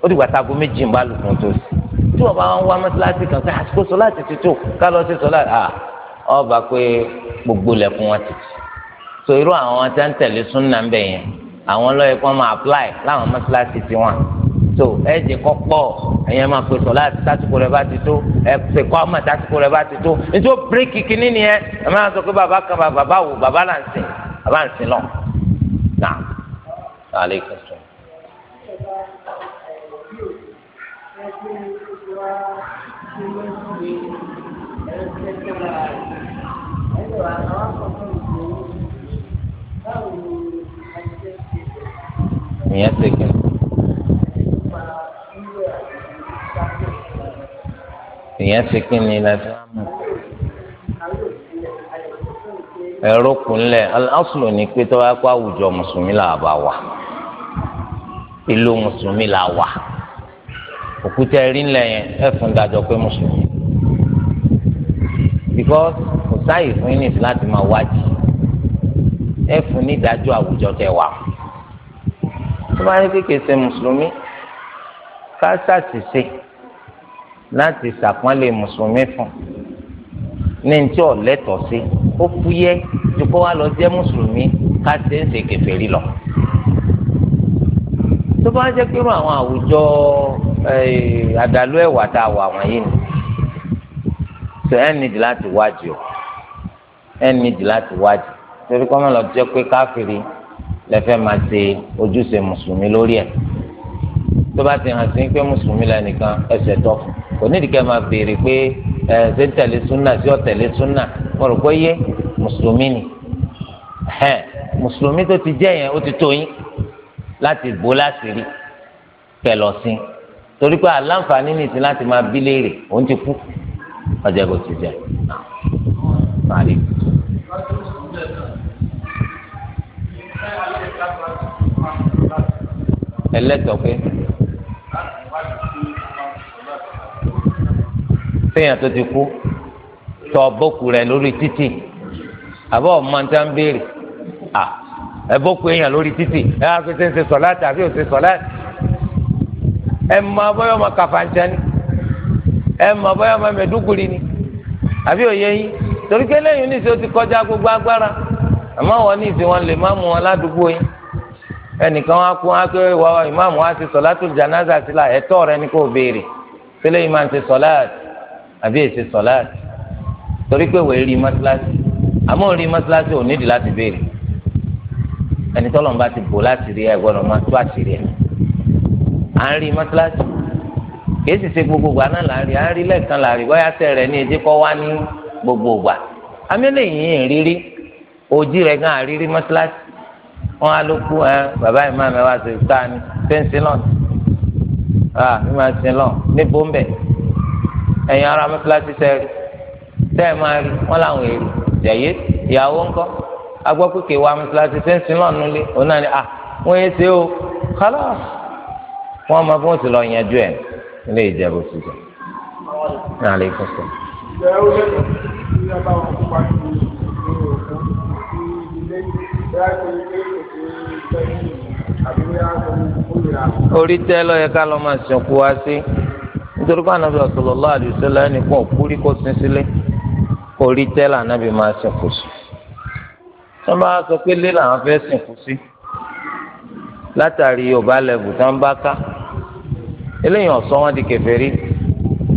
ó dìgbà táago méjì ń bá lùkùn tó sí tí wọn bá ń wá mọ́sálásí kan pé àsìkò sọ láti ti tó ká lọ sí sọ à ọba pé gbogbo lẹ̀kùn wọn ti so irú àwọn tí wọn tẹ̀lé súnà ń bẹ̀ yẹn àwọn lọ́yẹ̀ kí máa apply láwọn mọ́sálásí tiwọn so ẹ jẹ kọ́ pọ̀ ẹ̀yẹn máa pe sọ láti tásìkò rẹ bá ti tó ẹ pè kọ́ ọmọ tásìkò rẹ bá ti tó nítorí bíríkì kínní ni ẹ ẹ máa sọ pé bàbá kan bàbá wò bàbá là ń sìn bàbá ń sìn lọ. ìyẹn ṣe kí ni ìyẹn ṣe kí ni ìlàjọ àmọ́ ẹrú kúnlẹ̀ aláṣùlù ní pé tó wá kó àwùjọ mùsùlùmí là bá wà ìlú mùsùlùmí là wà òkúta ẹrí ńlẹ yẹn ẹfun dájọ pé mùsùlùmí because kò sáàyè fún yín nìsí láti máa wádìí ẹfun nídàájọ àwùjọ tẹ wà tó bá yẹ kékeré ṣe mùsùlùmí ká ṣàṣìṣe láti ṣàpọ́nlé mùsùlùmí fún ní tí ò lẹ́tọ̀ọ́ sí ó fúyẹ́ ju kó wá lọ jẹ́ mùsùlùmí ká ṣe ń ṣe kèfèrí lọ tó bá jẹ́ pé irú àwọn àwùjọ àdàlú ẹ̀wà tá a wà wọ̀nyí ni so ẹ̀ nídìí láti wájú ẹ̀ nídìí láti wájú torí kọ́mọ́ lọ jẹ́ pé káfíìrì lẹ́fẹ́ máa ṣe ojúṣe mùsùlùmí lórí ẹ̀ tó bá ti hàn sí pé mùsùlùmí lẹ́nìkan ẹsẹ̀ tọ́ fún kò nídìí kẹ́ máa béèrè pé ẹ̀ ṣé ń tẹ̀lé súnà sí ọ̀tẹ̀lé súnà mo rò pé yé mùsùlùmí ni mùsùlùmí tó ti jẹ́ yẹn ó ti tó yín láti bò láṣìírí kẹlọ́sìn torí pé aláǹfààní nìsín láti máa bí léèrè òun ti kú ọjà kò ti jẹ náà ẹlẹtọ pé téèyàn tó ti kú tọ bókù rẹ lórí títì àbọ ọmọ nta ń béèrè à ẹ bókù èèyàn lórí títì ẹ á fi ń ṣe sọláàtì àbí ò ṣe sọláàtì ẹ mọ bóyá ọmọ kàfàǹtà ni ẹ mọ bóyá ọmọ mẹdúgùrì ni àbí òye yín torí pé lẹ́yìn oníṣẹ́ ó ti kọjá gbogbo agbára àmọ́ wọn ní ìsìn wọn lè má mú wọn ládùúgbò yín ẹnìkan wá kú wá pé wà wá ìmáàmù wá ti sọ̀látù jànáza sí la ẹ̀tọ́ rẹ ni kò béèrè sílẹ̀ yìí máa ń ṣe sọ̀láàt àbí èsì sọ̀láàt torí pé wèé rí mọ́sálásí àmọ́ rí mọ́sálásí ò nídìí láti béèrè ẹnitọ́lọ́mùbá ti bò láti rí ẹ gbọ́dọ̀ máa tó àṣírí ẹ̀ à ń rí mọ́tíláṣí kìí sì ṣe gbogbo ìgbà náà là ń rí à ń rí lẹ́ẹ̀kan là ń rí bóyá tẹ̀ rẹ̀ ní etí kọ́ wá ní gbogbo ìgbà amílẹ̀ yìí ń rírí rẹ̀ gan àrírí mọ́tíláṣí wọn á ló kú ẹ bàbá ìmọ̀ mi wá sí ìta ni fẹ́ǹsì náà ah ìmọ̀ sí náà ní bọ́m̀bẹ̀ ẹ̀yin ara mọ́tíláṣí sẹ́ẹ̀rì tẹ́ẹ̀ máa rí wọn làwọn èrò jẹ̀yẹ́ ìyàwó ńkọ́ agbọ́ pé mọ́tíláṣí fẹ́ǹsì nulẹ̀ òun náà ni ah wọ́n yé ṣe o kálọ̀ wọn máa fún òsì lọ yanjú ẹ ilé ìjẹbù sísè náà lè kó sọ. orí tẹ lọ́yẹ ká lọ́ máa sìnkú wá sí nítorí pé ànábì sallallahu alaihi wasallam ẹnìkan òkúrí kó sin sílé orí tẹ lànàbì máa sìnkú sí tí wọ́n bá sọ pé lé làwọn fẹ́ sìnkú sí látàrí yorùbá lẹ́bù tí wọ́n bá ká eléyìí ọ̀sọ́ wọn di kèfèrí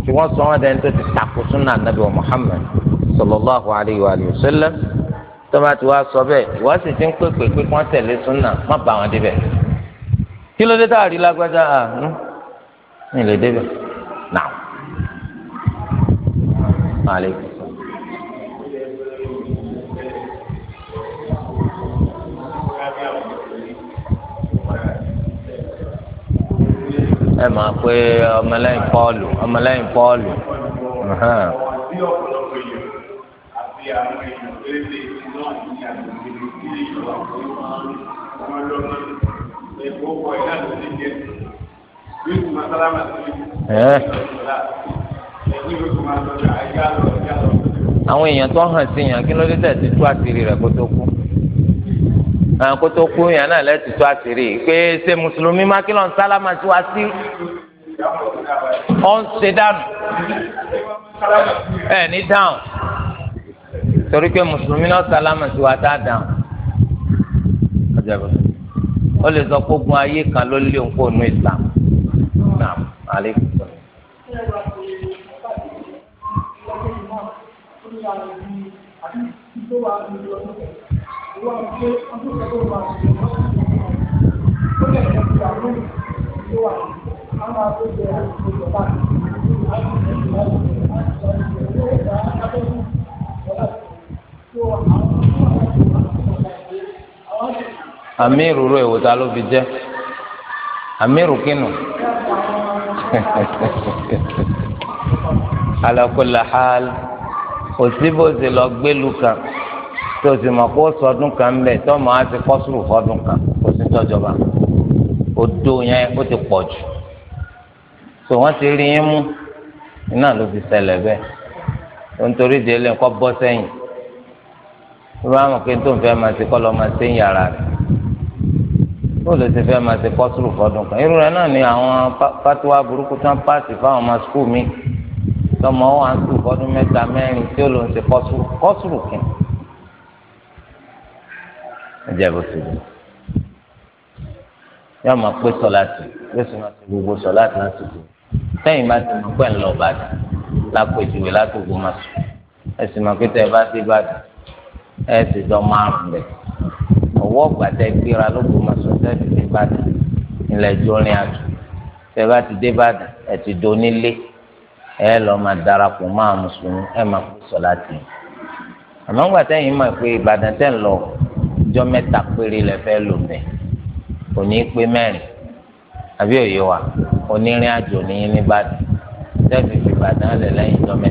tí wọ́n sọ wọn dẹni tó ti takò súnà nàbí wa Muhammad sallallahu alayhi wa sallam tọ́ba tí wàá sọ bẹ́ẹ̀ ìwà sì ti ń pèpè pé kí wọ́n tẹ̀lé súnà má bà wọn débẹ̀ kí ló dé tá a rí lágbájá àánú ní ilé débẹ̀ náà. ẹ máa pé ọmọlẹ́yìn pọ́ọ̀lù ọmọlẹ́yìn pọ́ọ̀lù. àwọn èèyàn tó hàn sí yàn kí ló dé tẹ̀ sí tú àṣírí rẹ̀ kó tó kú kó tó kú yàn náà lẹ́tì tó àṣírí pé ṣe mùsùlùmí má kí lọ́n sálámà sí wa sí ọ̀n ṣe dànù ẹ̀ ní dáhùn torí pé mùsùlùmí náà sálámà sí wa tá a dáhùn ó lè sọ pé ogun ayé kan ló lé òun nu Islam naam aleykum salaam. Thank ọlọ́run ṣe ọdún kẹ́kọ̀ọ́ máa ṣe ó lè jẹ́ ti àwọn ìlú wa a ló fi jẹ àmì ìrùkínù (laughs) ala hal òsínbòsí lọ gbẹlú kan tó o sì mọ̀ kó sọdún kan ń bẹ̀ tó mọ̀ á ti kọ́ sùrù fọdún kan kó sì tọ́jọba odò yẹn ó ti pọ̀ jù tó wọ́n ti rí yín mú iná ló fi ṣẹlẹ̀ bẹ́ẹ̀ tó ń torí délé ńkọ́ bọ́ sẹ́yìn tó bá mọ̀ pé tó ń fẹ́ máa ti kọ́ lọ máa ṣe ń yàrá rẹ̀ tó lè ti fẹ́ máa ti kọ́ sùrù fọdún kan irú rẹ̀ náà ni àwọn pátíwá burúkú tán páàsì fáwọn ọmọ skul mi tọmọ wọn á sùn fọdún mẹ́ta mẹ́rin tí ó lòún ṣe kọ́sùrù kọ́sùrù kìnnìkan ìjẹ́bù sí i yóò máa pé sọláàtì yóò sì máa ṣe gbogbo sọláàtì lásìkò sẹ́yìn bá ti máa pẹ́ ń lọ bàdà lápèjúwe látòkò máa sùn ẹ sì máa pé tẹ́ ẹ bá dé bàdà ẹ sì dọ́ márùn lẹ̀ ọwọ́ gbàtẹ́ gbéra lóko máa sùn tẹ́ ti dé bàdà ilẹ̀ ẹjọ́ rìn àjò tẹ́ bá ti dé bàdà ẹ ti do nílé ẹ lọ máa darapọ̀ máa mùsùlùmí ẹ máa pé sọláàtì àmọ́ gbàtẹ́ máa pé Ìbàdàn tẹ́ ń lọ jọ́ mẹ́ta péré lẹ fẹ́ lò bẹ kò ní í pé mẹ́rin àbí òye wa onírìn àjò ní yín ní Ìbàdàn tẹ́ẹ̀fì fi Ìbàdàn lẹ̀ lẹ́yìn jọ́ mẹ́ta.